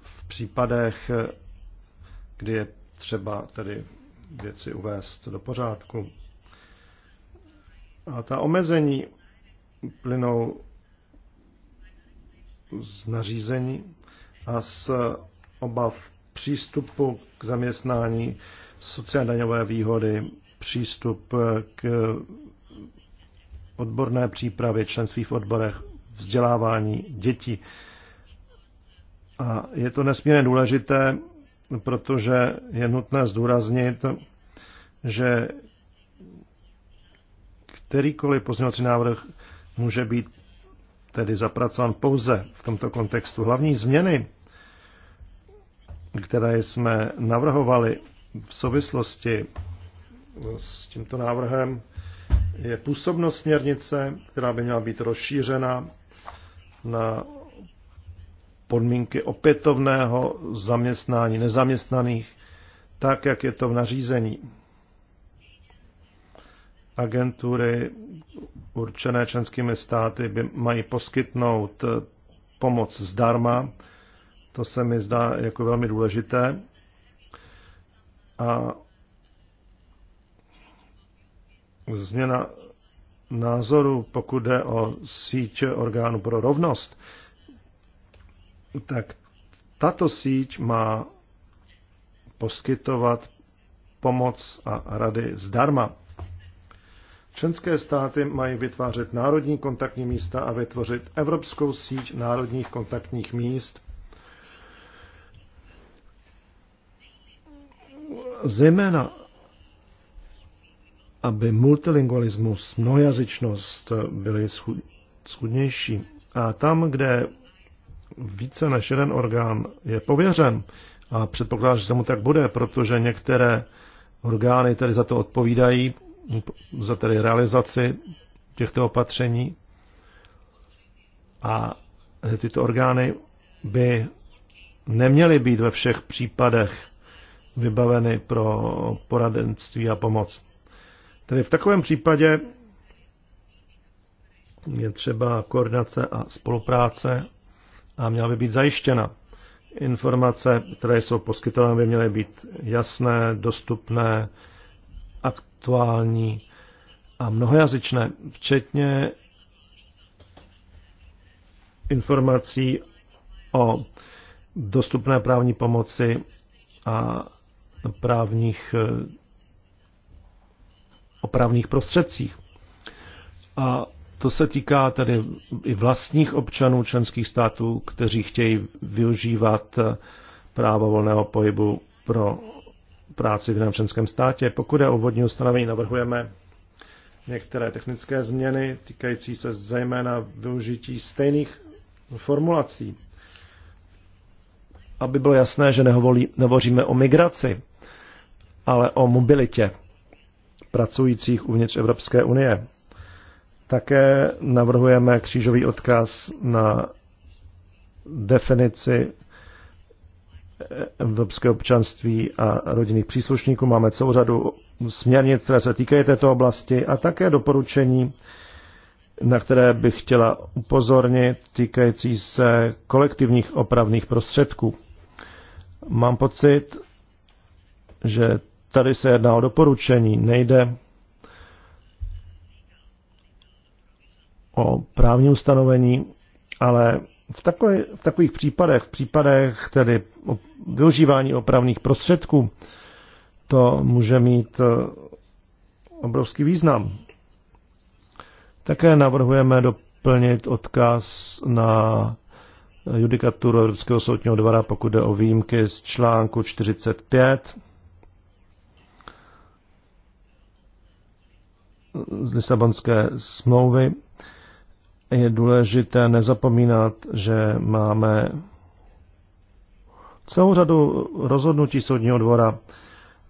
v případech, eh, kdy je třeba tedy věci uvést do pořádku. A ta omezení plynou z nařízení a z obav přístupu k zaměstnání, sociálně výhody, přístup k odborné přípravě, členství v odborech, vzdělávání dětí. A je to nesmírně důležité protože je nutné zdůraznit, že kterýkoliv pozměňovací návrh může být tedy zapracován pouze v tomto kontextu. Hlavní změny, které jsme navrhovali v souvislosti s tímto návrhem, je působnost směrnice, která by měla být rozšířena na podmínky opětovného zaměstnání nezaměstnaných, tak jak je to v nařízení. Agentury určené členskými státy by mají poskytnout eh, pomoc zdarma. To se mi zdá jako velmi důležité. A změna názoru, pokud jde o síť orgánů pro rovnost, tak tato síť má poskytovat pomoc a rady zdarma. Členské státy mají vytvářet národní kontaktní místa a vytvořit evropskou síť národních kontaktních míst. Zejména, aby multilingualismus, mnohojazyčnost byly schudnější. A tam, kde více než jeden orgán je pověřen a předpokládám, že tomu tak bude, protože některé orgány tedy za to odpovídají, za tedy realizaci těchto opatření a tyto orgány by neměly být ve všech případech vybaveny pro poradenství a pomoc. Tedy v takovém případě je třeba koordinace a spolupráce a měla by být zajištěna. Informace, které jsou poskytovány, by měly být jasné, dostupné, aktuální a mnohojazyčné, včetně informací o dostupné právní pomoci a právních eh, právních prostředcích. A to se týká tedy i vlastních občanů členských států, kteří chtějí využívat eh, právo volného pohybu pro práci v jiném členském státě. Pokud je o vodní ustanovení, navrhujeme některé technické změny týkající se zejména využití stejných formulací, aby bylo jasné, že nehovolí, nehovoříme o migraci, ale o mobilitě pracujících uvnitř Evropské unie. Také navrhujeme křížový odkaz na definici evropského občanství a rodinných příslušníků. Máme celou řadu směrnic, které se týkají této oblasti a také doporučení, na které bych chtěla upozornit, týkající se kolektivních opravných prostředků. Mám pocit, že tady se jedná o doporučení, nejde o právní ustanovení, ale v, takové, v takových případech, v případech tedy využívání opravných prostředků, to může mít e, obrovský význam. Také navrhujeme doplnit odkaz na judikaturu Evropského soudního dvora, pokud jde o výjimky z článku 45 z Lisabonské smlouvy je důležité nezapomínat, že máme celou řadu rozhodnutí soudního dvora,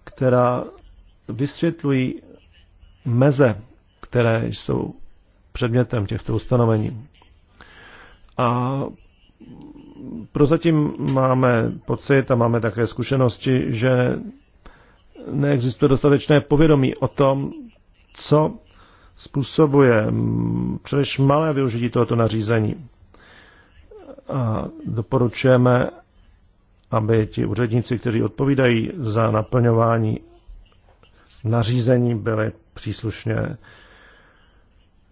která vysvětlují meze, které jsou předmětem těchto ustanovení. A prozatím máme pocit a máme také zkušenosti, že neexistuje dostatečné povědomí o tom, co způsobuje mm, příliš malé využití tohoto nařízení. A doporučujeme, aby ti úředníci, kteří odpovídají za naplňování nařízení, byli příslušně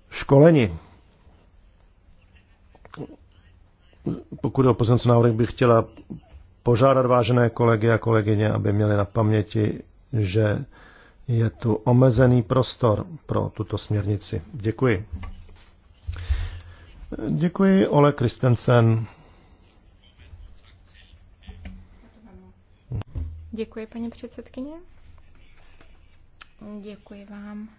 školeni. Pokud o pozemce návrh bych chtěla požádat vážené kolegy a kolegyně, aby měli na paměti, že je tu omezený prostor pro tuto směrnici. Děkuji. Děkuji, Ole Kristensen. Děkuji, paní předsedkyně. Děkuji vám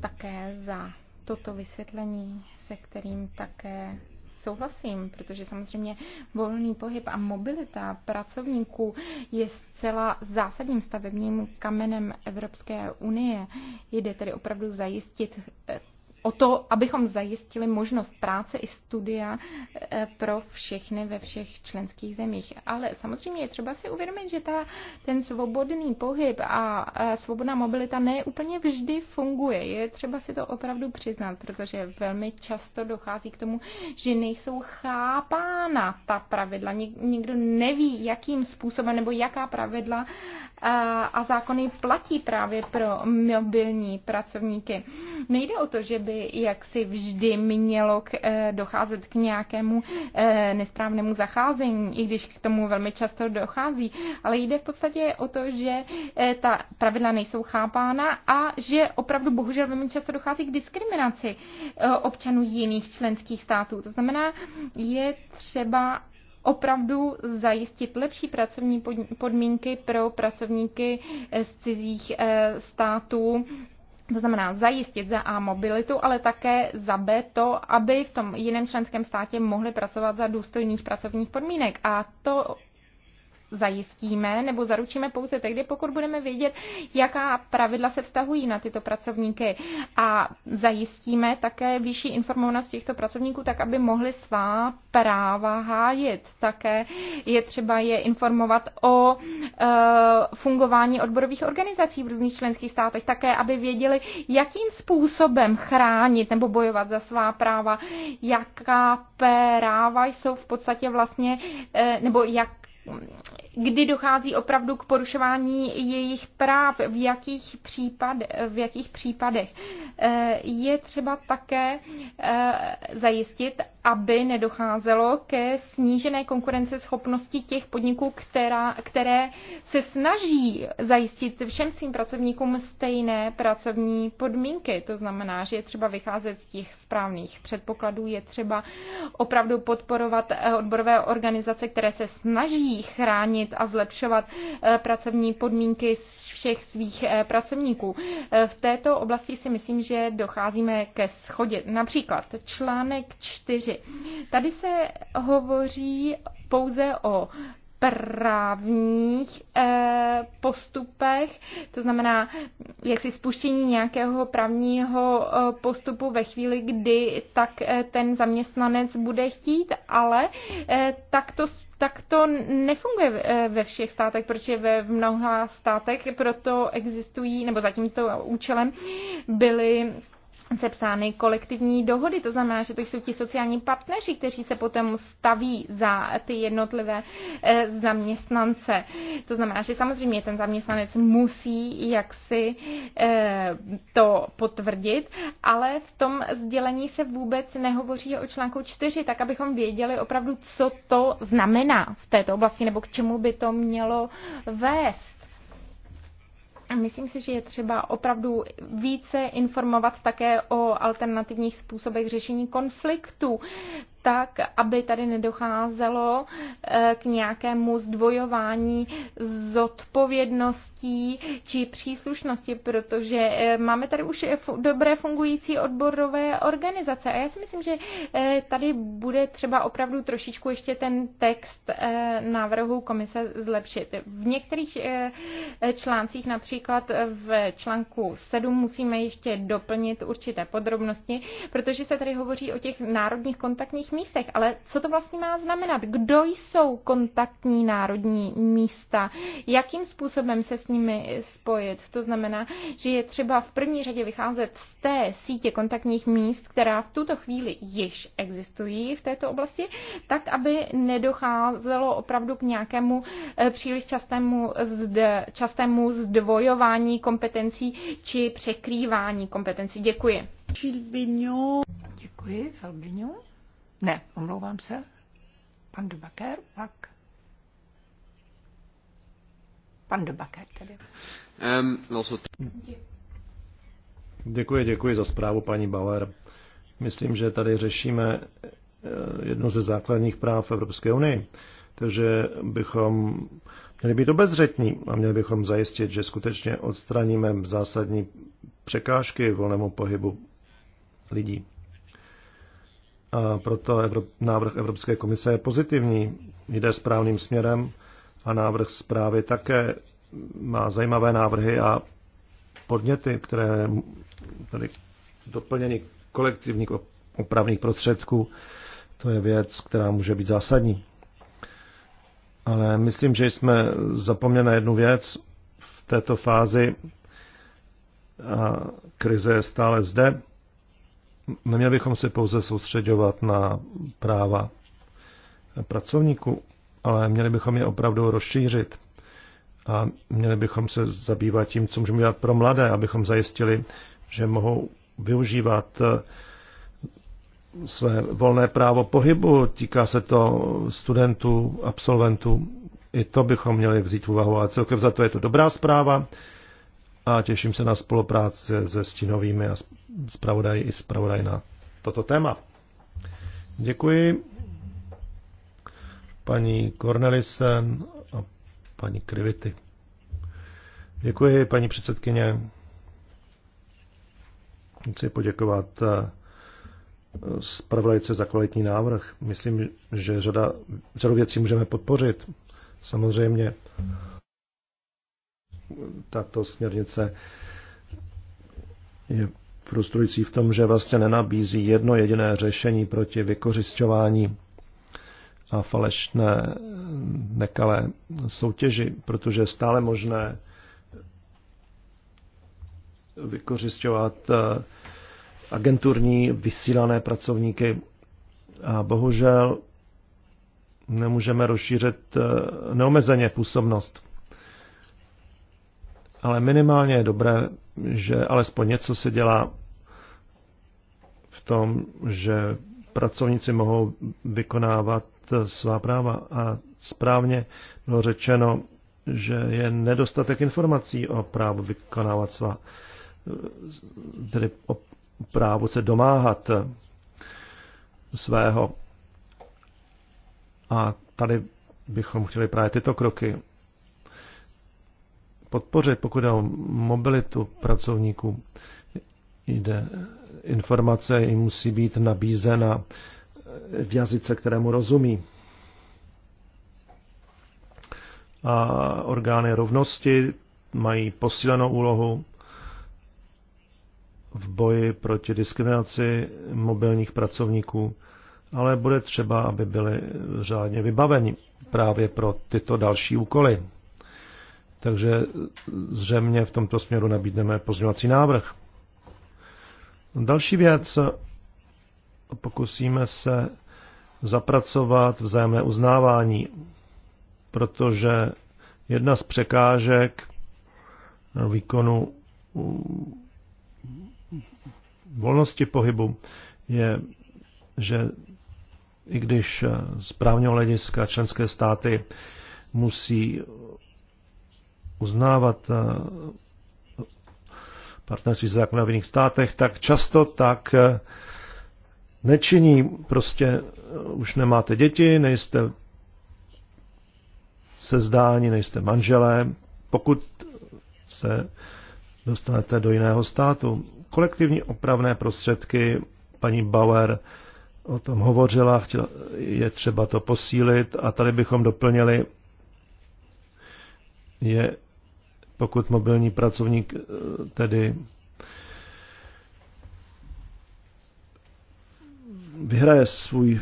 také za toto vysvětlení, se kterým také souhlasím, protože samozřejmě volný pohyb a mobilita pracovníků je zcela zásadním stavebním kamenem Evropské unie. Jde tedy opravdu zajistit eh, o to, abychom zajistili možnost práce i studia eh, pro všechny ve všech členských zemích. Ale samozřejmě je třeba si uvědomit, že ta, ten svobodný pohyb a svobodná mobilita ne úplně vždy funguje. Je třeba si to opravdu přiznat, protože velmi často dochází k tomu, že nejsou chápána ta pravidla. Nikdo neví, jakým způsobem nebo jaká pravidla eh, a zákony platí právě pro mobilní pracovníky. Nejde o to, že by aby jaksi vždy mělo k, eh, docházet k nějakému eh, nesprávnému zacházení, i když k tomu velmi často dochází. Ale jde v podstatě o to, že eh, ta pravidla nejsou chápána a že opravdu bohužel velmi často dochází k diskriminaci občanů jiných členských států. To znamená, je třeba opravdu zajistit lepší pracovní podmínky pro pracovníky z cizích států, to znamená zajistit za A mobilitu, ale také za B to, aby v tom jiném členském státě mohli pracovat za důstojných pracovních podmínek. A to zajistíme nebo zaručíme pouze tehdy, pokud budeme vědět, jaká pravidla se vztahují na tyto pracovníky a zajistíme také vyšší informovanost těchto pracovníků, tak aby mohli svá práva hájit. Také je třeba je informovat o e, fungování odborových organizací v různých členských státech, také aby věděli, jakým způsobem chránit nebo bojovat za svá práva, jaká práva jsou v podstatě vlastně, e, nebo jak kdy dochází opravdu k porušování jejich práv, v jakých, případ, v jakých případech. Eh, je třeba také eh, zajistit, aby nedocházelo ke snížené konkurenceschopnosti těch podniků, která, které se snaží zajistit všem svým pracovníkům stejné pracovní podmínky. To znamená, že je třeba vycházet z těch správných předpokladů, je třeba opravdu podporovat eh, odborové organizace, které se snaží chránit a zlepšovat eh, pracovní podmínky všech svých eh, pracovníků. Eh, v této oblasti si myslím, že docházíme ke schodě. Například článek 4. Tady se hovoří pouze o právních postupech, to znamená jaksi spuštění nějakého právního postupu ve chvíli, kdy tak ten zaměstnanec bude chtít, ale takto tak to nefunguje eh, ve všech státech, protože ve mnoha státech proto existují, nebo zatím to účelem byly sepsány kolektivní dohody. To znamená, že to jsou ti sociální partneři, kteří se potom staví za ty jednotlivé eh, zaměstnance. To znamená, že samozřejmě ten zaměstnanec musí jaksi eh, to potvrdit, ale v tom sdělení se vůbec nehovoří o článku 4, tak abychom věděli opravdu, co to znamená v této oblasti nebo k čemu by to mělo vést. Myslím si, že je třeba opravdu více informovat také o alternativních způsobech řešení konfliktu, tak, aby tady nedocházelo eh, k nějakému zdvojování zodpovědnosti národností či příslušnosti, protože eh, máme tady už dobré fungující odborové organizace. A já si myslím, že eh, tady bude třeba opravdu trošičku ještě ten text eh, návrhu komise zlepšit. V některých článcích, například v článku 7, musíme ještě doplnit určité podrobnosti, protože se tady hovoří o těch národních kontaktních místech. Ale co to vlastně má znamenat? Kdo jsou kontaktní národní místa? Jakým způsobem se s nimi spojit. To znamená, že je třeba v první řadě vycházet z té sítě kontaktních míst, která v tuto chvíli již existují v této oblasti, tak, aby nedocházelo opravdu k nějakému eh, příliš častému, zd, častému zdvojování kompetencí či překrývání kompetencí. Děkuji. Děkuji, Felbignon. Ne, omlouvám se. Pan Dubaker, pak Pan Dobaker tedy. Ehm, no, děkuji, děkuji za zprávu, paní Bauer. Myslím, že tady řešíme eh, jedno ze základních práv Evropské unie. Takže bychom měli být obezřetní a měli bychom zajistit, že skutečně odstraníme zásadní překážky volnému pohybu lidí. A proto návrh Evropské komise je pozitivní, jde správným směrem a návrh zprávy také má zajímavé návrhy a podněty, které tady doplnění kolektivních opravných prostředků, to je věc, která může být zásadní. Ale myslím, že jsme zapomněli na jednu věc v této fázi a krize je stále zde. Neměli bychom se pouze soustředovat na práva pracovníků, ale měli bychom je opravdu rozšířit. A měli bychom se zabývat tím, co můžeme dělat pro mladé, abychom zajistili, že mohou využívat eh, své volné právo pohybu. Týká se to studentů, absolventů. I to bychom měli vzít v úvahu. A celkem za to je to dobrá zpráva a těším se na spolupráci se stinovými a zpravodají i zpravodaj na toto téma. Děkuji paní Cornelisen a paní Krivity. Děkuji, paní předsedkyně. Chci poděkovat eh, zpravodajce za kvalitní návrh. Myslím, že řada, řadu věcí můžeme podpořit. Samozřejmě tato směrnice je frustrující v tom, že vlastně nenabízí jedno jediné řešení proti vykořišťování a falešné nekalé soutěži, protože je stále možné vykořišťovat eh, agenturní vysílané pracovníky a bohužel nemůžeme rozšířit eh, neomezeně působnost. Ale minimálně je dobré, že alespoň něco se dělá v tom, že pracovníci mohou vykonávat Eh, svá práva. A správně bylo no, řečeno, že je nedostatek informací o právu vykonávat svá, eh, tedy o právu se domáhat eh, svého. A tady bychom chtěli právě tyto kroky podpořit, pokud je o mobilitu pracovníků. Jde informace jim musí být nabízena v jazyce, kterému rozumí. A orgány rovnosti mají posílenou úlohu v boji proti diskriminaci mobilních pracovníků, ale bude třeba, aby byly řádně vybaveni právě pro tyto další úkoly. Takže zřejmě v tomto směru nabídneme pozměňovací návrh. Další věc, pokusíme se zapracovat vzájemné uznávání, protože jedna z překážek výkonu volnosti pohybu je, že i když z právního hlediska členské státy musí uznávat eh, partnerství zákona v jiných státech, tak často tak eh, nečiní, prostě eh, už nemáte děti, nejste sezdáni, nejste manželé, pokud se dostanete do jiného státu. Kolektivní opravné prostředky, paní Bauer o tom hovořila, chtěla, je třeba to posílit a tady bychom doplnili, je pokud mobilní pracovník eh, tedy vyhraje svůj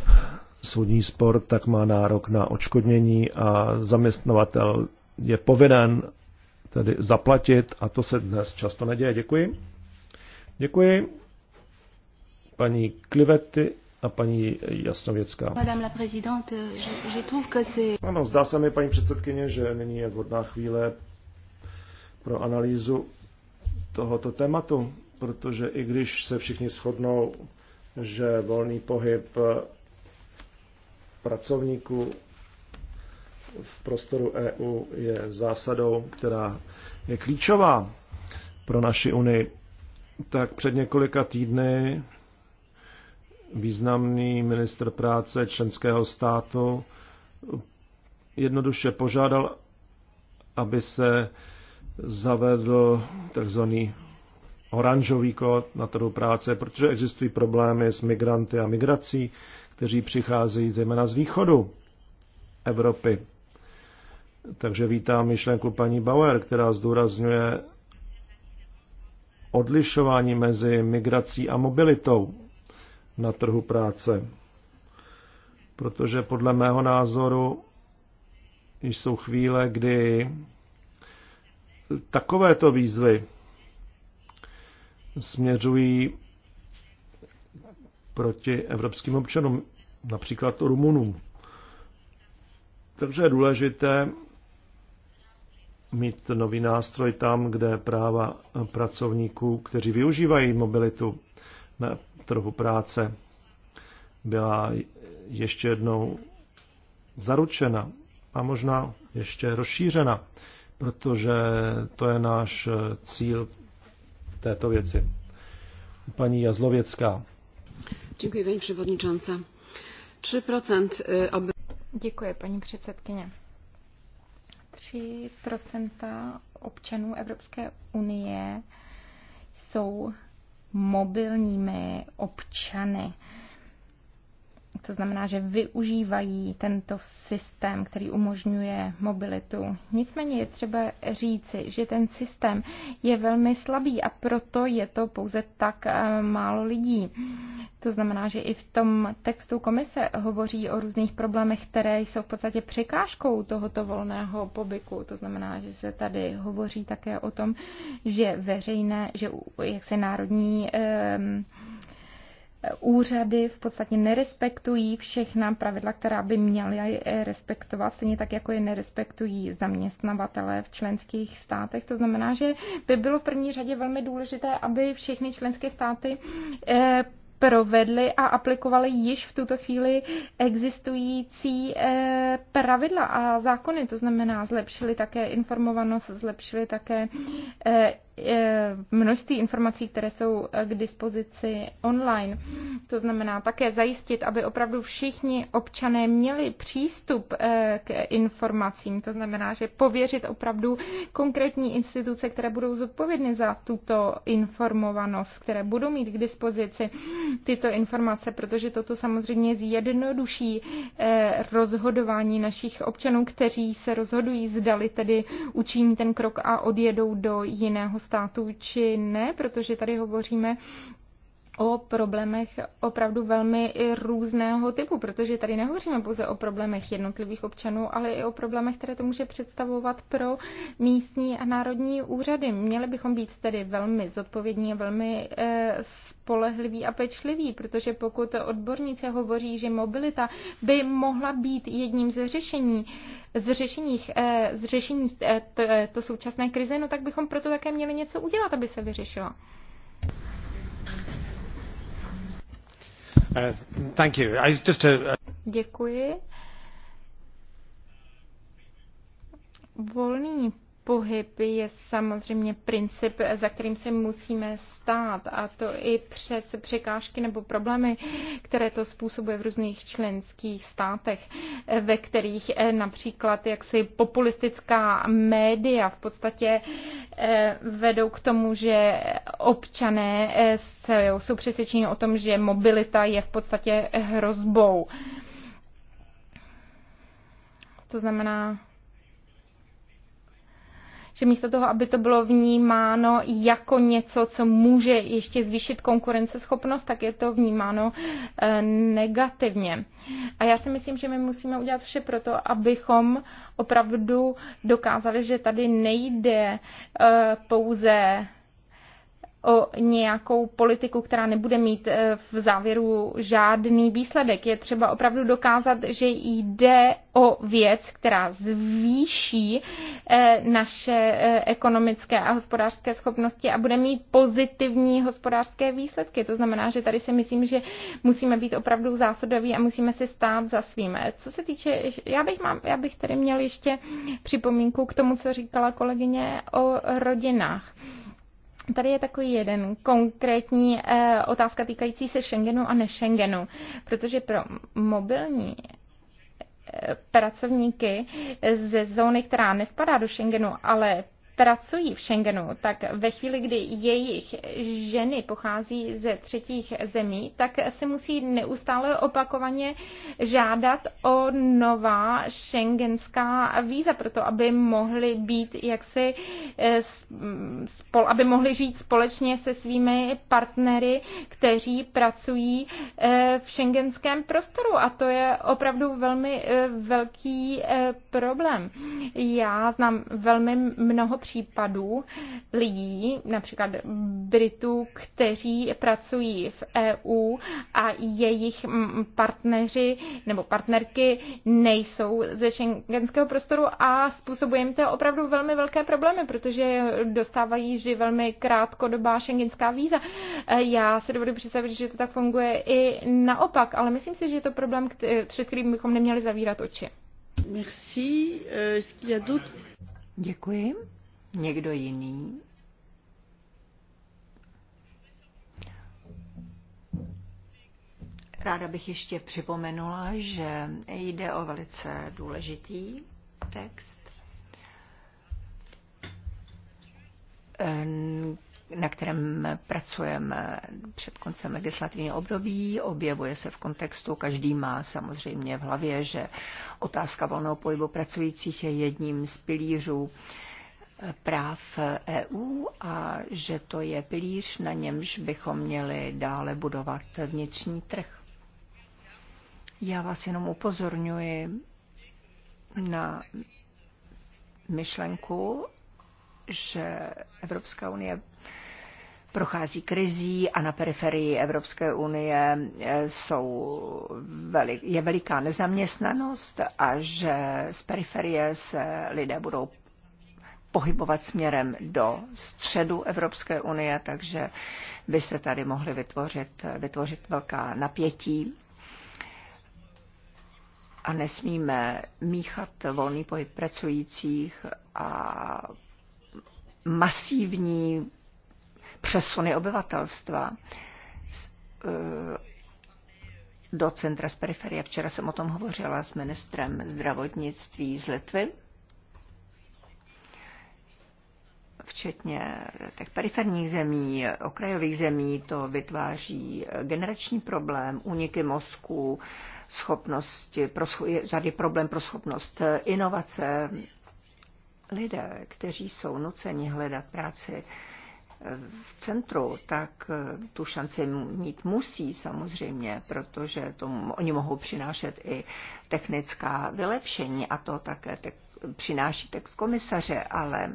soudní spor, tak má nárok na očkodnění a zaměstnavatel je povinen tedy zaplatit a to se dnes často neděje. Děkuji. Děkuji. Paní Klivety a paní Jasnověcká. Madame la présidente, je, trouve que c'est... Ano, zdá se mi, paní předsedkyně, že nyní je vhodná chvíle pro analýzu tohoto tématu, protože i když se všichni shodnou že volný pohyb pracovníků v prostoru EU je zásadou, která je klíčová pro naši Unii. Tak před několika týdny významný ministr práce členského státu jednoduše požádal, aby se zavedl takzvaný oranžový kód na trhu práce, protože existují problémy s migranty a migrací, kteří přicházejí zejména z východu Evropy. Takže vítám myšlenku paní Bauer, která zdůrazňuje odlišování mezi migrací a mobilitou na trhu práce. Protože podle mého názoru jsou chvíle, kdy takovéto výzvy směřují proti evropským občanům, například Rumunům. Takže je důležité mít nový nástroj tam, kde práva pracovníků, kteří využívají mobilitu na trhu práce, byla ještě jednou zaručena a možná ještě rozšířena, protože to je náš cíl této věci. Paní Jazlověcká. Děkuji, paní předsedající. 3% oby... Eh, Děkuji, paní předsedkyně. 3 občanů Evropské unie jsou mobilními občany. To znamená, že využívají tento systém, který umožňuje mobilitu. Nicméně je třeba říci, že ten systém je velmi slabý a proto je to pouze tak eh, málo lidí. To znamená, že i v tom textu komise hovoří o různých problémech, které jsou v podstatě překážkou tohoto volného pobyku. To znamená, že se tady hovoří také o tom, že veřejné, že jak se národní. Eh, úřady v podstatě nerespektují všechna pravidla, která by měly respektovat, stejně tak, jako je nerespektují zaměstnavatele v členských státech. To znamená, že by bylo v první řadě velmi důležité, aby všechny členské státy eh, provedly a aplikovaly již v tuto chvíli existující eh, pravidla a zákony. To znamená, zlepšili také informovanost, zlepšili také eh, množství informací, které jsou eh, k dispozici online. To znamená také zajistit, aby opravdu všichni občané měli přístup eh, k informacím. To znamená, že pověřit opravdu konkrétní instituce, které budou zodpovědny za tuto informovanost, které budou mít k dispozici tyto informace, protože toto samozřejmě zjednoduší eh, rozhodování našich občanů, kteří se rozhodují, zdali tedy učiní ten krok a odjedou do jiného státu států či ne, protože tady hovoříme o problémech opravdu velmi i různého typu, protože tady nehovoříme pouze o problémech jednotlivých občanů, ale i o problémech, které to může představovat pro místní a národní úřady. Měli bychom být tedy velmi zodpovědní a velmi eh, spolehliví a pečliví, protože pokud odborníci hovoří, že mobilita by mohla být jedním z řešení, z řešeních, eh, z řešení eh, to, to současné krize, no tak bychom proto také měli něco udělat, aby se vyřešila. Uh, thank you. I just a... Uh, uh, Děkuji. Volný pohyb je samozřejmě princip, za kterým se musíme stát a to i přes překážky nebo problémy, které to způsobuje v různých členských státech, ve kterých eh, například jaksi populistická média v podstatě eh, vedou k tomu, že občané eh, jsou přesvědčeni o tom, že mobilita je v podstatě hrozbou. To znamená, že prostě místo toho, aby to bylo vnímáno jako něco, co může ještě zvýšit konkurenceschopnost, tak je to vnímáno eh, negativně. A já si myslím, že my musíme udělat vše pro to, abychom opravdu dokázali, že tady nejde eh, pouze o nějakou politiku, která nebude mít eh, v závěru žádný výsledek. Je třeba opravdu dokázat, že jde o věc, která zvýší eh, naše eh, ekonomické a hospodářské schopnosti a bude mít pozitivní hospodářské výsledky. To znamená, že tady si myslím, že musíme být opravdu zásadoví a musíme si stát za svým. Co se týče, já bych, mám, já bych tady měl ještě připomínku k tomu, co říkala kolegyně o rodinách. Tady je takový jeden konkrétní eh, otázka týkající se Schengenu a ne Schengenu, protože pro mobilní eh, pracovníky ze zóny, která nespadá do Schengenu, ale pracují v Schengenu, tak ve chvíli, kdy jejich ženy pochází ze třetích zemí, tak si musí neustále opakovaně žádat o nová šengenská víza, proto aby mohly být jaksi, eh, spol, aby mohly žít společně se svými partnery, kteří pracují eh, v šengenském prostoru a to je opravdu velmi eh, velký problém. Já znám velmi mnoho příležitostí, případů lidí, například Britů, kteří pracují v EU a jejich partneři nebo partnerky nejsou ze šengenského prostoru a způsobuje jim to opravdu velmi velké problémy, protože dostávají vždy velmi krátkodobá šengenská víza. E, já se dovedu představit, že to tak funguje i naopak, ale myslím si, že je to problém, před kterým bychom neměli zavírat oči. Merci. E, est-ce qu'il y a d'autres Děkuji. Někdo jiný? Ráda bych ještě připomenula, že jde o velice důležitý text, na kterém pracujeme před koncem legislativního období. Objevuje se v kontextu, každý má samozřejmě v hlavě, že otázka volného pohybu pracujících je jedním z pilířů uh, práv EU a že to je pilíř, na němž bychom měli dále budovat vnitřní trh. Já vás jenom upozorňuji na myšlenku, že Evropská unie prochází krizí a na periferii Evropské unie e, jsou velik, je veliká nezaměstnanost a že z periferie se lidé budou pohybovat směrem do středu Evropské unie, takže by se tady mohly vytvořit, vytvořit velká napětí a nesmíme míchat volný pohyb pracujících a masivní přesuny obyvatelstva eh, do centra z periferie. Včera jsem o tom hovořila s ministrem zdravotnictví z Litvy včetně těch periferních zemí, okrajových zemí, to vytváří generační problém, úniky mozku, schopnosti, je tady problém pro schopnost eh, inovace. Lidé, kteří jsou nuceni hledat práci eh, v centru, tak eh, tu šanci mít musí samozřejmě, protože tomu, oni mohou přinášet i technická vylepšení a to také tak, přináší text komisaře, ale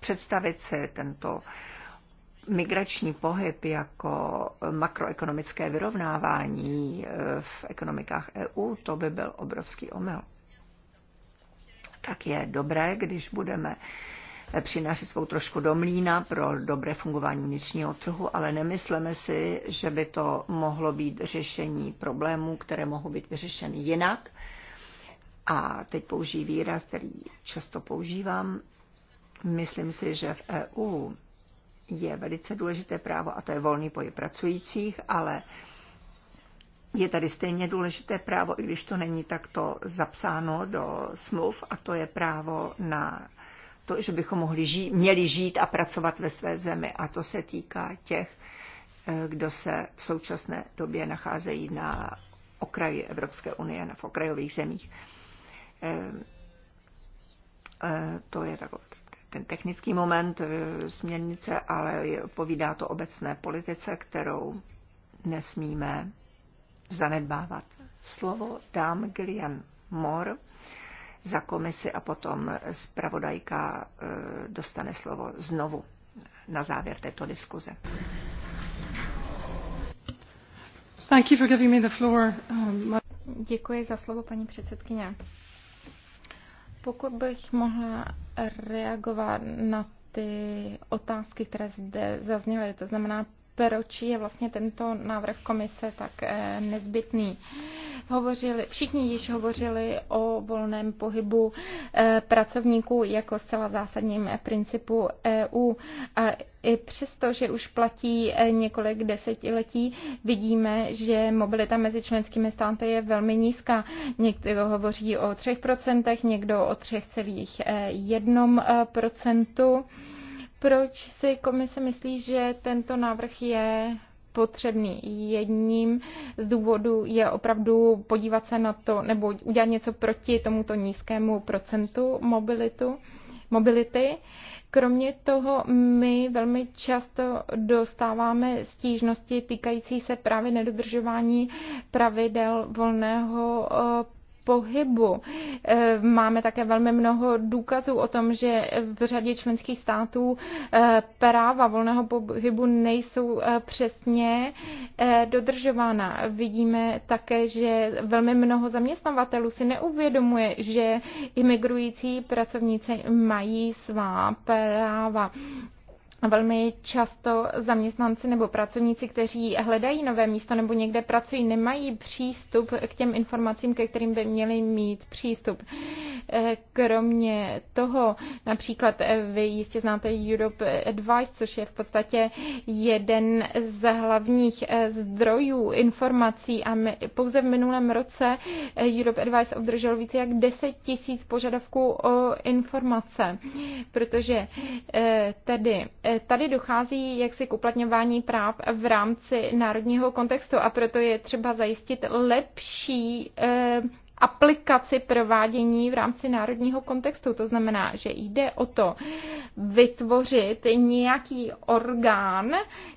představit si tento migrační pohyb jako makroekonomické vyrovnávání eh, v ekonomikách EU, to by byl obrovský omyl. Tak je dobré, když budeme eh, přinášet svou trošku do mlína pro dobré fungování vnitřního trhu, ale nemyslíme si, že by to mohlo být řešení problémů, které mohou být vyřešeny jinak. A teď použijí výraz, který často používám, Myslím si, že v EU je velice důležité právo, a to je volný pohyb pracujících, ale je tady stejně důležité právo, i když to není takto zapsáno do smluv, a to je právo na to, že bychom mohli žít, měli žít a pracovat ve své zemi. A to se týká těch, eh, kdo se v současné době nacházejí na okraji Evropské unie, na okrajových zemích. Eh, eh, to je takové ten technický moment eh, směrnice, ale povídá to obecné politice, kterou nesmíme zanedbávat. Slovo dám Gillian Moore za komisi a potom zpravodajka eh, dostane slovo znovu na závěr této diskuze. Thank you for giving me the floor. Um, Děkuji za slovo, paní předsedkyně. Pokud bych mohla reagovat na ty otázky, které zde zazněly, to znamená proč je vlastně tento návrh komise tak eh, nezbytný. Hovořili, všichni již hovořili o volném pohybu eh, pracovníků jako zcela zásadním principu EU. A i přesto, že už platí eh, několik desetiletí, vidíme, že mobilita mezi členskými státy je velmi nízká. Někdo hovoří o 3%, někdo o 3,1% proč si komise myslí, že tento návrh je potřebný. Jedním z důvodů je opravdu podívat se na to, nebo udělat něco proti tomuto nízkému procentu mobilitu, mobility. Kromě toho my velmi často dostáváme stížnosti týkající se právě nedodržování pravidel volného eh, pohybu. Eh, máme také velmi mnoho důkazů o tom, že v řadě členských států eh, práva volného pohybu nejsou eh, přesně dodržována. Vidíme také, že velmi mnoho zaměstnavatelů si neuvědomuje, že imigrující pracovníci mají svá práva velmi často zaměstnanci nebo pracovníci, kteří hledají nové místo nebo někde pracují, nemají přístup k těm informacím, ke kterým by měli mít přístup. Eh, kromě toho, například eh, vy jistě znáte Europe Advice, což je v podstatě jeden z hlavních eh, zdrojů informací a my, pouze v minulém roce Europe Advice obdržel více jak 10 tisíc požadavků o informace, protože tedy Eh, tady dochází jaksi k uplatňování práv v rámci národního kontextu a proto je třeba zajistit lepší eh, aplikaci provádění v rámci národního kontextu. To znamená, že jde o to vytvořit nějaký orgán,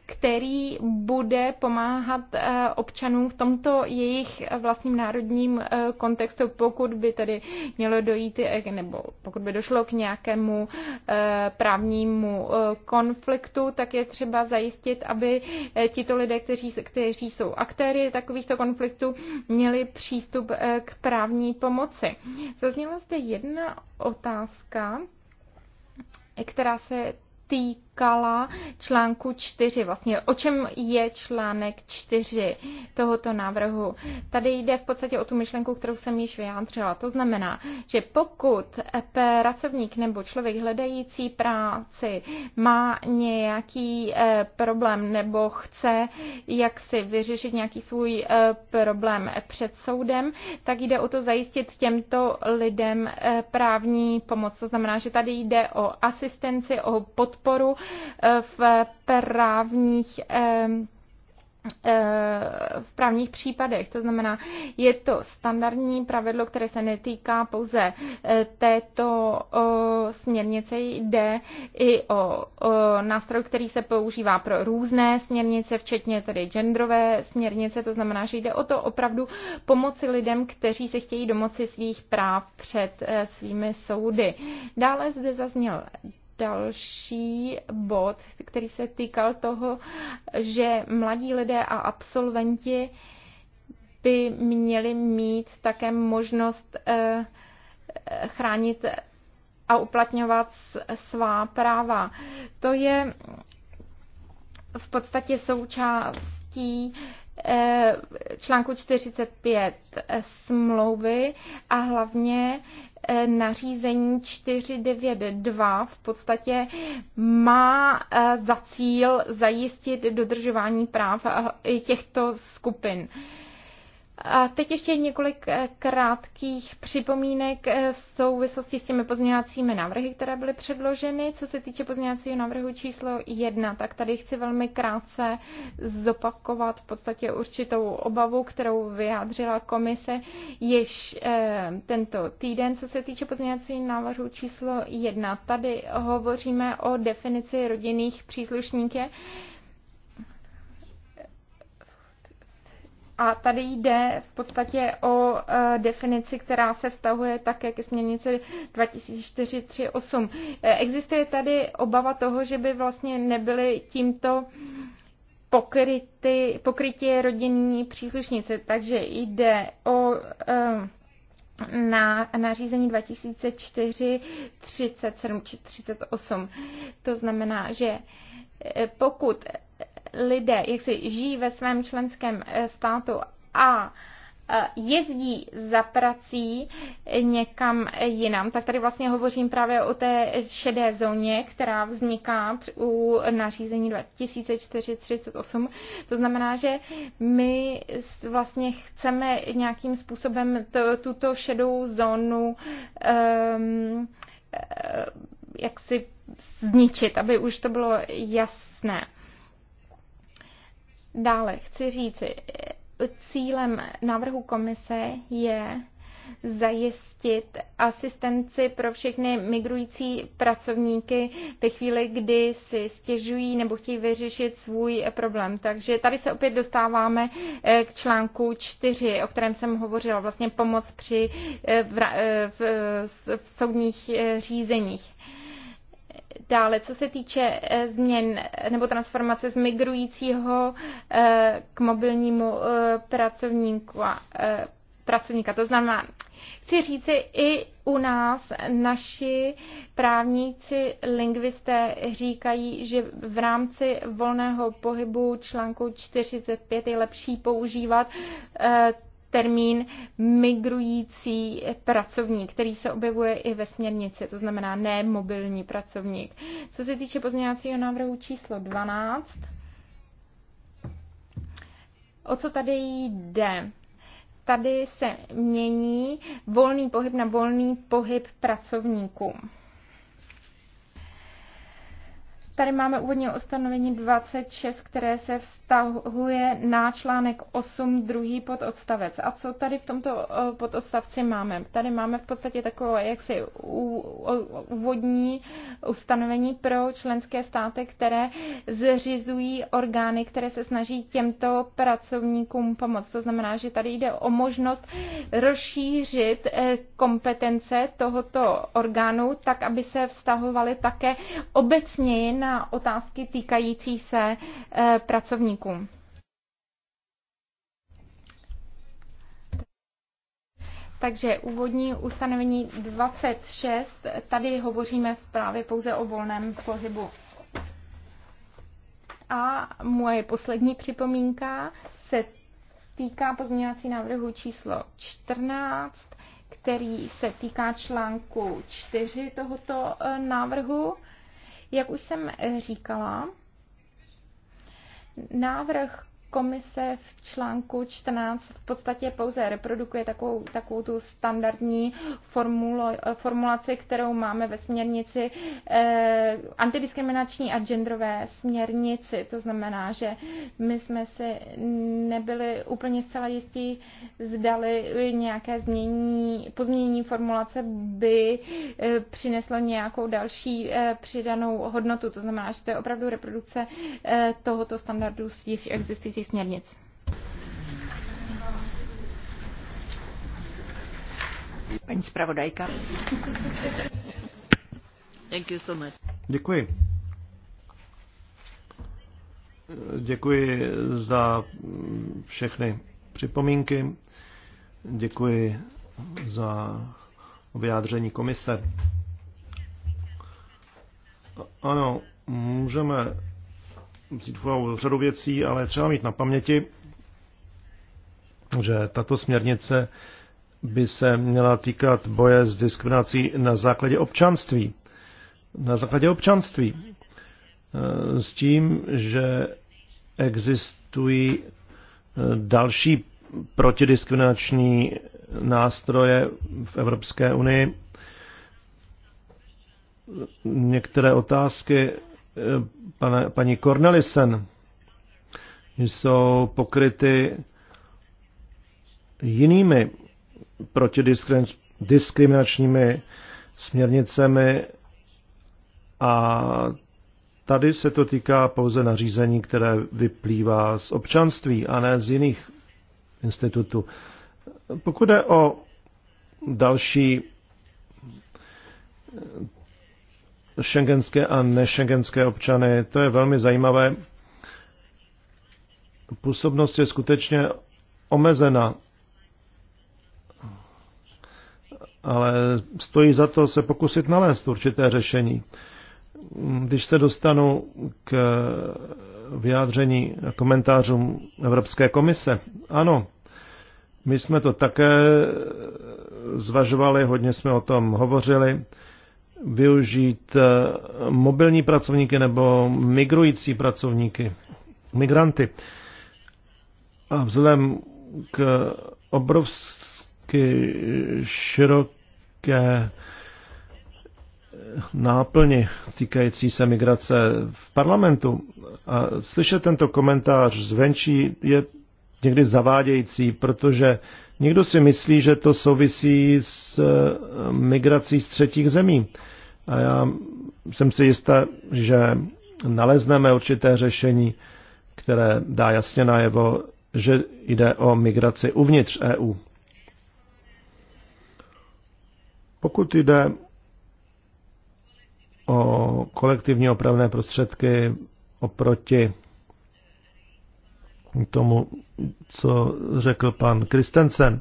který bude pomáhat eh, občanům v tomto jejich eh, vlastním národním eh, kontextu, pokud by tedy mělo dojít, nebo pokud by došlo k nějakému právnímu konfliktu, tak je třeba zajistit, aby tito lidé, kteří, kteří jsou aktéry takovýchto konfliktů, měli přístup k právě právní pomoci. Zazněla zde jedna otázka, která se týká týkala článku 4. Vlastně o čem je článek 4 tohoto návrhu? Tady jde v podstatě o tu myšlenku, kterou jsem již vyjádřila. To znamená, že pokud pracovník nebo člověk hledající práci má nějaký eh, problém nebo chce jak si vyřešit nějaký svůj eh, problém před soudem, tak jde o to zajistit těmto lidem eh, právní pomoc. To znamená, že tady jde o asistenci, o podporu v právních eh, v právních případech. To znamená, je to standardní pravidlo, které se netýká pouze eh, této směrnice, jde i o nástroj, který se používá pro různé směrnice, včetně tedy genderové směrnice. To znamená, že jde o to opravdu pomoci lidem, kteří se chtějí domoci svých práv před eh, svými soudy. Dále zde zazněl další bod, který se týkal toho, že mladí lidé a absolventi by měli mít také možnost eh, eh, chránit a uplatňovat svá práva. To je v podstatě součástí Eh, článku 45 eh, smlouvy a hlavně eh, nařízení 492 v podstatě má za cíl zajistit dodržování práv těchto skupin. A teď ještě několik eh, krátkých připomínek eh, v souvislosti s těmi pozměňovacími návrhy, které byly předloženy. Co se týče pozměňovacího návrhu číslo 1, tak tady chci velmi krátce zopakovat v podstatě určitou obavu, kterou vyjádřila komise již eh, tento týden. Co se týče pozměňovacího návrhu číslo 1, tady hovoříme o definici rodinných příslušníků A tady jde v podstatě o e, definici, která se vztahuje také ke směrnici 2004-38. E, existuje tady obava toho, že by vlastně nebyly tímto pokryty, pokrytě rodinní příslušnice, takže jde o e, na nařízení 2004 37 či 38. To znamená, že pokud lidé, jak si žijí ve svém členském eh, státu a eh, jezdí za prací někam jinam, tak tady vlastně hovořím právě o té šedé zóně, která vzniká u nařízení 2438. To znamená, že my vlastně chceme nějakým způsobem tuto šedou zónu um, jak si zničit, aby už to bylo jasné. Dále chci říci, cílem návrhu komise je zajistit asistenci pro všechny migrující pracovníky ve chvíli, kdy si stěžují nebo chtějí vyřešit svůj problém. Takže tady se opět dostáváme eh, k článku 4, o kterém jsem hovořila, vlastně pomoc při eh, v, eh, v, v, v soudních řízeních. Dále, co se týče eh, změn eh, nebo transformace z migrujícího eh, k mobilnímu pracovníku, pracovníka. To znamená, chci říci, i u nás naši právníci, lingvisté říkají, že v rámci volného pohybu článku 45 je lepší používat termín migrující pracovník, který se objevuje i ve směrnici, to znamená ne mobilní pracovník. Co se týče pozměňovacího návrhu číslo 12, o co tady jde? Tady se mění volný pohyb na volný pohyb pracovníků. Tady máme úvodní ustanovení 26, které se vztahuje na článek 8, druhý pododstavec. A co tady v tomto eh, pododstavci máme? Tady máme v podstatě takové jaksi úvodní ustanovení pro členské státy, které zřizují orgány, které se snaží těmto pracovníkům pomoct. To znamená, že tady jde o možnost rozšířit eh, kompetence tohoto orgánu tak, aby se vztahovaly také obecněji na otázky týkající se eh, pracovníků. Takže úvodní ustanovení 26, tady hovoříme právě pouze o volném pohybu. A moje poslední připomínka se týká pozměňovací návrhu číslo 14, který se týká článku 4 tohoto eh, návrhu. Jak už jsem říkala, návrh komise v článku 14 v podstatě pouze reprodukuje takovou, takovou tu standardní formulo, formulaci, kterou máme ve směrnici eh, antidiskriminační a genderové směrnici. To znamená, že my jsme si nebyli úplně zcela jistí, zdali nějaké změní, pozměnění formulace by eh, přineslo nějakou další eh, přidanou hodnotu. To znamená, že to je opravdu reprodukce eh, tohoto standardu z již existujících evropských směrnic. Paní zpravodajka. Thank you so much. Děkuji. Děkuji za všechny připomínky. Děkuji za vyjádření komise. Ano, můžeme vzít v řadu věcí, ale třeba mít na paměti, že tato směrnice by se měla týkat boje s diskriminací na základě občanství. Na základě občanství. Eh, s tím, že existují eh, další protidiskriminační nástroje v Evropské unii. Některé otázky Eh, pane, paní Cornelisen jsou pokryty jinými protidiskriminačními směrnicemi a tady se to týká pouze nařízení, které vyplývá z občanství a ne z jiných institutů. Pokud je o další šengenské a nešengenské občany. To je velmi zajímavé. Působnost je skutečně omezena, ale stojí za to se pokusit nalézt určité řešení. Když se dostanu k vyjádření a komentářům Evropské komise, ano, my jsme to také zvažovali, hodně jsme o tom hovořili využít eh, mobilní pracovníky nebo migrující pracovníky, migranty. A vzhledem k obrovsky široké náplni týkající se migrace v parlamentu a slyšet tento komentář zvenčí je někdy zavádějící, protože někdo si myslí, že to souvisí s eh, migrací z třetích zemí. A já jsem si jistá, že nalezneme určité řešení, které dá jasně najevo, že jde o migraci uvnitř EU. Pokud jde o kolektivní opravné prostředky oproti tomu, co řekl pan Kristensen.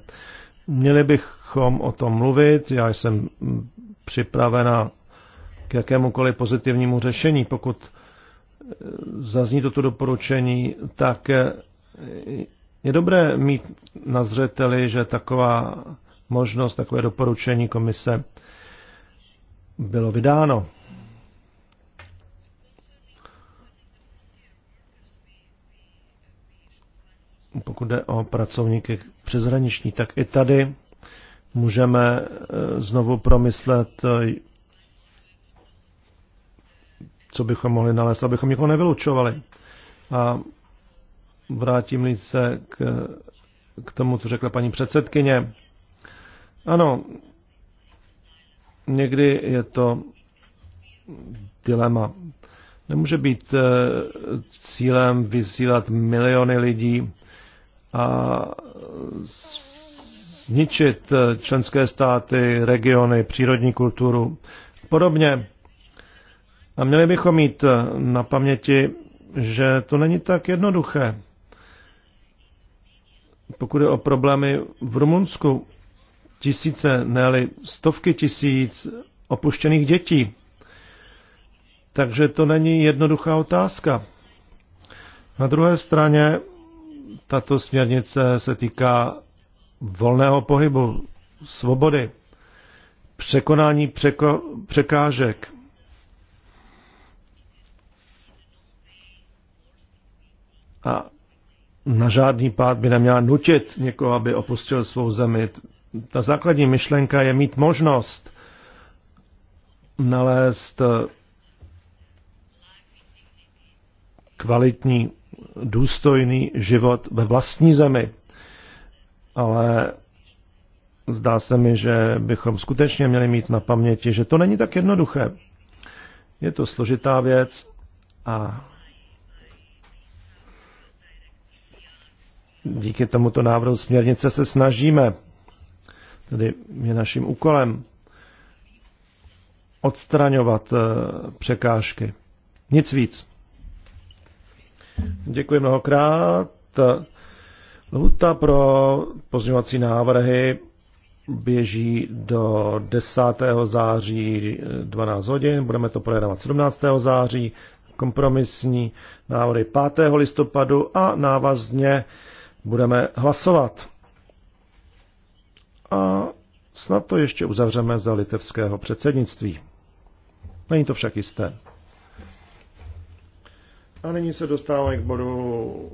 Měli bychom o tom mluvit, já jsem připravena k jakémukoliv pozitivnímu řešení. Pokud eh, zazní toto doporučení, tak eh, je dobré mít na zřeteli, že taková možnost, takové doporučení komise bylo vydáno. Pokud jde o pracovníky přeshraniční, tak i tady můžeme eh, znovu promyslet co bychom mohli nalézt, abychom někoho nevylučovali. A vrátím se k, k tomu, co řekla paní předsedkyně. Ano, někdy je to dilema. Nemůže být eh, cílem vysílat miliony lidí a zničit eh, členské státy, regiony, přírodní kulturu. Podobně a měli bychom mít eh, na paměti, že to není tak jednoduché. Pokud je o problémy v Rumunsku, tisíce, ne stovky tisíc opuštěných dětí. Takže to není jednoduchá otázka. Na druhé straně tato směrnice se týká volného pohybu, svobody, překonání překo, překážek, A na žádný pád by neměla nutit někoho, aby opustil svou zemi. Ta základní myšlenka je mít možnost nalézt eh, kvalitní, důstojný život ve vlastní zemi. Ale zdá se mi, že bychom skutečně měli mít na paměti, že to není tak jednoduché. Je to složitá věc a díky tomuto návrhu směrnice se snažíme, tedy je naším úkolem, odstraňovat eh, překážky. Nic víc. Děkuji mnohokrát. Lhuta pro pozměňovací návrhy běží do 10. září 12 hodin, budeme to projednávat 17. září, kompromisní návrhy 5. listopadu a návazně budeme hlasovat. A snad to ještě uzavřeme za litevského předsednictví. Není to však jisté. A nyní se dostáváme k bodu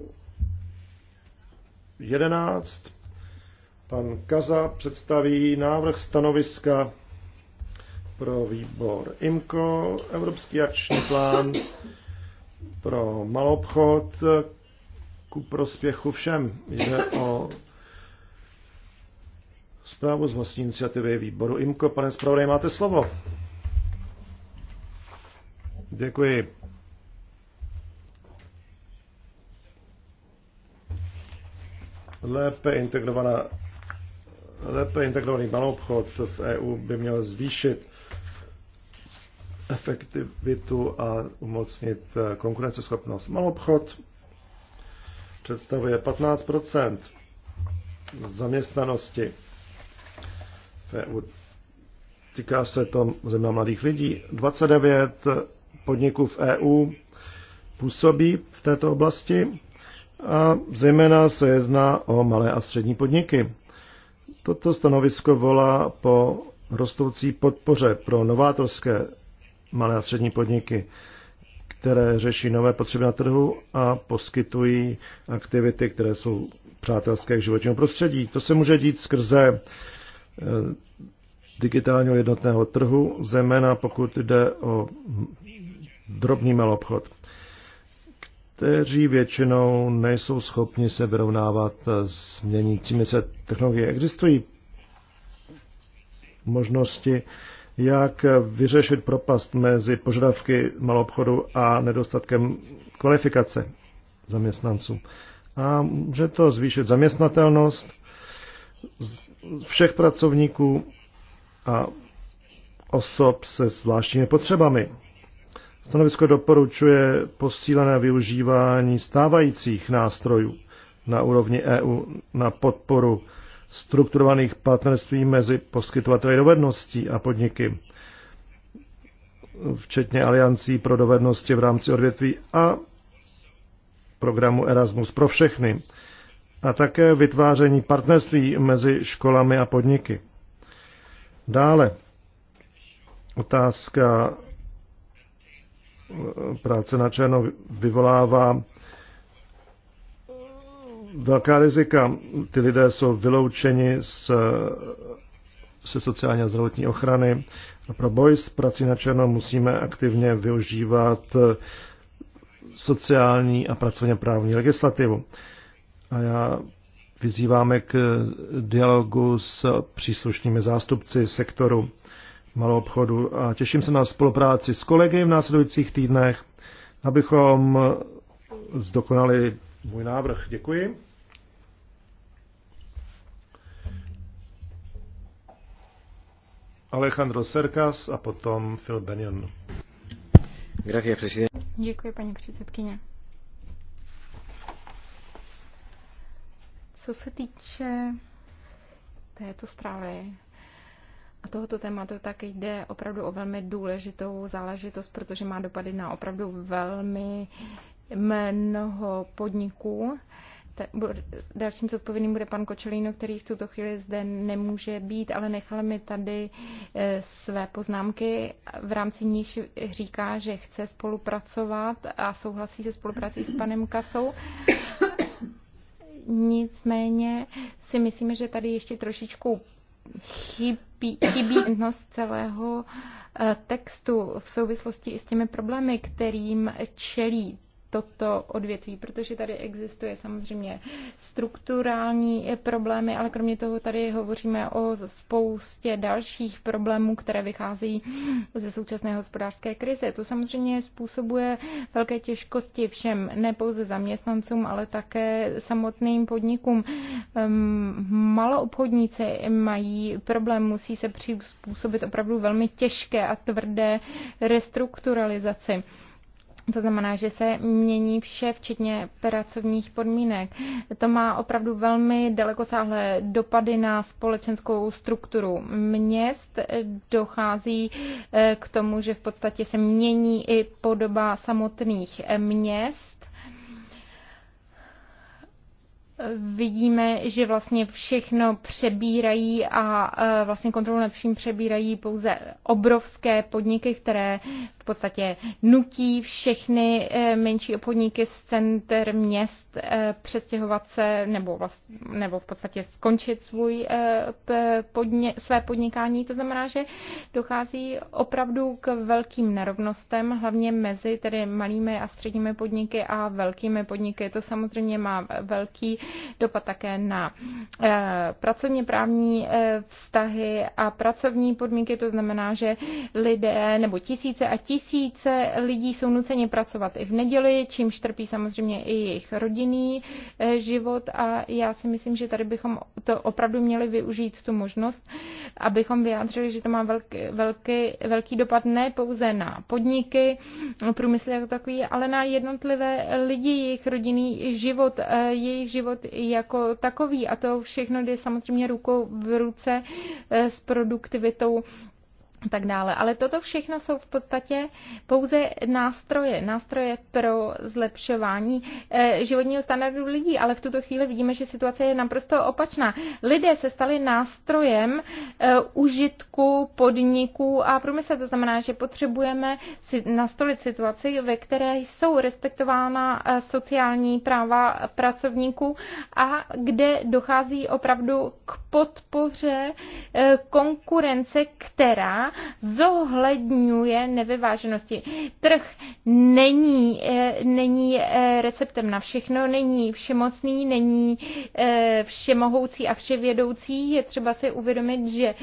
11. Pan Kaza představí návrh stanoviska pro výbor IMCO, Evropský akční plán pro malobchod, ku prospěchu všem. Jde o zprávu z vlastní iniciativy výboru IMKO. Pane zpravodaj, máte slovo. Děkuji. Lépe, integrovaná, lépe integrovaný malobchod v EU by měl zvýšit efektivitu a umocnit konkurenceschopnost. Malobchod představuje 15 zaměstnanosti v EU. Týká se to zejména mladých lidí. 29 podniků v EU působí v této oblasti a zejména se jedná o malé a střední podniky. Toto stanovisko volá po rostoucí podpoře pro novátorské malé a střední podniky které řeší nové potřeby na trhu a poskytují aktivity, které jsou přátelské k životnímu prostředí. To se může dít skrze eh, digitálního jednotného trhu, zejména pokud jde o drobný malobchod, kteří většinou nejsou schopni se vyrovnávat s měnícími se technologie. Existují možnosti jak vyřešit propast mezi požadavky malobchodu a nedostatkem kvalifikace zaměstnanců. A může to zvýšit zaměstnatelnost všech pracovníků a osob se zvláštními potřebami. Stanovisko doporučuje posílené využívání stávajících nástrojů na úrovni EU na podporu strukturovaných partnerství mezi poskytovateli dovedností a podniky, včetně aliancí pro dovednosti v rámci odvětví a programu Erasmus pro všechny, a také vytváření partnerství mezi školami a podniky. Dále otázka e, práce na černo vyvolává velká rizika. Ty lidé jsou vyloučeni z, se sociální a zdravotní ochrany. A pro boj s prací na černo musíme aktivně využívat sociální a pracovně právní legislativu. A já vyzýváme k dialogu s příslušnými zástupci sektoru malou obchodu a těším se na spolupráci s kolegy v následujících týdnech, abychom zdokonali můj návrh. Děkuji. Alejandro Serkas a potom Phil Benion. Děkuji, paní předsedkyně. Co se týče této zprávy a tohoto tématu, tak jde opravdu o velmi důležitou záležitost, protože má dopady na opravdu velmi mnoho podniků. Dalším zodpovědným bude pan Kočelino, který v tuto chvíli zde nemůže být, ale nechal mi tady eh, své poznámky. V rámci níž říká, že chce spolupracovat a souhlasí se spoluprací s panem Kasou. Nicméně si myslíme, že tady ještě trošičku chybí, chybí jednost celého eh, textu v souvislosti i s těmi problémy, kterým čelí toto odvětví, protože tady existuje samozřejmě strukturální problémy, ale kromě toho tady hovoříme o spoustě dalších problémů, které vycházejí ze současné hospodářské krize. To samozřejmě způsobuje velké těžkosti všem, ne pouze zaměstnancům, ale také samotným podnikům. Ehm, maloobchodníci mají problém, musí se přizpůsobit opravdu velmi těžké a tvrdé restrukturalizaci. To znamená, že se mění vše, včetně pracovních podmínek. To má opravdu velmi dalekosáhlé dopady na společenskou strukturu měst. Dochází eh, k tomu, že v podstatě se mění i podoba samotných eh, měst vidíme, že vlastně všechno přebírají a e, vlastně kontrolu nad vším přebírají pouze obrovské podniky, které v podstatě nutí všechny e, menší obchodníky z center měst Eh, přestěhovat se nebo, vlast, nebo v podstatě skončit svůj, eh, podně, své podnikání. To znamená, že dochází opravdu k velkým nerovnostem, hlavně mezi tedy malými a středními podniky a velkými podniky. To samozřejmě má velký dopad také na eh, pracovně právní vztahy a pracovní podmínky. To znamená, že lidé nebo tisíce a tisíce lidí jsou nuceni pracovat i v neděli, čímž trpí samozřejmě i jejich rodiny rodinný eh, život a já si myslím, že tady bychom to opravdu měli využít tu možnost, abychom vyjádřili, že to má velký, velký, velký dopad ne pouze na podniky, průmysl jako takový, ale na jednotlivé lidi, jejich rodinný život, eh, jejich život jako takový a to všechno jde samozřejmě rukou v ruce eh, s produktivitou tak dále. Ale toto všechno jsou v podstatě pouze nástroje, nástroje pro zlepšování eh, životního standardu lidí, ale v tuto chvíli vidíme, že situace je naprosto opačná. Lidé se stali nástrojem eh, užitku, podniků a průmyslu. To znamená, že potřebujeme si nastolit situaci, ve které jsou respektována eh, sociální práva pracovníků a kde dochází opravdu k podpoře konkurence, která zohledňuje nevyváženosti. Trh není, eh, není eh, receptem na všechno, není všemocný, není eh, všemohoucí a vševědoucí. Je třeba si uvědomit, že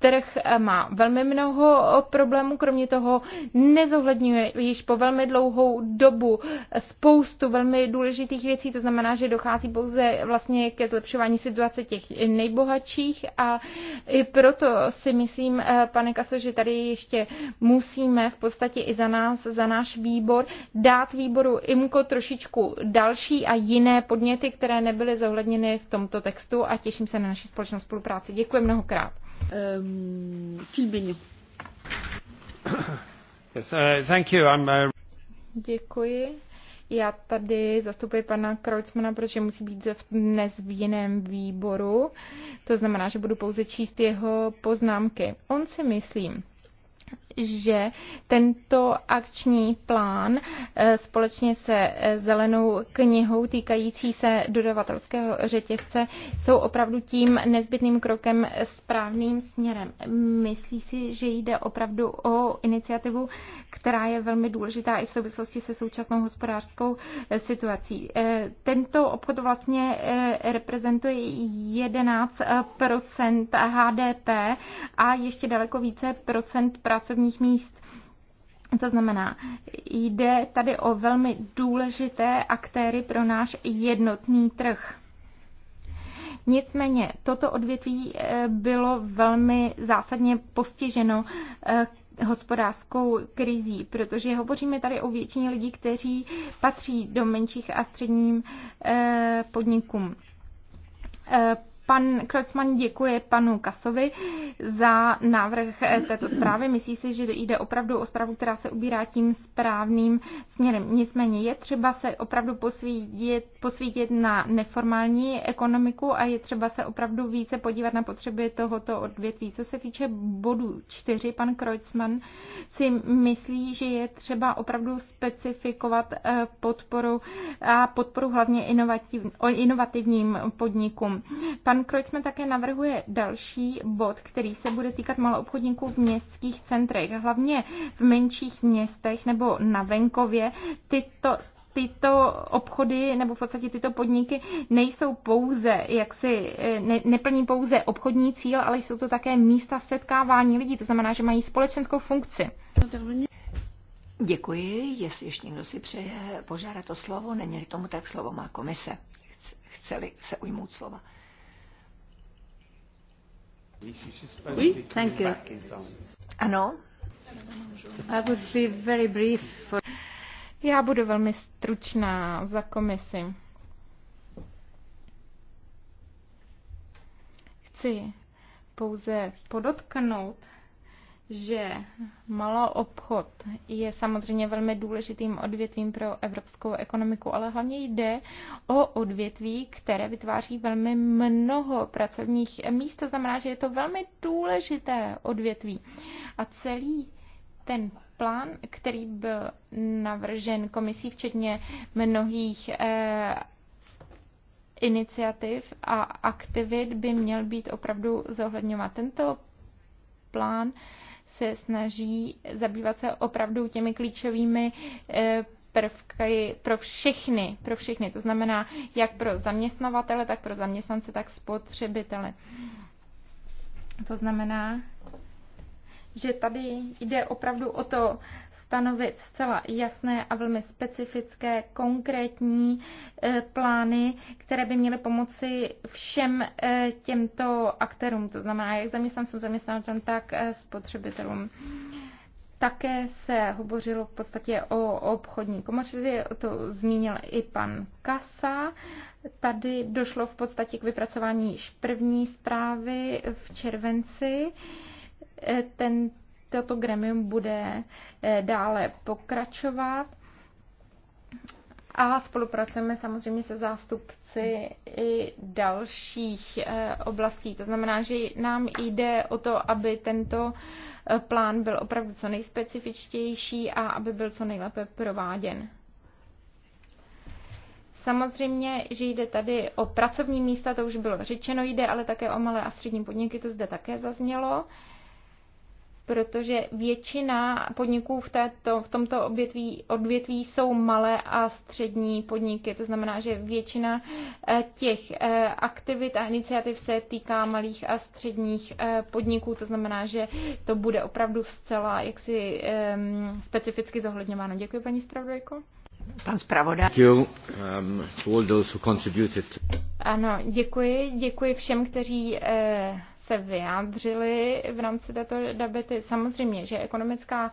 trh má velmi mnoho problémů, kromě toho nezohledňuje již po velmi dlouhou dobu spoustu velmi důležitých věcí, to znamená, že dochází pouze vlastně ke zlepšování situace těch nejbohatších a i proto si myslím, eh, pane Kaso, že tady ještě musíme v podstatě i za nás, za náš výbor dát výboru IMKO trošičku další a jiné podněty, které nebyly zohledněny v tomto textu a těším se na naši společnou spolupráci. Děkuji mnohokrát. Ehm, uh, uh, Děkuji. Já tady zastupuji pana Kreutzmana, protože musí být dnes v jiném výboru. To znamená, že budu pouze číst jeho poznámky. On si myslím že tento akční plán eh, společně se eh, zelenou knihou týkající se dodavatelského řetězce jsou opravdu tím nezbytným krokem správným směrem. Myslí si, že jde opravdu o iniciativu, která je velmi důležitá i v souvislosti se současnou hospodářskou eh, situací. Tento obchod vlastně reprezentuje 11 HDP a ještě daleko více procent pracovních pracovních míst. To znamená, jde tady o velmi důležité aktéry pro náš jednotný trh. Nicméně toto odvětví eh, bylo velmi zásadně postiženo eh, hospodářskou krizí, protože hovoříme tady o většině lidí, kteří patří do menších a středním eh, podnikům Pan Krocman děkuje panu Kasovi za návrh této zprávy. Myslí si, že jde opravdu o zprávu, která se ubírá tím správným směrem. Nicméně je třeba se opravdu posvítit, posvítit na neformální ekonomiku a je třeba se opravdu více podívat na potřeby tohoto odvětví. Co se týče bodu 4, pan Krocman, si myslí, že je třeba opravdu specifikovat eh, podporu a podporu hlavně inovativním podnikům. Pan Pan Kreutzmann také navrhuje další bod, který se bude týkat maloobchodníků v městských centrech, hlavně v menších městech nebo na venkově. Tyto, tyto obchody nebo v podstatě tyto podniky nejsou pouze, jak si ne, neplní pouze obchodní cíl, ale jsou to také místa setkávání lidí, to znamená, že mají společenskou funkci. Děkuji, jestli ještě někdo si přeje požádat o slovo, není tomu tak slovo má komise, chceli se ujmout slova. Oui, thank you. Ano. Já budu velmi stručná za komisi. Chci pouze podotknout, že obchod je samozřejmě velmi důležitým odvětvím pro evropskou ekonomiku, ale hlavně jde o odvětví, které vytváří velmi mnoho pracovních míst. To znamená, že je to velmi důležité odvětví. A celý ten plán, který byl navržen komisí, včetně mnohých eh, iniciativ a aktivit, by měl být opravdu zohledňovat tento plán se snaží zabývat se opravdu těmi klíčovými eh, prvky pro všechny, pro všechny, to znamená jak pro zaměstnavatele, tak pro zaměstnance, tak spotřebitele. To znamená, že tady jde opravdu o to stanovit zcela jasné a velmi specifické, konkrétní e, plány, které by měly pomoci všem e, těmto aktérům, to znamená jak zaměstnancům, zaměstnancům, tak e, spotřebitelům. Také se hovořilo v podstatě o obchodní komoře, to zmínil i pan Kasa. Tady došlo v podstatě k vypracování již první zprávy v červenci. Ten toto gremium bude eh, dále pokračovat a spolupracujeme samozřejmě se zástupci i dalších eh, oblastí. To znamená, že nám jde o to, aby tento eh, plán byl opravdu co nejspecifičtější a aby byl co nejlépe prováděn. Samozřejmě, že jde tady o pracovní místa, to už bylo řečeno, jde ale také o malé a střední podniky, to zde také zaznělo protože většina podniků v, této, v tomto odvětví, odvětví jsou malé a střední podniky. To znamená, že většina eh, těch eh, aktivit a iniciativ se týká malých a středních eh, podniků. To znamená, že to bude opravdu zcela jaksi um, specificky zohledňováno. Děkuji, paní zpravodajko. Pan zpravodaj. Um, ano, děkuji. Děkuji všem, kteří se vyjádřili v rámci této debaty. Samozřejmě, že ekonomická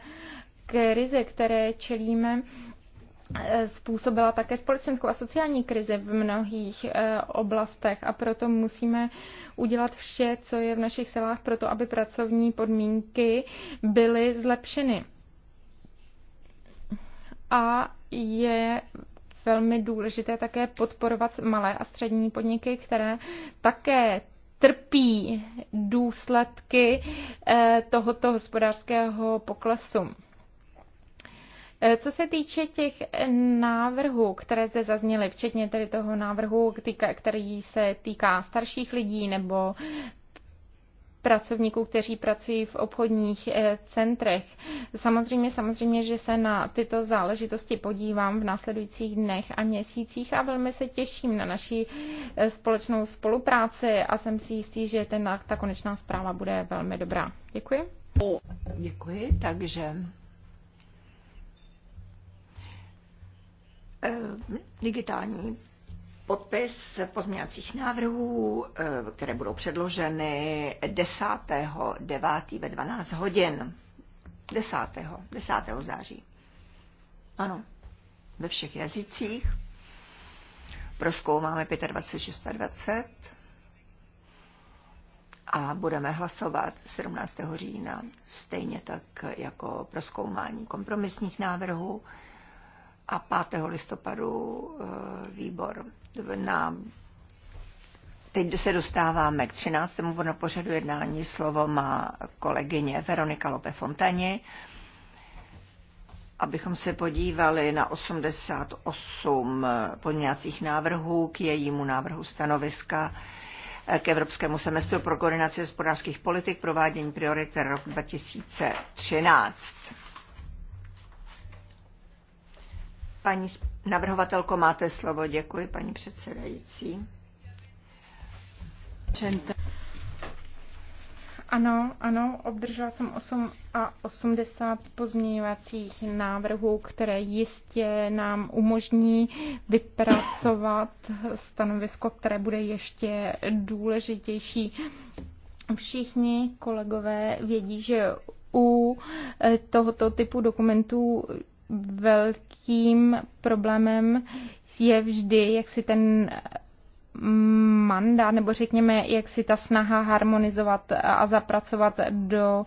krize, které čelíme, eh, způsobila také společenskou a sociální krizi v mnohých eh, oblastech a proto musíme udělat vše, co je v našich silách proto aby pracovní podmínky byly zlepšeny. A je velmi důležité také podporovat malé a střední podniky, které také trpí důsledky eh, tohoto hospodářského poklesu. Eh, co se týče těch návrhů, které zde zazněly, včetně tedy toho návrhu, který se týká starších lidí nebo pracovníků, kteří pracují v obchodních eh, centrech. Samozřejmě, samozřejmě, že se na tyto záležitosti podívám v následujících dnech a měsících a velmi se těším na naši eh, společnou spolupráci a jsem si jistý, že ten, ta konečná zpráva bude velmi dobrá. Děkuji. Děkuji, takže eh, digitální podpis pozměňovacích návrhů, eh, které budou předloženy 10. 9. ve 12 hodin. 10. 10. září. Ano, ve všech jazycích. Proskoumáme 25, a budeme hlasovat 17. října, stejně tak jako proskoumání kompromisních návrhů a 5. listopadu eh, výbor na Teď se dostáváme k 13. na pořadu jednání. Slovo má kolegyně Veronika Lope Fontani, abychom se podívali na 88 podňacích návrhů k jejímu návrhu stanoviska k Evropskému semestru pro koordinaci hospodářských politik provádění priorit rok 2013. Paní navrhovatelko, máte slovo. Děkuji, paní předsedající. Ano, ano, obdržela jsem 8 a 80 pozměňovacích návrhů, které jistě nám umožní vypracovat stanovisko, které bude ještě důležitější. Všichni kolegové vědí, že u eh, tohoto typu dokumentů velkým problémem je vždy, jak si ten mandát, nebo řekněme, jak si ta snaha harmonizovat a zapracovat do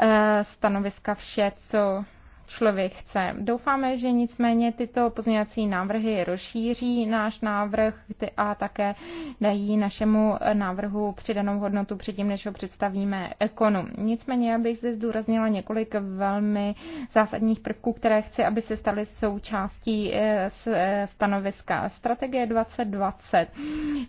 eh, stanoviska vše, co člověk chce. Doufáme, že nicméně tyto pozměňovací návrhy rozšíří náš návrh a také dají našemu návrhu přidanou hodnotu předtím, než ho představíme ekonu. Nicméně já bych zde zdůraznila několik velmi zásadních prvků, které chci, aby se staly součástí eh, eh, stanoviska. Strategie 2020.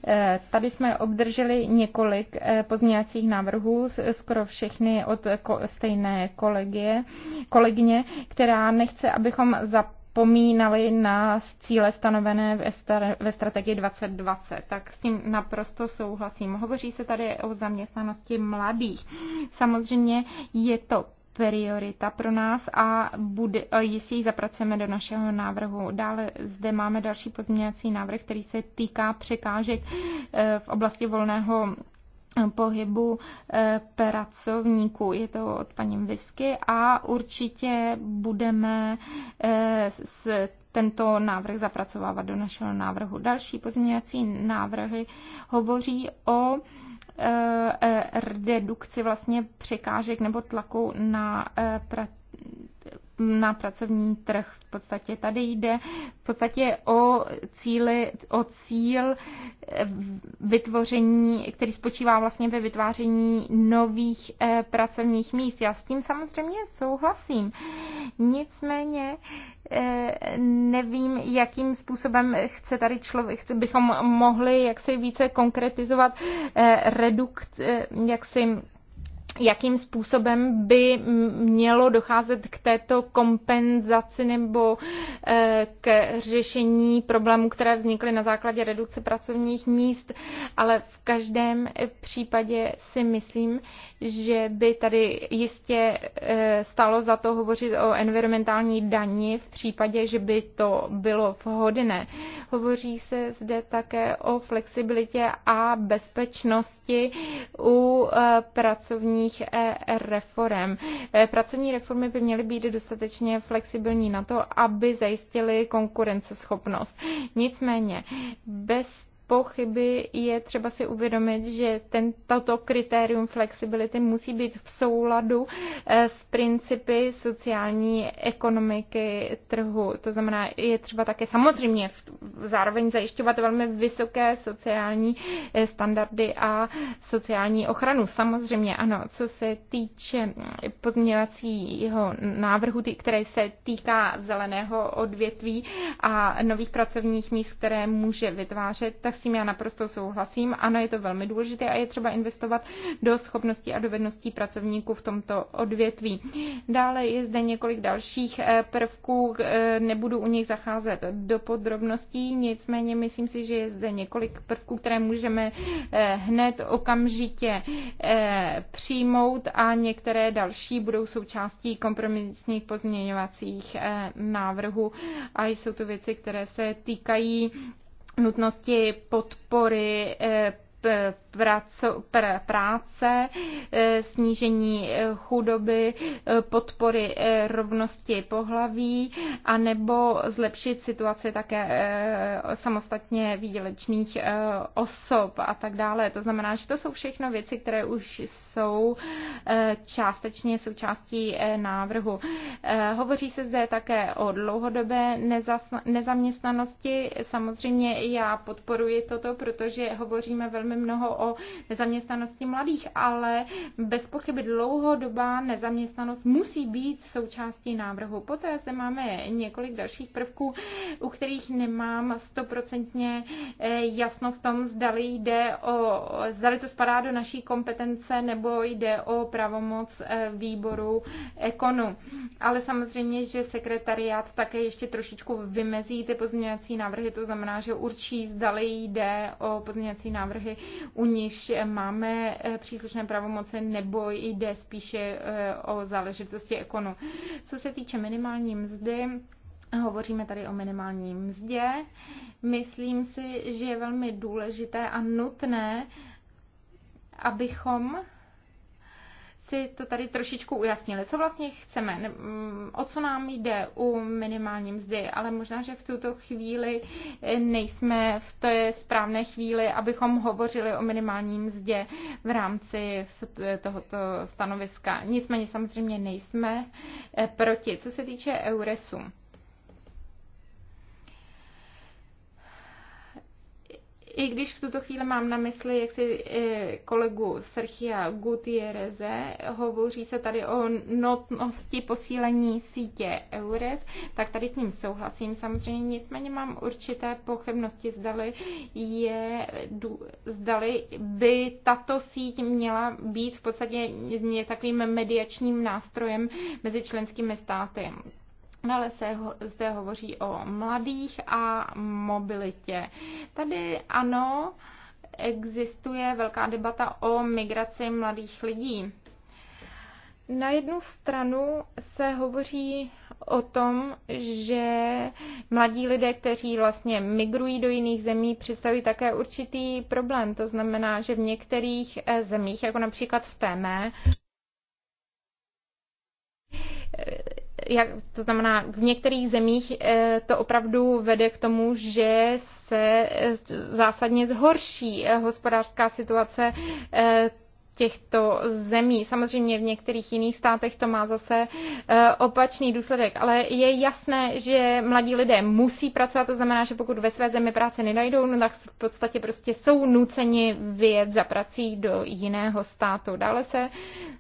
Eh, tady jsme obdrželi několik pozměňovacích návrhů, skoro všechny od stejné kolegie, kolegyně, která nechce, abychom zapomínali na cíle stanovené ve strategii 2020. Tak s tím naprosto souhlasím. Hovoří se tady o zaměstnanosti mladých. Samozřejmě je to priorita pro nás a bude, jestli ji zapracujeme do našeho návrhu. Dále zde máme další pozměňovací návrh, který se týká překážek eh, v oblasti volného pohybu eh, pracovníků. Je to od paní Visky a určitě budeme eh, s tento návrh zapracovávat do našeho návrhu. Další pozměňovací návrhy hovoří o eh, redukci vlastně překážek nebo tlaku na na pracovní trh. V podstatě tady jde v podstatě o, cíly, o cíl vytvoření, který spočívá vlastně ve vytváření nových eh, pracovních míst. Já s tím samozřejmě souhlasím. Nicméně eh, nevím, jakým způsobem chce tady člověk, bychom mohli jaksi více konkretizovat eh, redukt, jaksi jakým způsobem by mělo docházet k této kompenzaci nebo eh, k řešení problémů, které vznikly na základě redukce pracovních míst, ale v každém případě si myslím, že by tady jistě eh, stálo za to hovořit o environmentální dani v případě, že by to bylo vhodné. Hovoří se zde také o flexibilitě a bezpečnosti u eh, pracovních pracovních eh, reform. Eh, pracovní reformy by měly být dostatečně flexibilní na to, aby zajistily konkurenceschopnost. Nicméně bez pochyby je třeba si uvědomit, že ten, toto kritérium flexibility musí být v souladu eh, s principy sociální ekonomiky trhu. To znamená, je třeba také samozřejmě zároveň zajišťovat velmi vysoké sociální eh, standardy a sociální ochranu. Samozřejmě ano, co se týče eh, pozměňovacího návrhu, které se týká zeleného odvětví a nových pracovních míst, které může vytvářet, tak s tím já naprosto souhlasím. Ano, je to velmi důležité a je třeba investovat do schopností a dovedností pracovníků v tomto odvětví. Dále je zde několik dalších eh, prvků, eh, nebudu u nich zacházet do podrobností, nicméně myslím si, že je zde několik prvků, které můžeme eh, hned okamžitě přijmout a některé další budou součástí kompromisních pozměňovacích návrhů a jsou to věci, které se týkají nutnosti podpory eh, práce, e, snížení e, chudoby, e, podpory rovnosti pohlaví a nebo zlepšit situaci také samostatně výdělečných osob a tak dále. To znamená, že to jsou všechno věci, které už jsou částečně součástí návrhu. Hovoří se zde také o dlouhodobé nezaměstnanosti. Samozřejmě já podporuji toto, protože hovoříme velmi velmi mnoho o nezaměstnanosti mladých, ale bez pochyby dlouhodobá nezaměstnanost musí být součástí návrhu. Poté zde máme několik dalších prvků, u kterých nemám stoprocentně eh, jasno v tom, zdali jde o, zdali to spadá do naší kompetence nebo jde o pravomoc eh, výboru ekonu. Ale samozřejmě, že sekretariát také ještě trošičku vymezí ty pozměňovací návrhy, to znamená, že určí, zdali jde o pozměňovací návrhy, u níž máme eh, příslušné pravomoce, nebo jde spíše eh, o záležitosti ekonu. Co se týče minimální mzdy, Hovoříme tady o minimální mzdě. Myslím si, že je velmi důležité a nutné, abychom si to tady trošičku ujasnili. Co vlastně chceme? Mm, o co nám jde u minimální mzdy? Ale možná, že v tuto chvíli nejsme v té správné chvíli, abychom hovořili o minimální mzdě v rámci tohoto stanoviska. Nicméně samozřejmě nejsme eh, proti. Co se týče Euresu, i když v tuto chvíli mám na mysli jak si eh, kolegu Serchia Gutierreze, hovoří se tady o notnosti posílení sítě EURES, tak tady s ním souhlasím samozřejmě, nicméně mám určité pochybnosti, zdali, je, zdali by tato síť měla být v podstatě takovým mediačním nástrojem mezi členskými státy. Dále se zde hovoří o mladých a mobilitě. Tady ano, existuje velká debata o migraci mladých lidí. Na jednu stranu se hovoří o tom, že mladí lidé, kteří vlastně migrují do jiných zemí, představují také určitý problém. To znamená, že v některých eh, zemích, jako například v té mé, jak, to znamená, v některých zemích eh, to opravdu vede k tomu, že se eh, zásadně zhorší eh, hospodářská situace těchto zemí. Samozřejmě v některých jiných státech to má zase eh, opačný důsledek, ale je jasné, že mladí lidé musí pracovat, to znamená, že pokud ve své zemi práce nenajdou, no tak v podstatě prostě jsou nuceni vyjet za prací do jiného státu. Dále se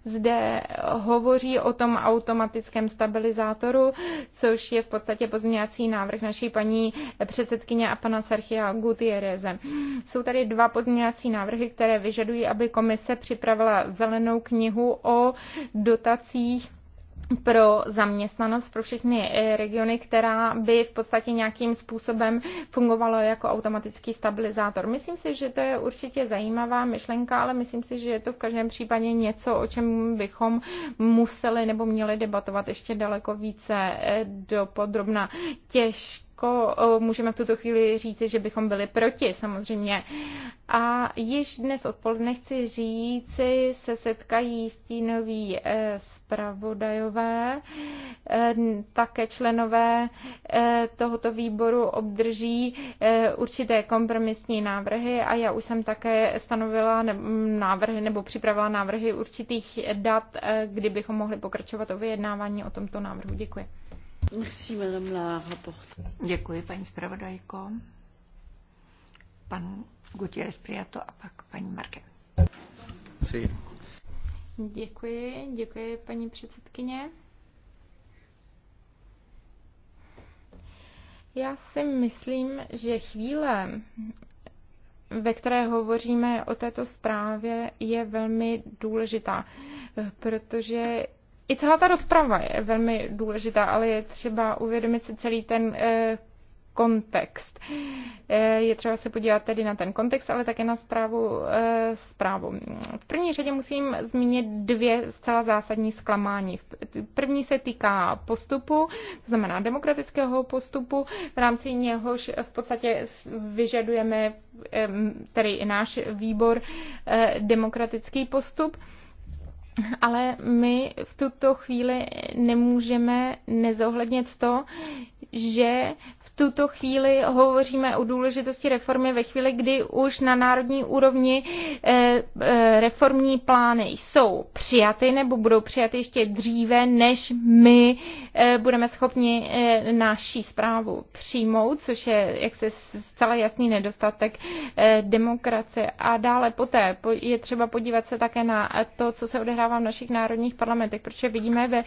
zde hovoří o tom automatickém stabilizátoru, což je v podstatě pozměňovací návrh naší paní předsedkyně a pana Serchia Gutierreze. Jsou tady dva pozměňovací návrhy, které vyžadují, aby komise připravila připravila zelenou knihu o dotacích pro zaměstnanost pro všechny eh, regiony, která by v podstatě nějakým způsobem fungovala jako automatický stabilizátor. Myslím si, že to je určitě zajímavá myšlenka, ale myslím si, že je to v každém případě něco, o čem bychom museli nebo měli debatovat ještě daleko více eh, do podrobna. Těžké těžko jako, můžeme v tuto chvíli říci, že bychom byli proti samozřejmě. A již dnes odpoledne chci říci, se setkají stínoví e, zpravodajové, e, také členové e, tohoto výboru obdrží určité kompromisní návrhy a já už jsem také stanovila návrhy nebo připravila návrhy určitých dat, kdybychom mohli pokračovat o vyjednávání o tomto návrhu. Děkuji. Merci, madame la Děkuji, paní zpravodajko. Pan Gutierrez Priato a pak paní Marke. Sí. Děkuji, děkuji paní předsedkyně. Já si myslím, že chvíle, ve které hovoříme o této zprávě, je velmi důležitá, protože i celá ta rozprava je velmi důležitá, ale je třeba uvědomit si celý ten eh, kontext. Eh, je třeba se podívat tedy na ten kontext, ale také na zprávu, eh, zprávu. V první řadě musím zmínit dvě zcela zásadní zklamání. První se týká postupu, to znamená demokratického postupu, v rámci něhož v podstatě vyžadujeme, tedy i náš výbor, demokratický postup ale my v tuto chvíli nemůžeme nezohlednit to, že tuto chvíli hovoříme o důležitosti reformy ve chvíli, kdy už na národní úrovni eh, eh, reformní plány jsou přijaty nebo budou přijaty ještě dříve, než my eh, budeme schopni naší zprávu přijmout, což je jak se zcela jasný nedostatek demokracie. A dále poté je třeba podívat se také na to, co se odehrává v našich národních parlamentech, protože vidíme ve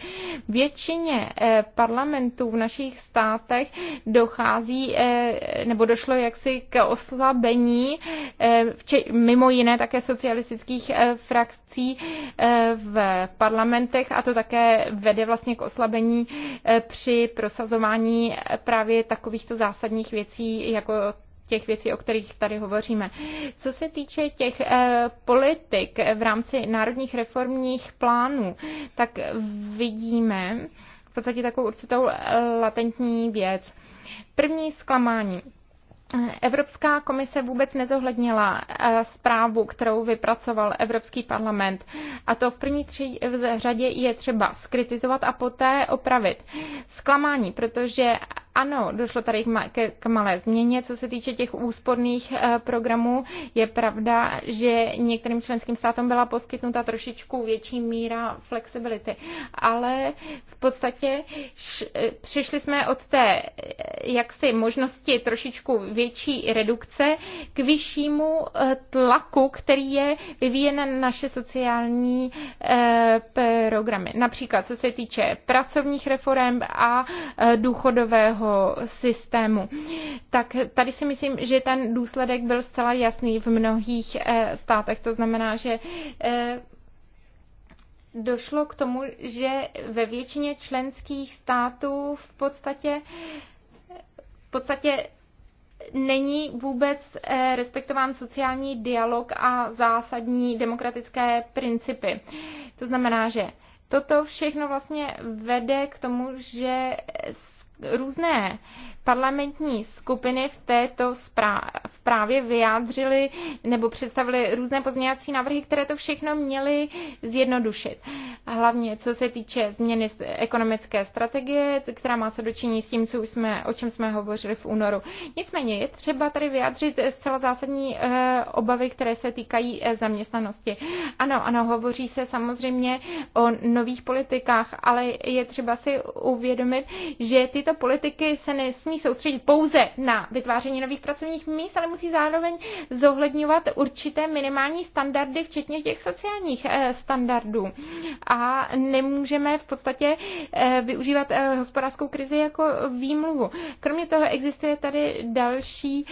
většině parlamentů v našich státech dochází dochází eh, nebo došlo jaksi k oslabení eh, mimo jiné také socialistických eh, frakcí v parlamentech a to také vede vlastně k oslabení při prosazování právě takovýchto zásadních věcí jako těch věcí, o kterých tady hovoříme. Co se týče těch e, politik v rámci národních reformních plánů, tak vidíme v podstatě takovou určitou latentní věc. První zklamání. Evropská komise vůbec nezohlednila eh, zprávu, kterou vypracoval Evropský parlament. A to v první tři, v řadě je třeba skritizovat a poté opravit. Zklamání, protože ano, došlo tady k malé změně, co se týče těch úsporných eh, programů. Je pravda, že některým členským státům byla poskytnuta trošičku větší míra flexibility, ale v podstatě eh, přišli jsme od té eh, jaksi možnosti trošičku větší redukce k vyššímu tlaku, který je vyvíjen na naše sociální programy. Například co se týče pracovních reform a důchodového toho systému. Tak tady si myslím, že ten důsledek byl zcela jasný v mnohých eh, státech. To znamená, že eh, došlo k tomu, že ve většině členských států v podstatě v podstatě není vůbec eh, respektován sociální dialog a zásadní demokratické principy. To znamená, že toto všechno vlastně vede k tomu, že různé parlamentní skupiny v této zprávě vyjádřily nebo představily různé pozměňovací návrhy, které to všechno měly zjednodušit. Hlavně co se týče změny ekonomické strategie, která má co dočinit s tím, co už jsme, o čem jsme hovořili v únoru. Nicméně je třeba tady vyjádřit zcela zásadní eh, obavy, které se týkají eh, zaměstnanosti. Ano, ano, hovoří se samozřejmě o nových politikách, ale je třeba si uvědomit, že ty tyto politiky se nesmí soustředit pouze na vytváření nových pracovních míst, ale musí zároveň zohledňovat určité minimální standardy, včetně těch sociálních eh, standardů. A nemůžeme v podstatě eh, využívat eh, hospodářskou krizi jako výmluvu. Kromě toho existuje tady další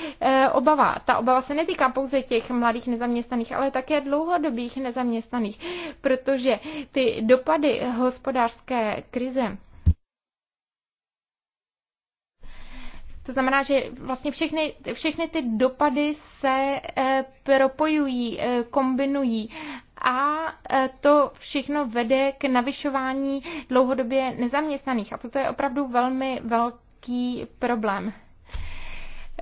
obava. Ta obava se netýká pouze těch mladých nezaměstnaných, ale také dlouhodobých nezaměstnaných, protože ty dopady hospodářské krize To znamená, že vlastně všechny, všechny ty dopady se eh, propojují, eh, kombinují a eh, to všechno vede k navyšování dlouhodobě nezaměstnaných. A toto je opravdu velmi velký problém.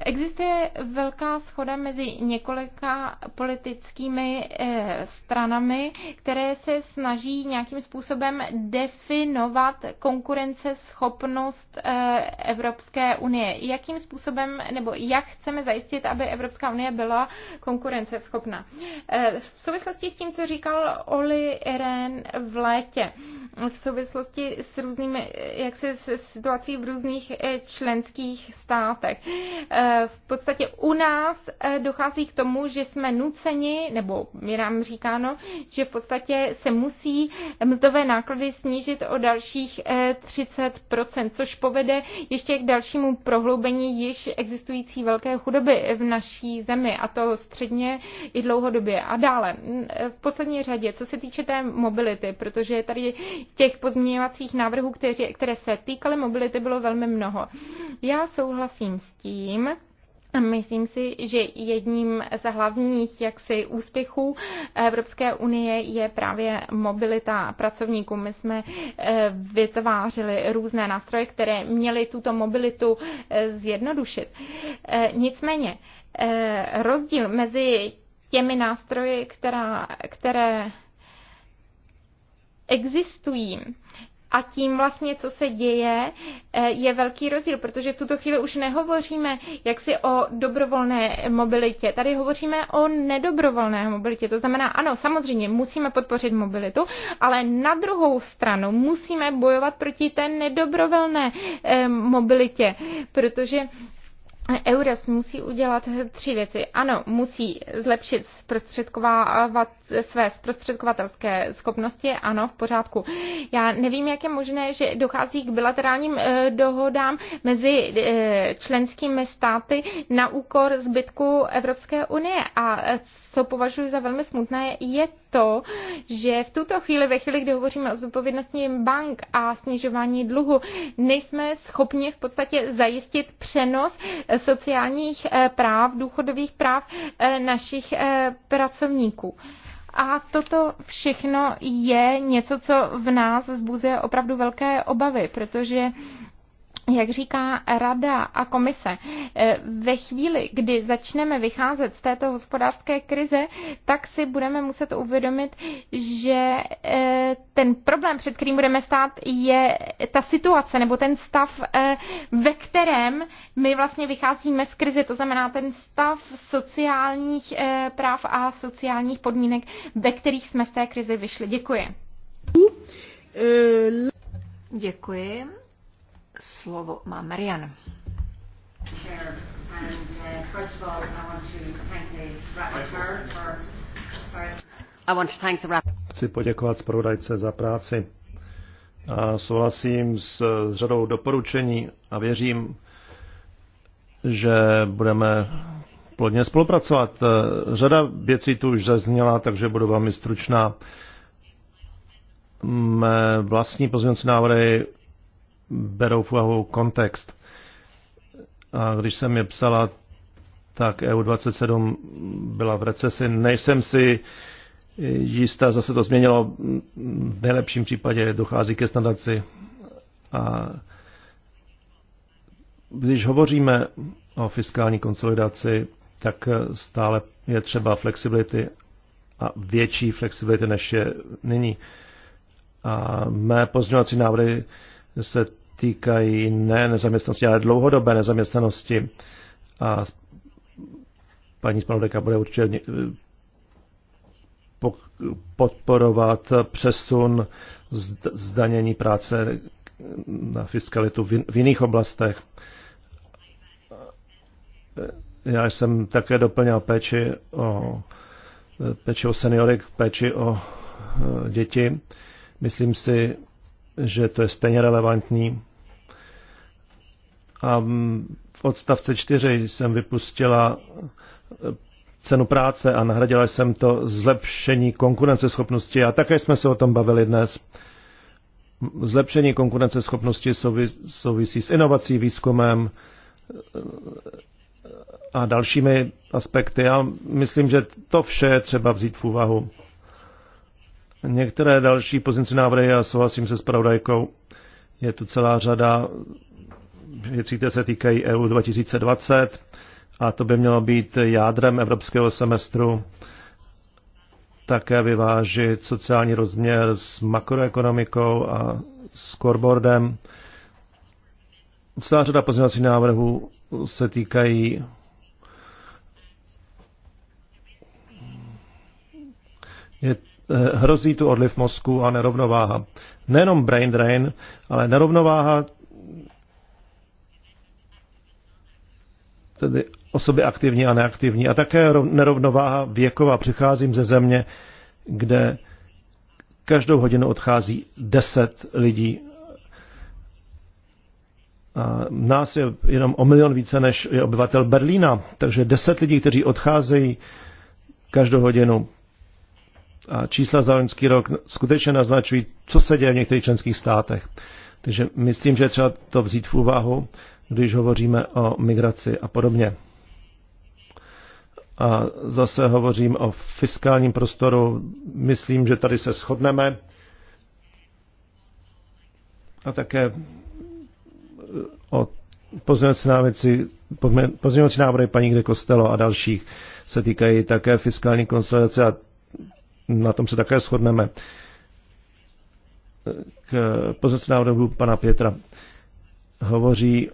Existuje velká schoda mezi několika politickými eh, stranami, které se snaží nějakým způsobem definovat konkurenceschopnost eh, Evropské unie. Jakým způsobem nebo jak chceme zajistit, aby Evropská unie byla konkurenceschopná? Eh, v souvislosti s tím, co říkal Oli Ren v létě, v souvislosti s různými, jak se situací v různých členských státech, v podstatě u nás eh, dochází k tomu, že jsme nuceni, nebo je nám říkáno, že v podstatě se musí mzdové náklady snížit o dalších 30%, eh, což povede ještě k dalšímu prohloubení již existující velké chudoby v naší zemi, a to středně i dlouhodobě. A dále, eh, v poslední řadě, co se týče té mobility, protože tady těch pozměňovacích návrhů, které, se týkaly mobility, bylo velmi mnoho. Já souhlasím s tím, Myslím si, že jedním z hlavních jaksi úspěchů Evropské unie je právě mobilita pracovníků. My jsme eh, vytvářeli různé nástroje, které měly tuto mobilitu eh, zjednodušit. Eh, nicméně rozdíl mezi těmi nástroji, která, které existují a tím vlastně, co se děje, eh, je velký rozdíl, protože v tuto chvíli už nehovoříme jaksi o dobrovolné mobilitě. Tady hovoříme o nedobrovolné mobilitě. To znamená, ano, samozřejmě musíme podpořit mobilitu, ale na druhou stranu musíme bojovat proti té nedobrovolné eh, mobilitě, protože Euros musí udělat tři věci. Ano, musí zlepšit zprostředkovávat své zprostředkovatelské schopnosti. Ano, v pořádku. Já nevím, jak je možné, že dochází k bilaterálním eh, dohodám mezi eh, členskými státy na úkor zbytku Evropské unie. A eh, co považuji za velmi smutné, je to, že v tuto chvíli, ve chvíli, kdy hovoříme o zodpovědnosti bank a snižování dluhu, nejsme schopni v podstatě zajistit přenos eh, sociálních eh, práv, důchodových práv eh, našich pracovníků. A toto všechno je něco, co v nás zbuzuje opravdu velké obavy, protože jak říká rada a komise, eh, ve chvíli, kdy začneme vycházet z této hospodářské krize, tak si budeme muset uvědomit, že eh, ten problém, před kterým budeme stát, je ta situace nebo ten stav, eh, ve kterém my vlastně vycházíme z krize, to znamená ten stav sociálních práv a sociálních podmínek, ve kterých jsme z té krize vyšli. Děkuji. Děkuji slovo má Marian. Uh, Chci poděkovat zpravodajce za práci. A souhlasím s řadou doporučení a věřím, že budeme plodně spolupracovat. E, řada věcí tu už zazněla, takže budu velmi stručná. Mé vlastní pozměňovací návrhy berou v úvahu kontext. A když jsem je psala, tak EU27 byla v recesi. Nejsem si jistá, zase to změnilo. V nejlepším případě dochází ke standardizaci. A když hovoříme o fiskální konsolidaci, tak stále je třeba flexibility a větší flexibility, než je nyní. A mé pozměňovací návrhy se týkají ne nezaměstnanosti, ale dlouhodobé nezaměstnanosti. A paní Spanodeka bude určitě podporovat přesun zdanění práce na fiskalitu v jiných oblastech. Já jsem také doplňal péči o péči o seniory, péči o e, děti. Myslím si, že to je stejně relevantní a v odstavce 4 jsem vypustila eh, cenu práce a nahradila jsem to zlepšení konkurenceschopnosti. A také jsme se o tom bavili dnes. Zlepšení konkurenceschopnosti souvisí s inovací, výzkumem eh, a dalšími aspekty. Já myslím, že to vše je třeba vzít v úvahu. Některé další pozici návrhy, já souhlasím se spravodajkou, je tu celá řada věcí, které se týkají EU 2020 a to by mělo být jádrem evropského semestru také vyvážit sociální rozměr s makroekonomikou a scoreboardem. Celá řada pozměňovacích návrhů se týkají je, eh, hrozí tu odliv mozku a nerovnováha. Nejenom brain drain, ale nerovnováha tedy osoby aktivní a neaktivní. A také nerovnováha věková. Přicházím ze země, kde každou hodinu odchází 10 lidí. A nás je jenom o milion více, než je obyvatel Berlína. Takže 10 lidí, kteří odcházejí každou hodinu. A čísla za loňský rok skutečně naznačují, co se děje v některých členských státech. Takže myslím, že třeba to vzít v úvahu když hovoříme o migraci a podobně. A zase hovořím o fiskálním prostoru. Myslím, že tady se shodneme. A také eh, o pozměňovací návrhy paní Kde Kostelo a dalších se týkají také fiskální konsolidace a na tom se také shodneme k pozornosti návrhu pana Pětra hovoří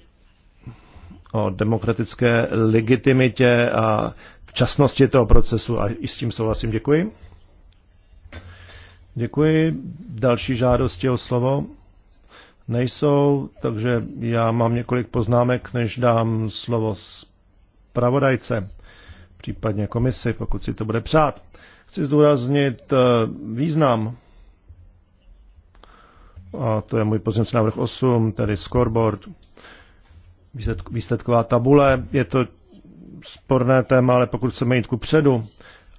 o demokratické legitimitě a včasnosti toho procesu a i s tím souhlasím. Děkuji. Děkuji. Další žádosti o slovo nejsou, takže já mám několik poznámek, než dám slovo zpravodajce, případně komisi, pokud si to bude přát. Chci zdůraznit eh, význam, a to je můj pozměnce návrh 8, tedy scoreboard, výsledková tabule. Je to sporné téma, ale pokud chceme jít ku předu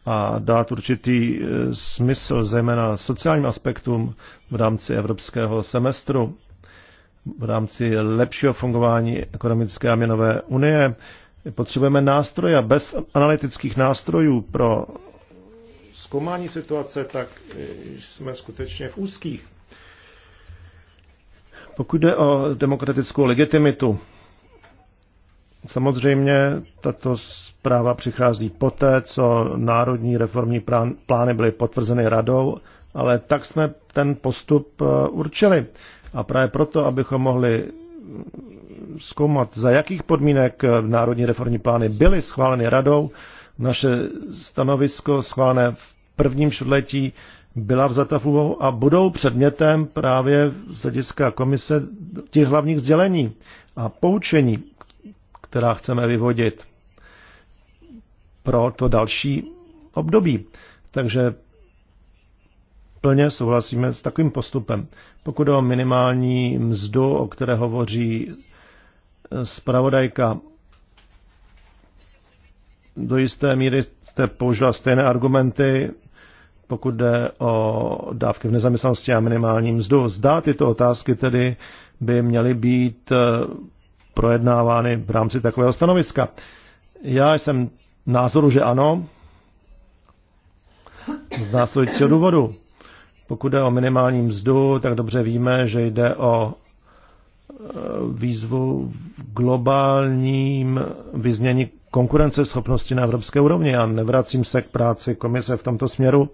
a dát určitý e, smysl, zejména sociálním aspektům v rámci evropského semestru, v rámci lepšího fungování ekonomické a měnové unie, potřebujeme nástroje a bez analytických nástrojů pro zkoumání situace, tak e, jsme skutečně v úzkých. Pokud jde o demokratickou legitimitu, Samozřejmě tato zpráva přichází poté, co národní reformní plány byly potvrzeny radou, ale tak jsme ten postup eh, určili. A právě proto, abychom mohli mm, zkoumat, za jakých podmínek eh, národní reformní plány byly schváleny radou, naše stanovisko schválené v prvním čtvrtletí byla vzata v úvahu a budou předmětem právě z hlediska komise těch hlavních sdělení a poučení která chceme vyvodit pro to další období. Takže plně souhlasíme s takovým postupem. Pokud o minimální mzdu, o které hovoří eh, zpravodajka, do jisté míry jste použila stejné argumenty, pokud jde o dávky v nezaměstnanosti a minimální mzdu. Zdá tyto otázky tedy by měly být eh, projednávány v rámci takového stanoviska. Já jsem názoru, že ano, z následujícího důvodu. Pokud jde o minimální mzdu, tak dobře víme, že jde o e, výzvu v globálním vyznění konkurenceschopnosti na evropské úrovni. Já nevracím se k práci komise v tomto směru.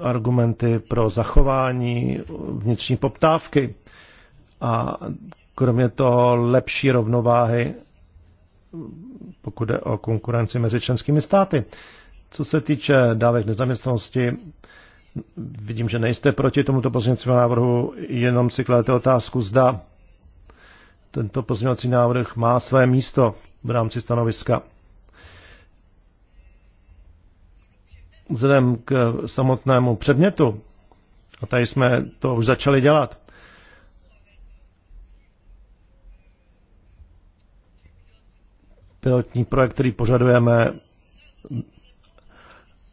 Argumenty pro zachování vnitřní poptávky a kromě toho lepší rovnováhy, pokud jde o konkurenci mezi členskými státy. Co se týče dávek nezaměstnanosti, vidím, že nejste proti tomuto pozměňovacímu návrhu, jenom si kladete otázku, zda tento pozměňovací návrh má své místo v rámci stanoviska. Vzhledem k samotnému předmětu, a tady jsme to už začali dělat, pilotní projekt, který požadujeme.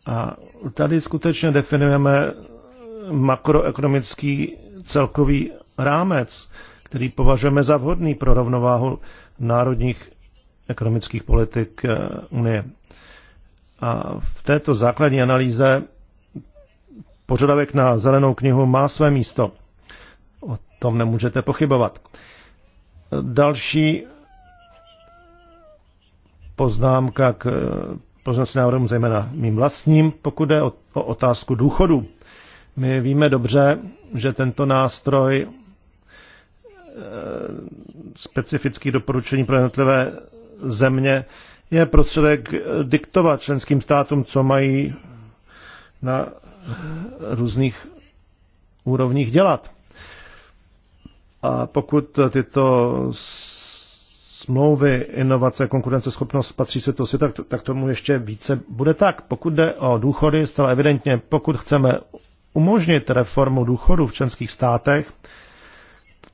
A tady skutečně definujeme makroekonomický celkový rámec, který považujeme za vhodný pro rovnováhu národních ekonomických politik eh, Unie. A v této základní analýze požadavek na zelenou knihu má své místo. O tom nemůžete pochybovat. Další poznámka k eh, pozornosti návrhům, zejména mým vlastním, pokud jde o, o otázku důchodu. My víme dobře, že tento nástroj eh, specifický doporučení pro jednotlivé země je prostředek diktovat členským státům, co mají na eh, různých úrovních dělat. A pokud tyto smlouvy, inovace, konkurenceschopnost patří se to světa, tak, tak tomu ještě více bude tak. Pokud jde o důchody, zcela evidentně, pokud chceme umožnit reformu důchodu v členských státech,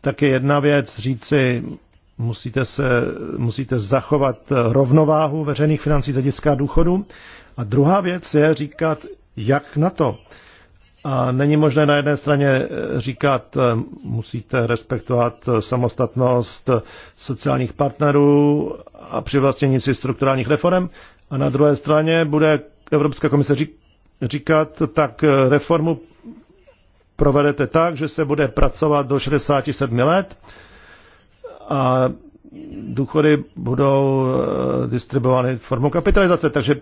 tak je jedna věc říci, musíte, se, musíte zachovat rovnováhu veřejných financí z hlediska důchodu. A druhá věc je říkat, jak na to. A není možné na jedné straně eh, říkat, eh, musíte respektovat eh, samostatnost sociálních partnerů a přivlastnění si strukturálních reform, a na druhé straně bude Evropská komise říkat, tak reformu provedete tak, že se bude pracovat do 67 let a důchody budou distribuovány formou kapitalizace. Takže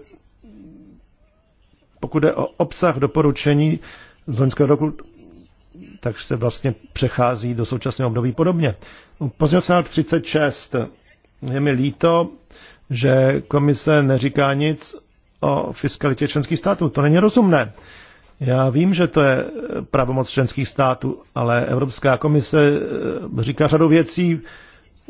pokud je o obsah doporučení z loňského roku, tak se vlastně přechází do současného období podobně. Pozměňovací návrh 36. Je mi líto, že komise neříká nic o fiskalitě členských států. To není rozumné. Já vím, že to je pravomoc členských států, ale Evropská komise eh, říká řadu věcí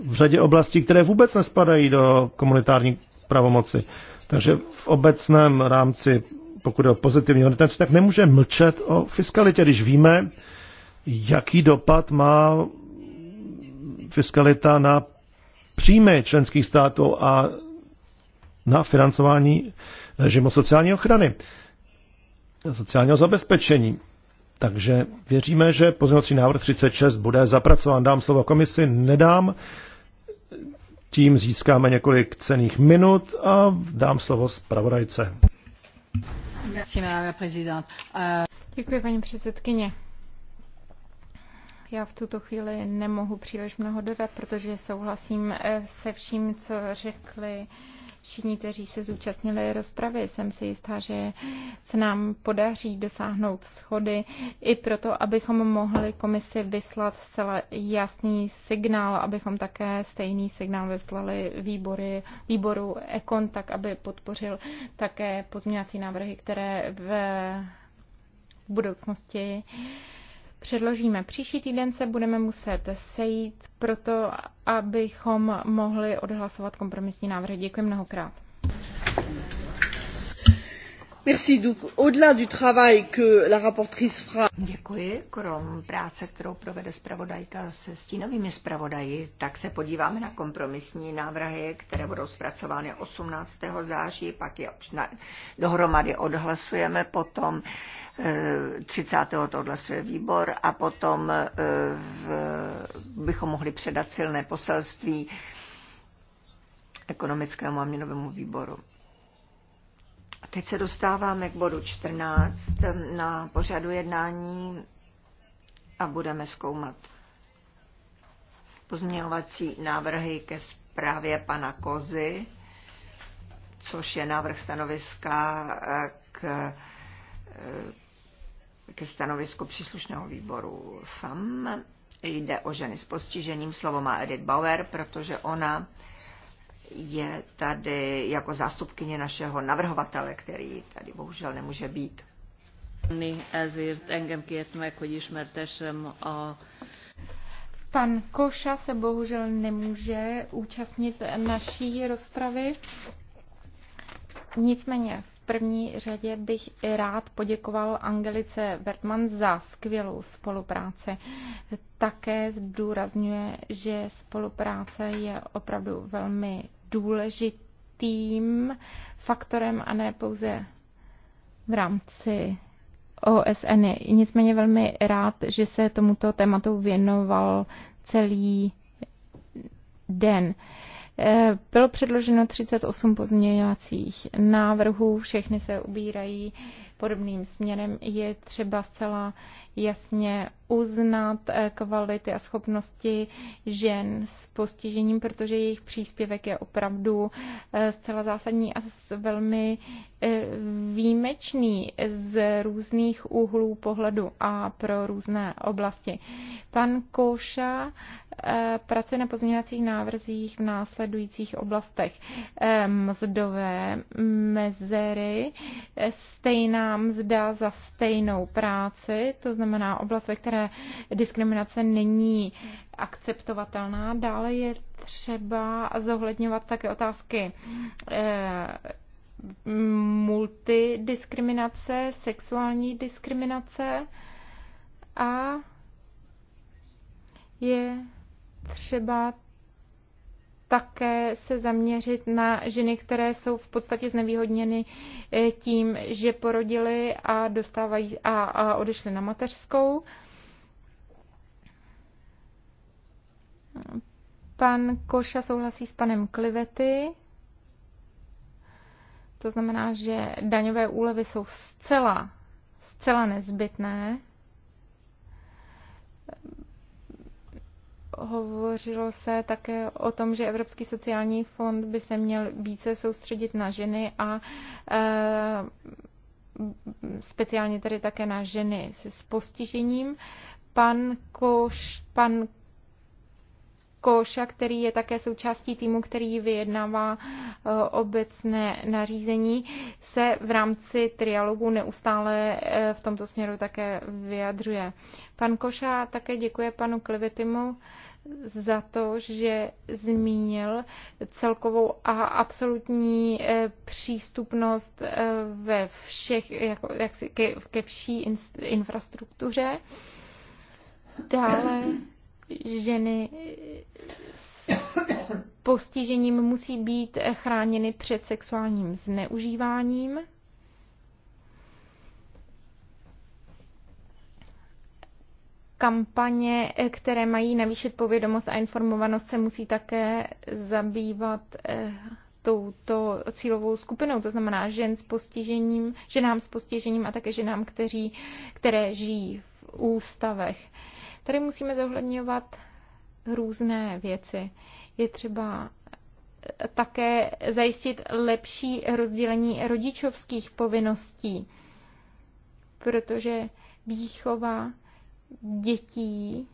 v řadě oblastí, které vůbec nespadají do komunitární pravomoci. Takže v obecném rámci pokud je o pozitivní orientaci, tak nemůže mlčet o fiskalitě, když víme, jaký dopad má fiskalita na příjmy členských států a na financování režimu sociální ochrany, sociálního zabezpečení. Takže věříme, že pozměňovací návrh 36 bude zapracován. Dám slovo komisi, nedám. Tím získáme několik cených minut a dám slovo zpravodajce. Euh, Děkuji, paní předsedkyně. Já v tuto chvíli nemohu příliš mnoho dodat, protože souhlasím eh, se vším, co řekli všichni, kteří se zúčastnili rozpravy. Jsem si jistá, že se nám podaří dosáhnout schody i proto, abychom mohli komisi vyslat zcela jasný signál, abychom také stejný signál vyslali výbory, výboru EKON, tak aby podpořil také pozměňovací návrhy, které v budoucnosti předložíme. Příští týden se budeme muset sejít proto, abychom mohli odhlasovat kompromisní návrhy. Děkuji mnohokrát. Merci. Donc, au-delà du travail que la rapportrice fera. Děkuji. Krom práce, kterou provede zpravodajka se stínovými zpravodaji, tak se podíváme na kompromisní návrhy, které budou zpracovány 18. září, pak je na, dohromady odhlasujeme potom. Uh, 30. Eh, tohle se výbor a potom eh, v, bychom mohli předat silné poselství ekonomickému a měnovému výboru. Teď se dostáváme k bodu 14 eh, na pořadu jednání a budeme zkoumat pozměňovací návrhy ke zprávě pana Kozy, což je návrh stanoviska k ke stanovisku příslušného výboru FAM. Jde o ženy s postižením. Slovo má Edith Bauer, protože ona je tady jako zástupkyně našeho navrhovatele, který tady bohužel nemůže být. Pan Koša se bohužel nemůže účastnit naší rozpravy. Nicméně první řadě bych rád poděkoval Angelice Bertman za skvělou spolupráci. Také zdůrazňuje, že spolupráce je opravdu velmi důležitým faktorem a ne pouze v rámci OSN. Nicméně velmi rád, že se tomuto tématu věnoval celý den. Eh, bylo předloženo 38 pozměňovacích návrhů, všechny se ubírají podobným směrem, je třeba zcela jasně uznat eh, kvality a schopnosti žen s postižením, protože jejich příspěvek je opravdu eh, zcela zásadní a velmi eh, výjimečný z různých úhlů pohledu a pro různé oblasti. Pan Kouša pracuje na pozměňovacích návrzích v následujících oblastech. Mzdové mezery, stejná nám zdá za stejnou práci, to znamená oblast, ve které diskriminace není akceptovatelná. Dále je třeba zohledňovat také otázky eh, multidiskriminace, sexuální diskriminace a je třeba také se zaměřit na ženy, které jsou v podstatě znevýhodněny eh, tím, že porodily a, dostávají, a, a odešly na mateřskou. Pan Koša souhlasí s panem Klivety. To znamená, že daňové úlevy jsou zcela, zcela nezbytné Hovořilo se také o tom, že Evropský sociální fond by se měl více soustředit na ženy a eh, speciálně tedy také na ženy s postižením. Pan Koš, pan Koša, který je také součástí týmu, který vyjednává eh, obecné nařízení, se v rámci trialogu neustále eh, v tomto směru také vyjadřuje. Pan Koša také děkuje panu Klivetimu za to, že zmínil celkovou a absolutní eh, přístupnost eh, ve všech, jako, jak, ke, ke vší infrastruktuře. Dále ženy eh, s postižením musí být chráněny před sexuálním zneužíváním. kampaně, eh, které mají navýšit povědomost a informovanost, se musí také zabývat eh, touto cílovou skupinou, to znamená žen s postižením, ženám s postižením a také ženám, kteří, které žijí v ústavech. Tady musíme zohledňovat různé věci. Je třeba eh, také zajistit lepší rozdělení rodičovských povinností, protože výchova dětí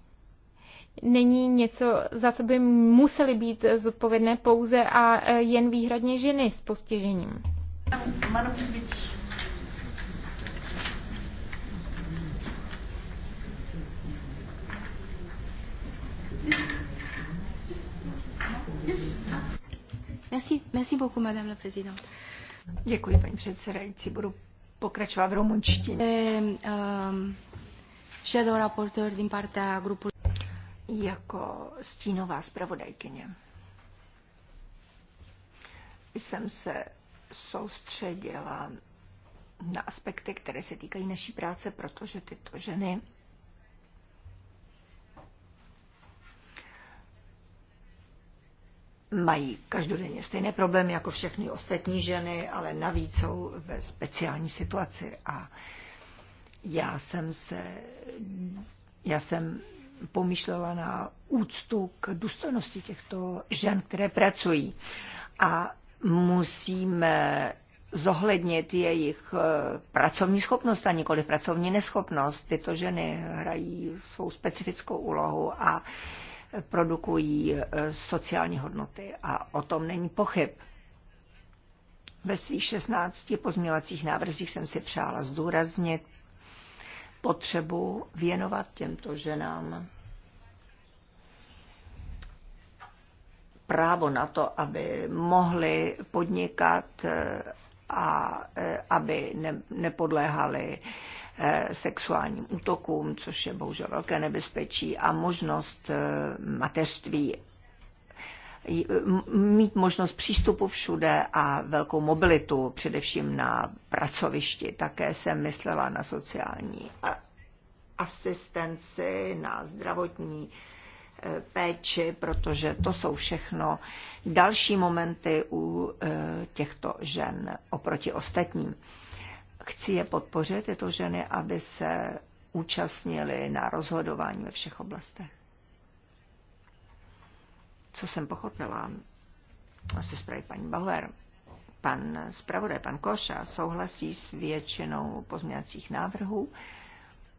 není něco, za co by museli být zodpovědné pouze a e, jen výhradně ženy s postižením. Merci, merci beaucoup, madame la présidente. Děkuji, paní předsedající. Budu pokračovat v rumunštině. Eh, um shadow rapporteur din partea grupului. Jako stínová zpravodajkyně jsem se soustředila na aspekty, které se týkají naší práce, protože tyto ženy mají každodenně stejné problémy jako všechny ostatní ženy, ale navíc jsou ve speciální situaci a já jsem se, já jsem pomyšlela na úctu k důstojnosti těchto žen, které pracují. A musíme zohlednit jejich eh, pracovní schopnost a nikoli pracovní neschopnost. Tyto ženy hrají svou specifickou úlohu a produkují eh, sociální hodnoty a o tom není pochyb. Ve svých 16 pozměňovacích návrzích jsem si přála zdůraznit potřebu věnovat těmto ženám právo na to, aby mohly podnikat eh, a eh, aby nepodléhaly eh, sexuálním útokům, což je bohužel velké nebezpečí, a možnost mateřství mít možnost přístupu všude a velkou mobilitu, především na pracovišti. Také jsem myslela na sociální asistenci, na zdravotní e, péči, protože to jsou všechno další momenty u e, těchto žen oproti ostatním. Chci je podpořit, tyto ženy, aby se účastnili na rozhodování ve všech oblastech co jsem pochopila, asi zprávy paní Bauer, pan zpravodaj, pan Koša, souhlasí s většinou pozměňovacích návrhů,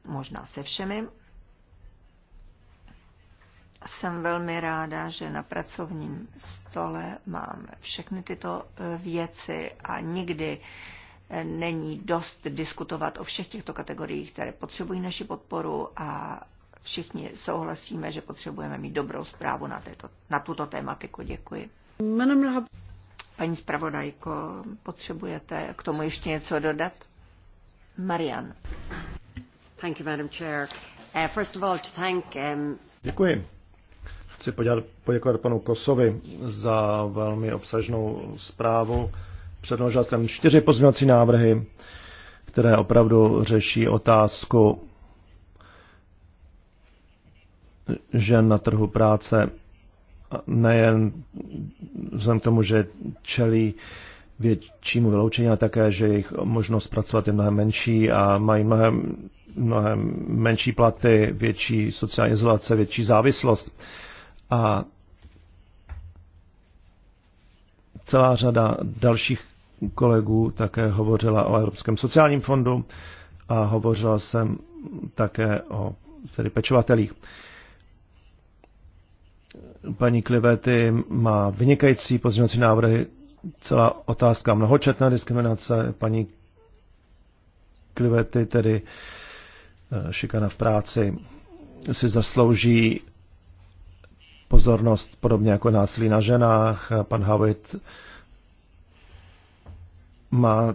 možná se všemi. Jsem velmi ráda, že na pracovním stole mám všechny tyto e, věci a nikdy e, není dost diskutovat o všech těchto kategoriích, které potřebují naši podporu a všichni souhlasíme, že potřebujeme mít dobrou zprávu na, této, na tuto tématiku. Děkuji. Paní zpravodajko, potřebujete k tomu ještě něco dodat? Marian. Thank you, Madam Chair. Uh, first of all, to thank, um... Děkuji. Chci poděkovat panu Kosovi za velmi obsažnou zprávu. Předložil jsem čtyři pozměňovací návrhy, které opravdu řeší otázku žen na trhu práce, nejen vzhledem k tomu, že čelí většímu vyloučení, ale také, že jejich možnost pracovat je mnohem menší a mají mnohem, mnohem menší platy, větší sociální izolace, větší závislost. A celá řada dalších kolegů také hovořila o Evropském sociálním fondu a hovořil jsem také o tedy pečovatelích paní Klivety má vynikající pozměňovací návrhy, celá otázka mnohočetná diskriminace, paní Klivety, tedy eh, šikana v práci, si zaslouží pozornost podobně jako násilí na ženách. Pan Havit má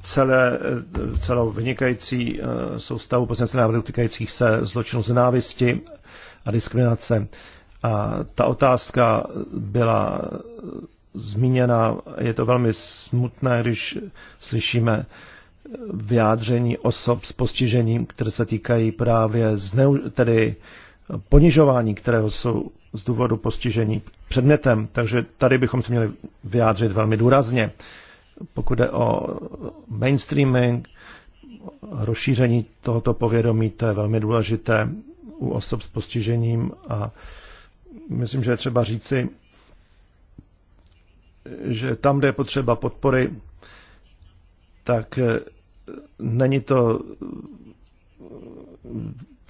celé, eh, celou vynikající eh, soustavu pozměňovacích návrhů týkajících se zločinu z návisti a diskriminace. A ta otázka byla zmíněna. Je to velmi smutné, když slyšíme vyjádření osob s postižením, které se týkají právě zneu, tedy ponižování, kterého jsou z důvodu postižení předmětem. Takže tady bychom se měli vyjádřit velmi důrazně. Pokud jde o mainstreaming, rozšíření tohoto povědomí, to je velmi důležité u osob s postižením a myslím, že je třeba říci, že tam, kde je potřeba podpory, tak eh, není to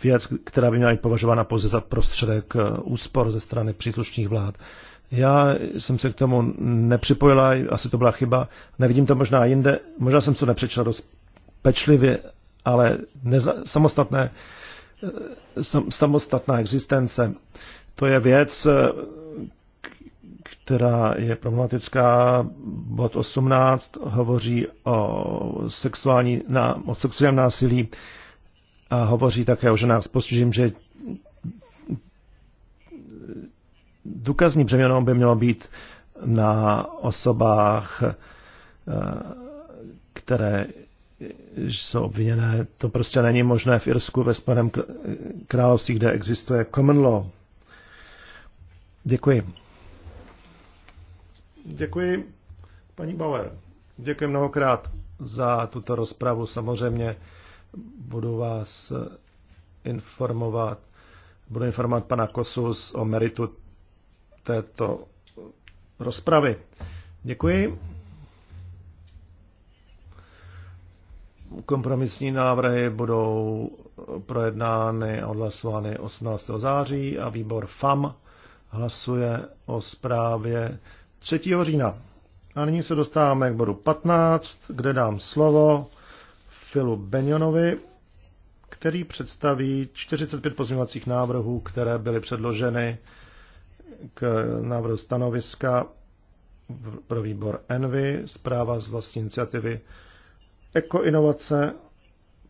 věc, která by měla být považována pouze za prostředek eh, úspor ze strany příslušných vlád. Já jsem se k tomu nepřipojila, asi to byla chyba. Nevidím to možná jinde, možná jsem to nepřečla dost pečlivě, ale neza, samostatné, eh, sam, samostatná existence to je věc, eh, která je problematická. Bod 18 hovoří o, sexuální, na, o sexuálním násilí a hovoří také o ženách s že důkazní břeměno by mělo být na osobách, eh, které jsou obviněné. To prostě není možné v Irsku ve Spojeném království, kde existuje common law. Děkuji. Děkuji, paní Bauer. Děkuji mnohokrát za tuto rozpravu. Samozřejmě budu vás informovat, budu informovat pana Kosus o meritu této rozpravy. Děkuji. Kompromisní návrhy budou projednány a odhlasovány 18. září a výbor FAM hlasuje o zprávě 3. října. A nyní se dostáváme k bodu 15, kde dám slovo Filu Benjonovi, který představí 45 pozměňovacích návrhů, které byly předloženy k návrhu stanoviska pro výbor Envy, zpráva z vlastní iniciativy Ekoinovace,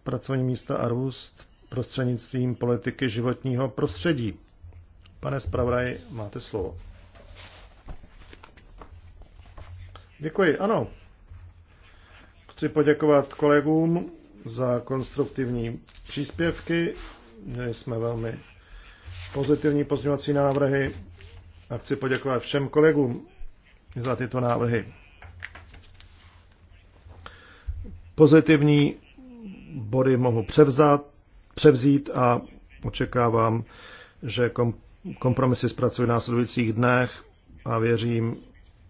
pracovní místa a růst prostřednictvím politiky životního prostředí. Pane zpravodaj, máte slovo. Děkuji, ano. Chci poděkovat kolegům za konstruktivní příspěvky. Měli jsme velmi pozitivní pozměňovací návrhy a chci poděkovat všem kolegům za tyto návrhy. Pozitivní body mohu převzat, převzít a očekávám, že kom, Kompromisy zpracuji v následujících dnech a věřím,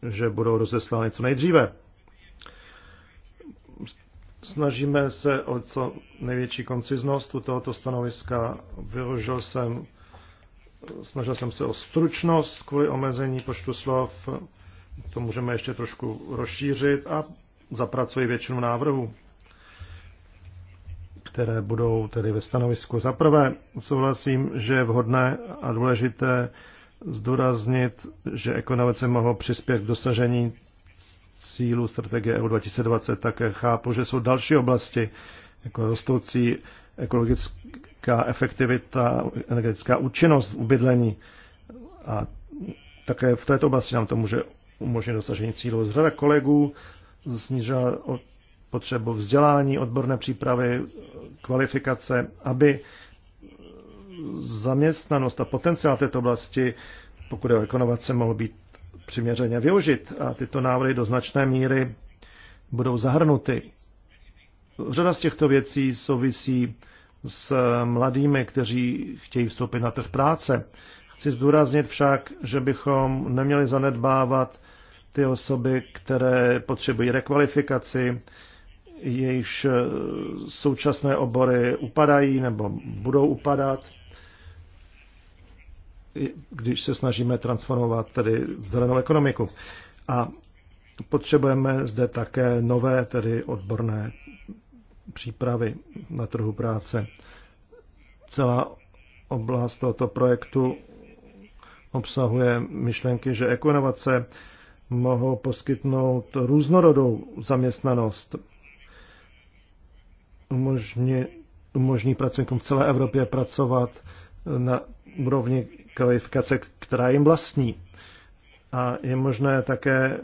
že budou rozeslány co nejdříve. Snažíme se o co největší konciznost u tohoto stanoviska. Vyložil jsem, snažil jsem se o stručnost kvůli omezení počtu slov. To můžeme ještě trošku rozšířit a zapracuji většinu návrhů které budou tedy ve stanovisku. Za prvé souhlasím, že je vhodné a důležité zdůraznit, že ekonomice mohou přispět k dosažení cílů strategie EU 2020. Také chápu, že jsou další oblasti, jako rostoucí ekologická efektivita, energetická účinnost v ubydlení. A také v této oblasti nám to může umožnit dosažení cílů. Řada kolegů snížila potřebu vzdělání, odborné přípravy, kvalifikace, aby zaměstnanost a potenciál této oblasti, pokud je o ekonovace, mohl být přiměřeně využit. A tyto návrhy do značné míry budou zahrnuty. Řada z těchto věcí souvisí s mladými, kteří chtějí vstoupit na trh práce. Chci zdůraznit však, že bychom neměli zanedbávat ty osoby, které potřebují rekvalifikaci, jejichž eh, současné obory upadají nebo budou upadat, když se snažíme transformovat tedy zelenou ekonomiku. A potřebujeme zde také nové, tedy odborné přípravy na trhu práce. Celá oblast tohoto projektu obsahuje myšlenky, že ekonovace mohou poskytnout různorodou zaměstnanost umožní, umožní pracovníkům v celé Evropě pracovat na úrovni kvalifikace, která jim vlastní. A je možné také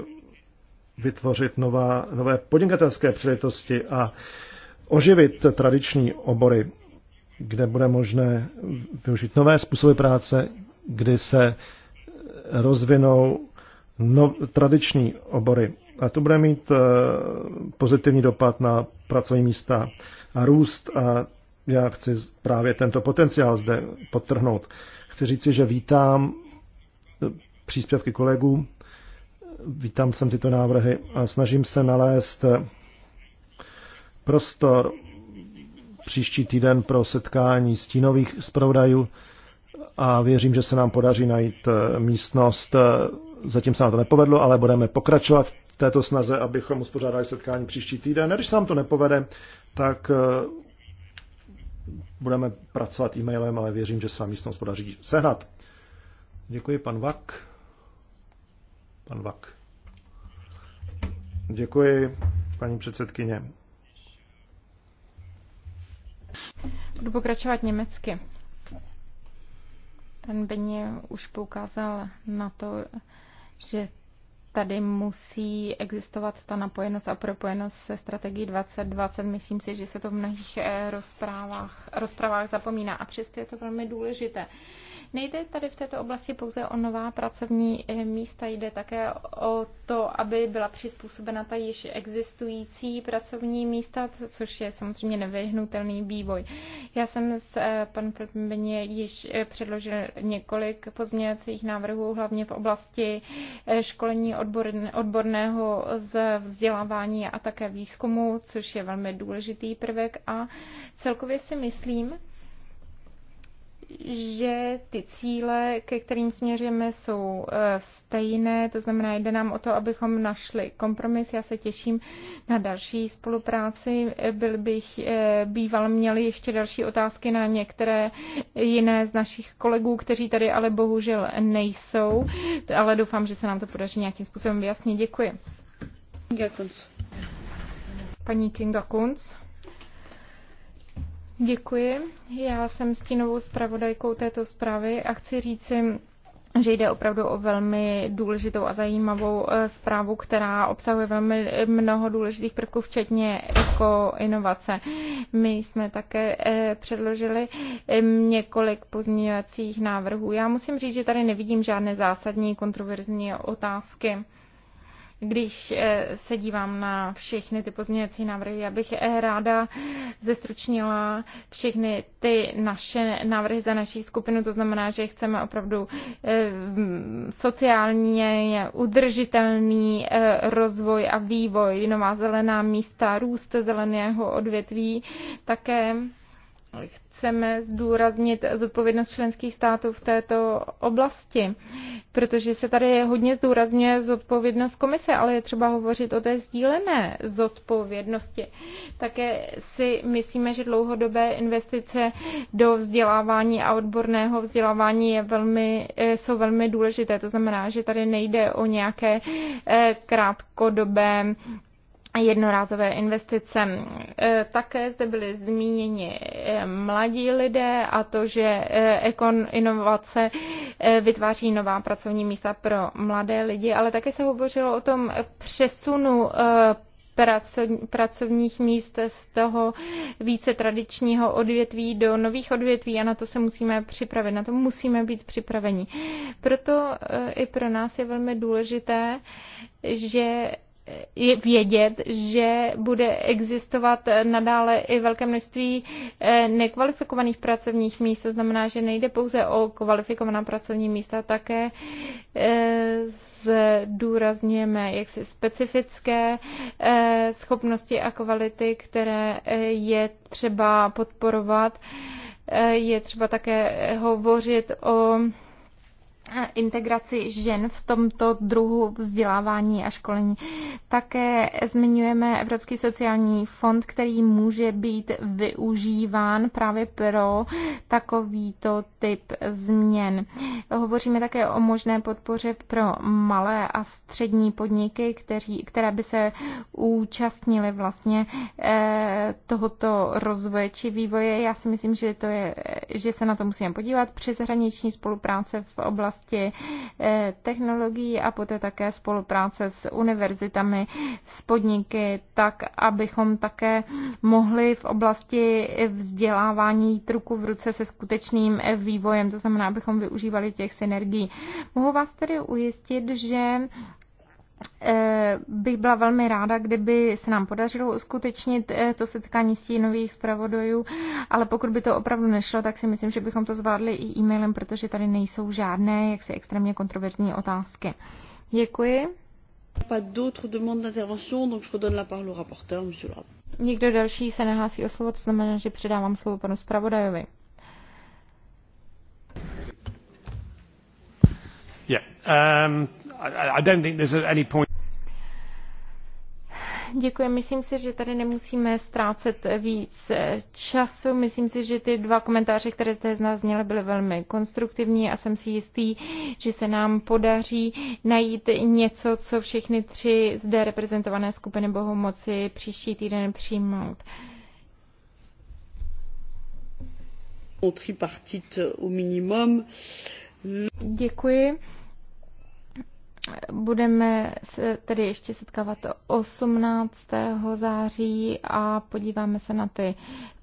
vytvořit nová, nové podnikatelské příležitosti a oživit tradiční obory, kde bude možné využít nové způsoby práce, kdy se rozvinou no, tradiční obory a to bude mít eh, pozitivní dopad na pracovní místa a růst. A já chci právě tento potenciál zde podtrhnout. Chci říci, že vítám eh, příspěvky kolegů, vítám sem tyto návrhy a snažím se nalézt eh, prostor příští týden pro setkání stínových zpravodajů a věřím, že se nám podaří najít místnost. Zatím se nám to nepovedlo, ale budeme pokračovat v této snaze, abychom uspořádali setkání příští týden. Když se nám to nepovede, tak eh, budeme pracovat e-mailem, ale věřím, že se vám místnost podaří sehnat. Děkuji, pan Vak. Pan Vak. Děkuji, paní předsedkyně. Budu pokračovat německy. Pan Beně už poukázal na to, že tady musí existovat ta napojenost a propojenost se strategií 2020. Myslím si, že se to v mnohých eh, rozprávách, rozprávách zapomíná a přesto je to velmi důležité. Nejde tady v této oblasti pouze o nová pracovní eh, místa, jde také o to, aby byla přizpůsobena ta již existující pracovní místa, což je samozřejmě nevyhnutelný vývoj. Já jsem s eh, panem Filipem již eh, předložil několik pozměňovacích návrhů, hlavně v oblasti školení odborného z vzdělávání a také výzkumu, což je velmi důležitý prvek a celkově si myslím, že ty cíle, ke kterým směřujeme, jsou eh, stejné, to znamená, jde nám o to, abychom našli kompromis. Já se těším na další spolupráci. Eh, byl bych eh, býval měli ještě další otázky na některé jiné z našich kolegů, kteří tady ale bohužel nejsou, ale doufám, že se nám to podaří nějakým způsobem vyjasnit. Děkuji. Děkuji. Paní Kinga Kunz. Děkuji. Já jsem stínovou zpravodajkou této zprávy a chci říci, že jde opravdu o velmi důležitou a zajímavou eh, zprávu, která obsahuje velmi mnoho důležitých prvků, včetně jako inovace. My jsme také eh, předložili několik pozměňovacích návrhů. Já musím říct, že tady nevidím žádné zásadní kontroverzní otázky. Když eh, se dívám na všechny ty pozměňovací návrhy, já bych eh, ráda zestručnila všechny ty naše návrhy za naší skupinu. To znamená, že chceme opravdu eh, sociálně udržitelný rozvoj a vývoj, nová zelená místa, růst zeleného odvětví, také chceme zdůraznit zodpovědnost členských států v této oblasti, protože se tady hodně zdůrazňuje zodpovědnost komise, ale je třeba hovořit o té sdílené zodpovědnosti. Také si myslíme, že dlouhodobé investice do vzdělávání a odborného vzdělávání je velmi, eh, jsou velmi důležité. To znamená, že tady nejde o nějaké eh, krátkodobé jednorázové investice. E, také zde byly zmíněni e, mladí lidé a to, že ekon inovace e, vytváří nová pracovní místa pro mladé lidi, ale také se hovořilo o tom přesunu pracovních míst z toho více tradičního odvětví do nových odvětví a na to se musíme připravit, na to musíme být připraveni. Proto i pro nás je velmi důležité, že vědět, že bude existovat nadále i velké množství eh, nekvalifikovaných pracovních míst. To znamená, že nejde pouze o kvalifikovaná pracovní místa, také eh, zdůrazněme jaksi specifické eh, schopnosti a kvality, které je třeba podporovat. Je třeba také hovořit o integraci žen v tomto druhu vzdělávání a školení. Také zmiňujeme Evropský sociální fond, který může být využíván právě pro takovýto typ změn. Hovoříme také o možné podpoře pro malé a střední podniky, kteří, které by se účastnily vlastně eh, tohoto rozvoje či vývoje. Já si myslím, že, to je, že se na to musíme podívat. Přeshraniční spolupráce v oblasti oblasti eh, technologií a poté také spolupráce s univerzitami, s podniky, tak abychom také mohli v oblasti vzdělávání truku v ruce se skutečným eh, vývojem, to znamená, abychom využívali těch synergií. Mohu vás tedy ujistit, že Eh, bych byla velmi ráda, kdyby se nám podařilo uskutečnit eh, to setkání nových zpravodajů, ale pokud by to opravdu nešlo, tak si myslím, že bychom to zvládli i e-mailem, protože tady nejsou žádné jaksi extrémně kontroverzní otázky. Děkuji. Nikdo další se nehlásí o slovo, to znamená, že předávám slovo panu zpravodajovi. Yeah. Um, i don't think there's any point. Děkuji. Myslím si, že tady nemusíme ztrácet víc času. Myslím si, že ty dva komentáře, které zde z nás měli, byly velmi konstruktivní a jsem si jistý, že se nám podaří najít něco, co všechny tři zde reprezentované skupiny budou moci příští týden přijmout. Tripartite au minimum. Děkuji. Budeme se tedy ještě setkávat 18. září a podíváme se na ty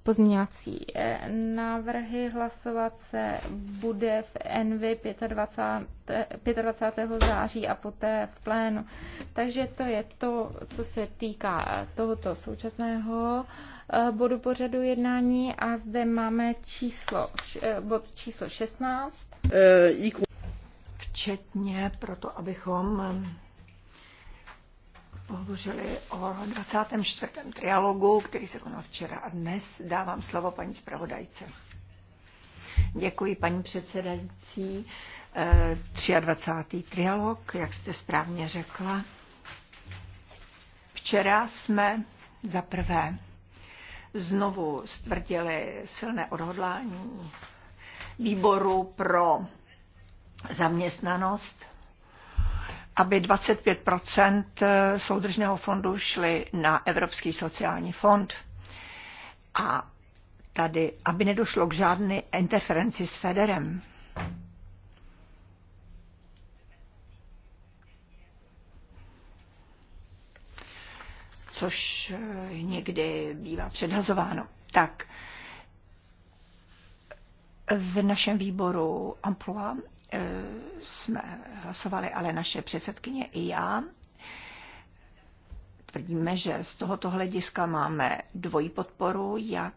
pozměňovací eh, návrhy. Hlasovat se bude v Envy 25, 25. září a poté v plénu. Takže to je to, co se týká tohoto současného eh, bodu pořadu jednání a zde máme číslo, eh, bod číslo 16. E, včetně proto, abychom um, pohovořili o 24. trialogu, který se konal včera a dnes. Dávám slovo paní zpravodajce. Děkuji, paní předsedající. 23. Eh, trialog, jak jste správně řekla. Včera jsme za prvé znovu stvrdili silné odhodlání výboru pro zaměstnanost, aby 25 soudržného fondu šly na Evropský sociální fond a tady, aby nedošlo k žádné interferenci s Federem. což eh, někdy bývá předhazováno. Tak v našem výboru Amplua Eh, jsme hlasovali, ale naše předsedkyně i já tvrdíme, že z tohoto hlediska máme dvojí podporu, jak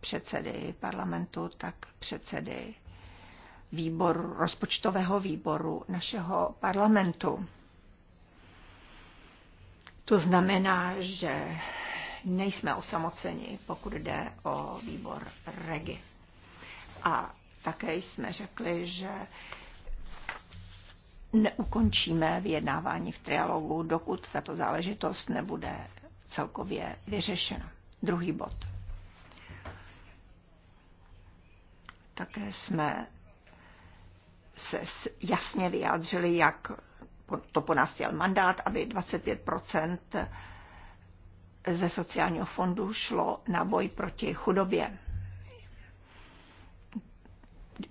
předsedy parlamentu, tak předsedy výboru, rozpočtového výboru našeho parlamentu. To znamená, že nejsme osamoceni, pokud jde o výbor REGI. A také jsme řekli, že neukončíme vyjednávání v trialogu, dokud tato záležitost nebude celkově vyřešena. Druhý bod. Také jsme se jasně vyjádřili, jak to po nás chtěl mandát, aby 25 ze sociálního fondu šlo na boj proti chudobě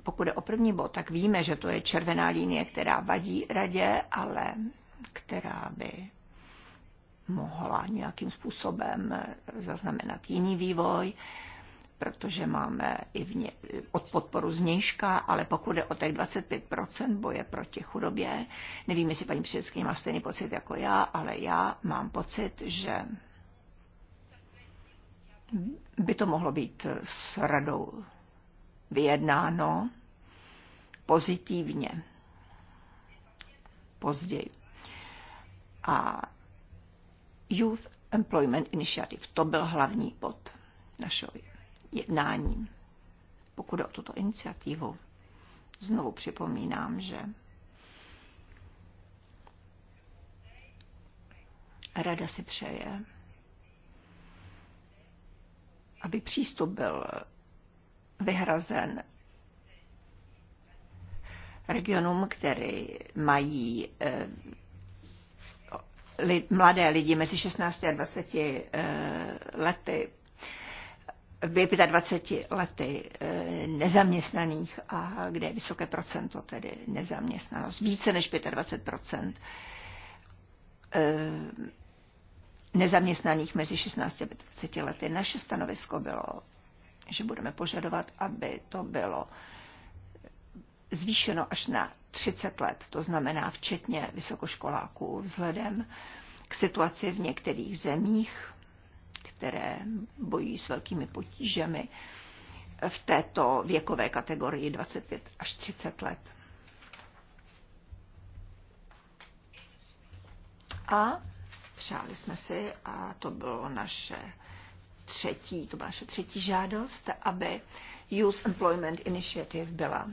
pokud je o první bod, tak víme, že to je červená linie, která vadí radě, ale která by mohla nějakým způsobem zaznamenat jiný vývoj, protože máme i vně, od podporu znějška, ale pokud je o těch 25% boje proti chudobě, nevím, jestli paní předsedkyně má stejný pocit jako já, ale já mám pocit, že by to mohlo být s radou vyjednáno pozitivně později. A Youth Employment Initiative, to byl hlavní bod našeho jednání. Pokud o tuto iniciativu, znovu připomínám, že Rada si přeje, aby přístup byl vyhrazen regionům, které mají eh, mladé lidi mezi 16 a 20 eh, lety, 25 lety eh, nezaměstnaných a kde je vysoké procento tedy nezaměstnanost, více než 25 nezaměstnaných mezi 16 a 20 lety. Naše stanovisko bylo že budeme požadovat, aby to bylo zvýšeno až na 30 let, to znamená včetně vysokoškoláků, vzhledem k situaci v některých zemích, které bojí s velkými potížemi v této věkové kategorii 25 až 30 let. A přáli jsme si, a to bylo naše třetí, to byla naše třetí žádost, aby Youth Employment Initiative byla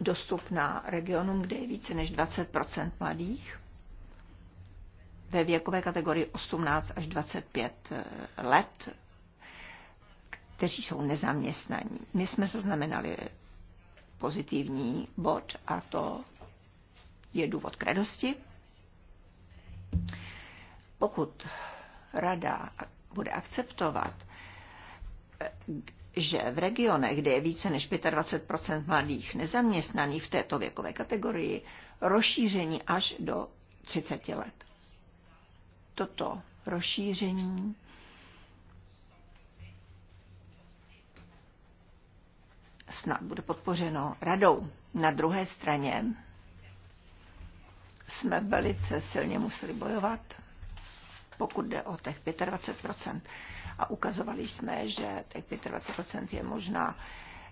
dostupná regionům, kde je více než 20 mladých ve věkové kategorii 18 až 25 eh, let, kteří jsou nezaměstnaní. My jsme zaznamenali pozitivní bod a to je důvod k radosti. Pokud rada bude akceptovat, že v regionech, kde je více než 25 mladých nezaměstnaných v této věkové kategorii, rozšíření až do 30 let. Toto rozšíření snad bude podpořeno radou. Na druhé straně jsme velice silně museli bojovat pokud jde o těch 25 A ukazovali jsme, že těch 25 je možná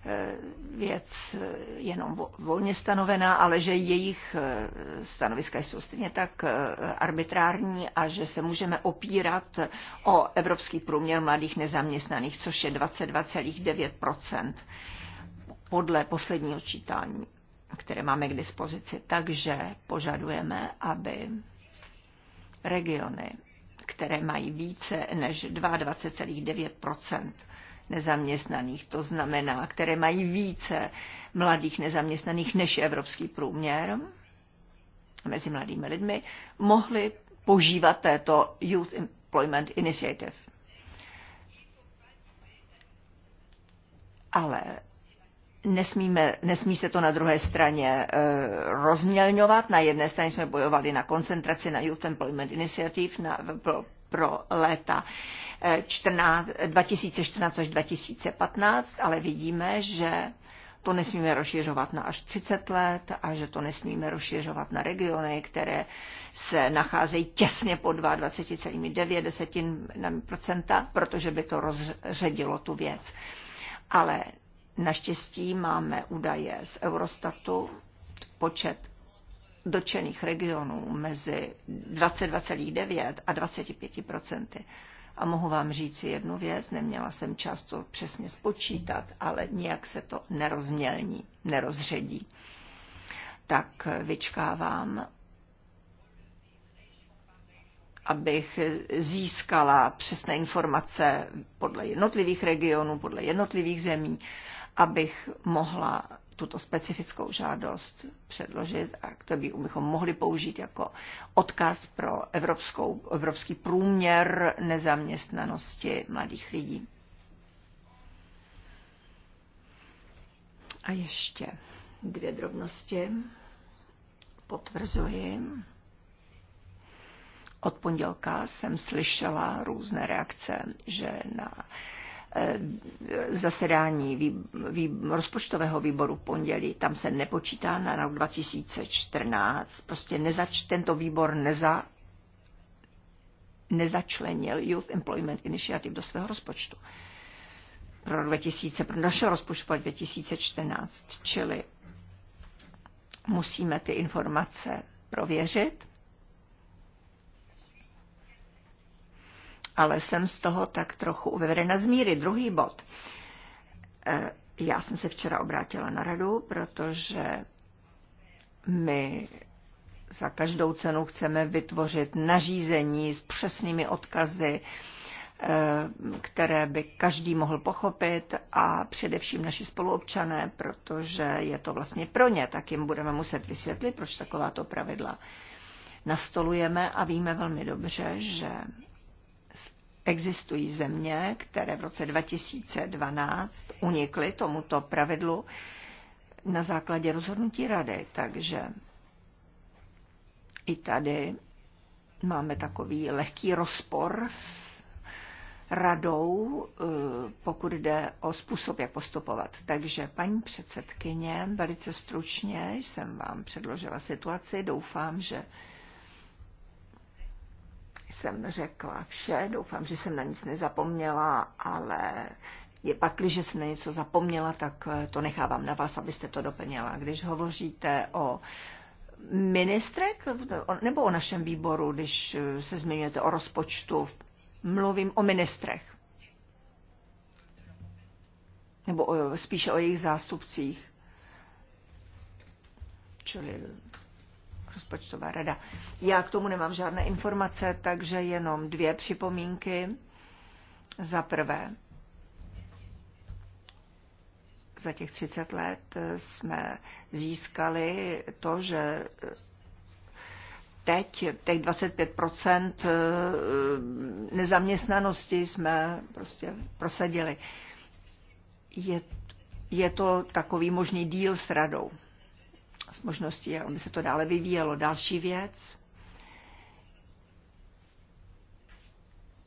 eh, věc eh, jenom volně stanovená, ale že jejich eh, stanoviska jsou stejně tak arbitrární a že se můžeme opírat o evropský průměr mladých nezaměstnaných, což je 22,9 podle posledního čítání, které máme k dispozici. Takže požadujeme, aby regiony které mají více než 22,9 nezaměstnaných, to znamená, které mají více mladých nezaměstnaných než evropský průměr mezi mladými lidmi, mohli požívat této Youth Employment Initiative. Ale nesmíme, nesmí se to na druhé straně eh, rozmělňovat. Na jedné straně jsme bojovali na koncentraci na Youth Employment Initiative na, pro, pro léta 14, eh, 2014 až 2015, ale vidíme, že to nesmíme rozšiřovat na až 30 let a že to nesmíme rozšiřovat na regiony, které se nacházejí těsně po 22,9%, protože by to rozředilo tu věc. Ale Naštěstí máme údaje z Eurostatu, počet dočených regionů mezi 22,9 a 25 a mohu vám říct jednu věc, neměla jsem často přesně spočítat, ale nijak se to nerozmělní, nerozředí. Tak vyčkávám, abych získala přesné informace podle jednotlivých regionů, podle jednotlivých zemí abych mohla tuto specifickou žádost předložit a to bychom mohli použít jako odkaz pro evropskou, evropský průměr nezaměstnanosti mladých lidí. A ještě dvě drobnosti potvrzuji. Od pondělka jsem slyšela různé reakce, že na Eh, zasedání vý, vý, rozpočtového výboru pondělí, tam se nepočítá na rok 2014, prostě nezač, tento výbor neza, nezačlenil Youth Employment Initiative do svého rozpočtu pro 2000, pro našeho rozpočtu 2014, čili musíme ty informace prověřit ale jsem z toho tak trochu uvedena z míry. Druhý bod. E, já jsem se včera obrátila na radu, protože my za každou cenu chceme vytvořit nařízení s přesnými odkazy, e, které by každý mohl pochopit a především naši spoluobčané, protože je to vlastně pro ně, tak jim budeme muset vysvětlit, proč takováto pravidla nastolujeme a víme velmi dobře, že Existují země, které v roce 2012 unikly tomuto pravidlu na základě rozhodnutí rady, takže i tady máme takový lehký rozpor s radou, eh, pokud jde o způsob, jak postupovat. Takže, paní předsedkyně, velice stručně jsem vám předložila situaci. Doufám, že jsem řekla vše, doufám, že jsem na nic nezapomněla, ale je pak, když jsem na něco zapomněla, tak eh, to nechávám na vás, abyste to doplněla. Když hovoříte o ministrek nebo o našem výboru, když eh, se zmiňujete o rozpočtu, mluvím o ministrech. Nebo spíše o jejich zástupcích. Čili rozpočtová rada. Já k tomu nemám žádné informace, takže jenom dvě připomínky. Za prvé, za těch 30 let jsme získali to, že teď, těch 25 eh, nezaměstnanosti jsme prostě prosadili. Je, je to takový možný díl s radou z možností, aby se to dále vyvíjelo. Další věc.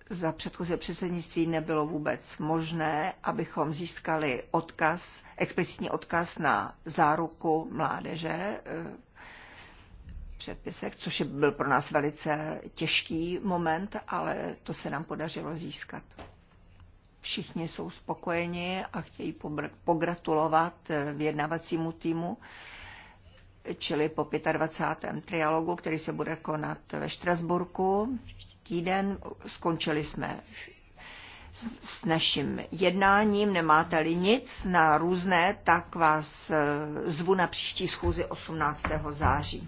Za předchozí předsednictví nebylo vůbec možné, abychom získali odkaz, explicitní odkaz na záruku mládeže eh, předpisech, což byl pro nás velice těžký moment, ale to se nám podařilo získat. Všichni jsou spokojeni a chtějí pogratulovat eh, vyjednavacímu týmu čili po 25. trialogu, který se bude konat ve Štrasburku týden. Skončili jsme s naším jednáním. Nemáte-li nic na různé, tak vás eh, zvu na příští schůzi 18. září.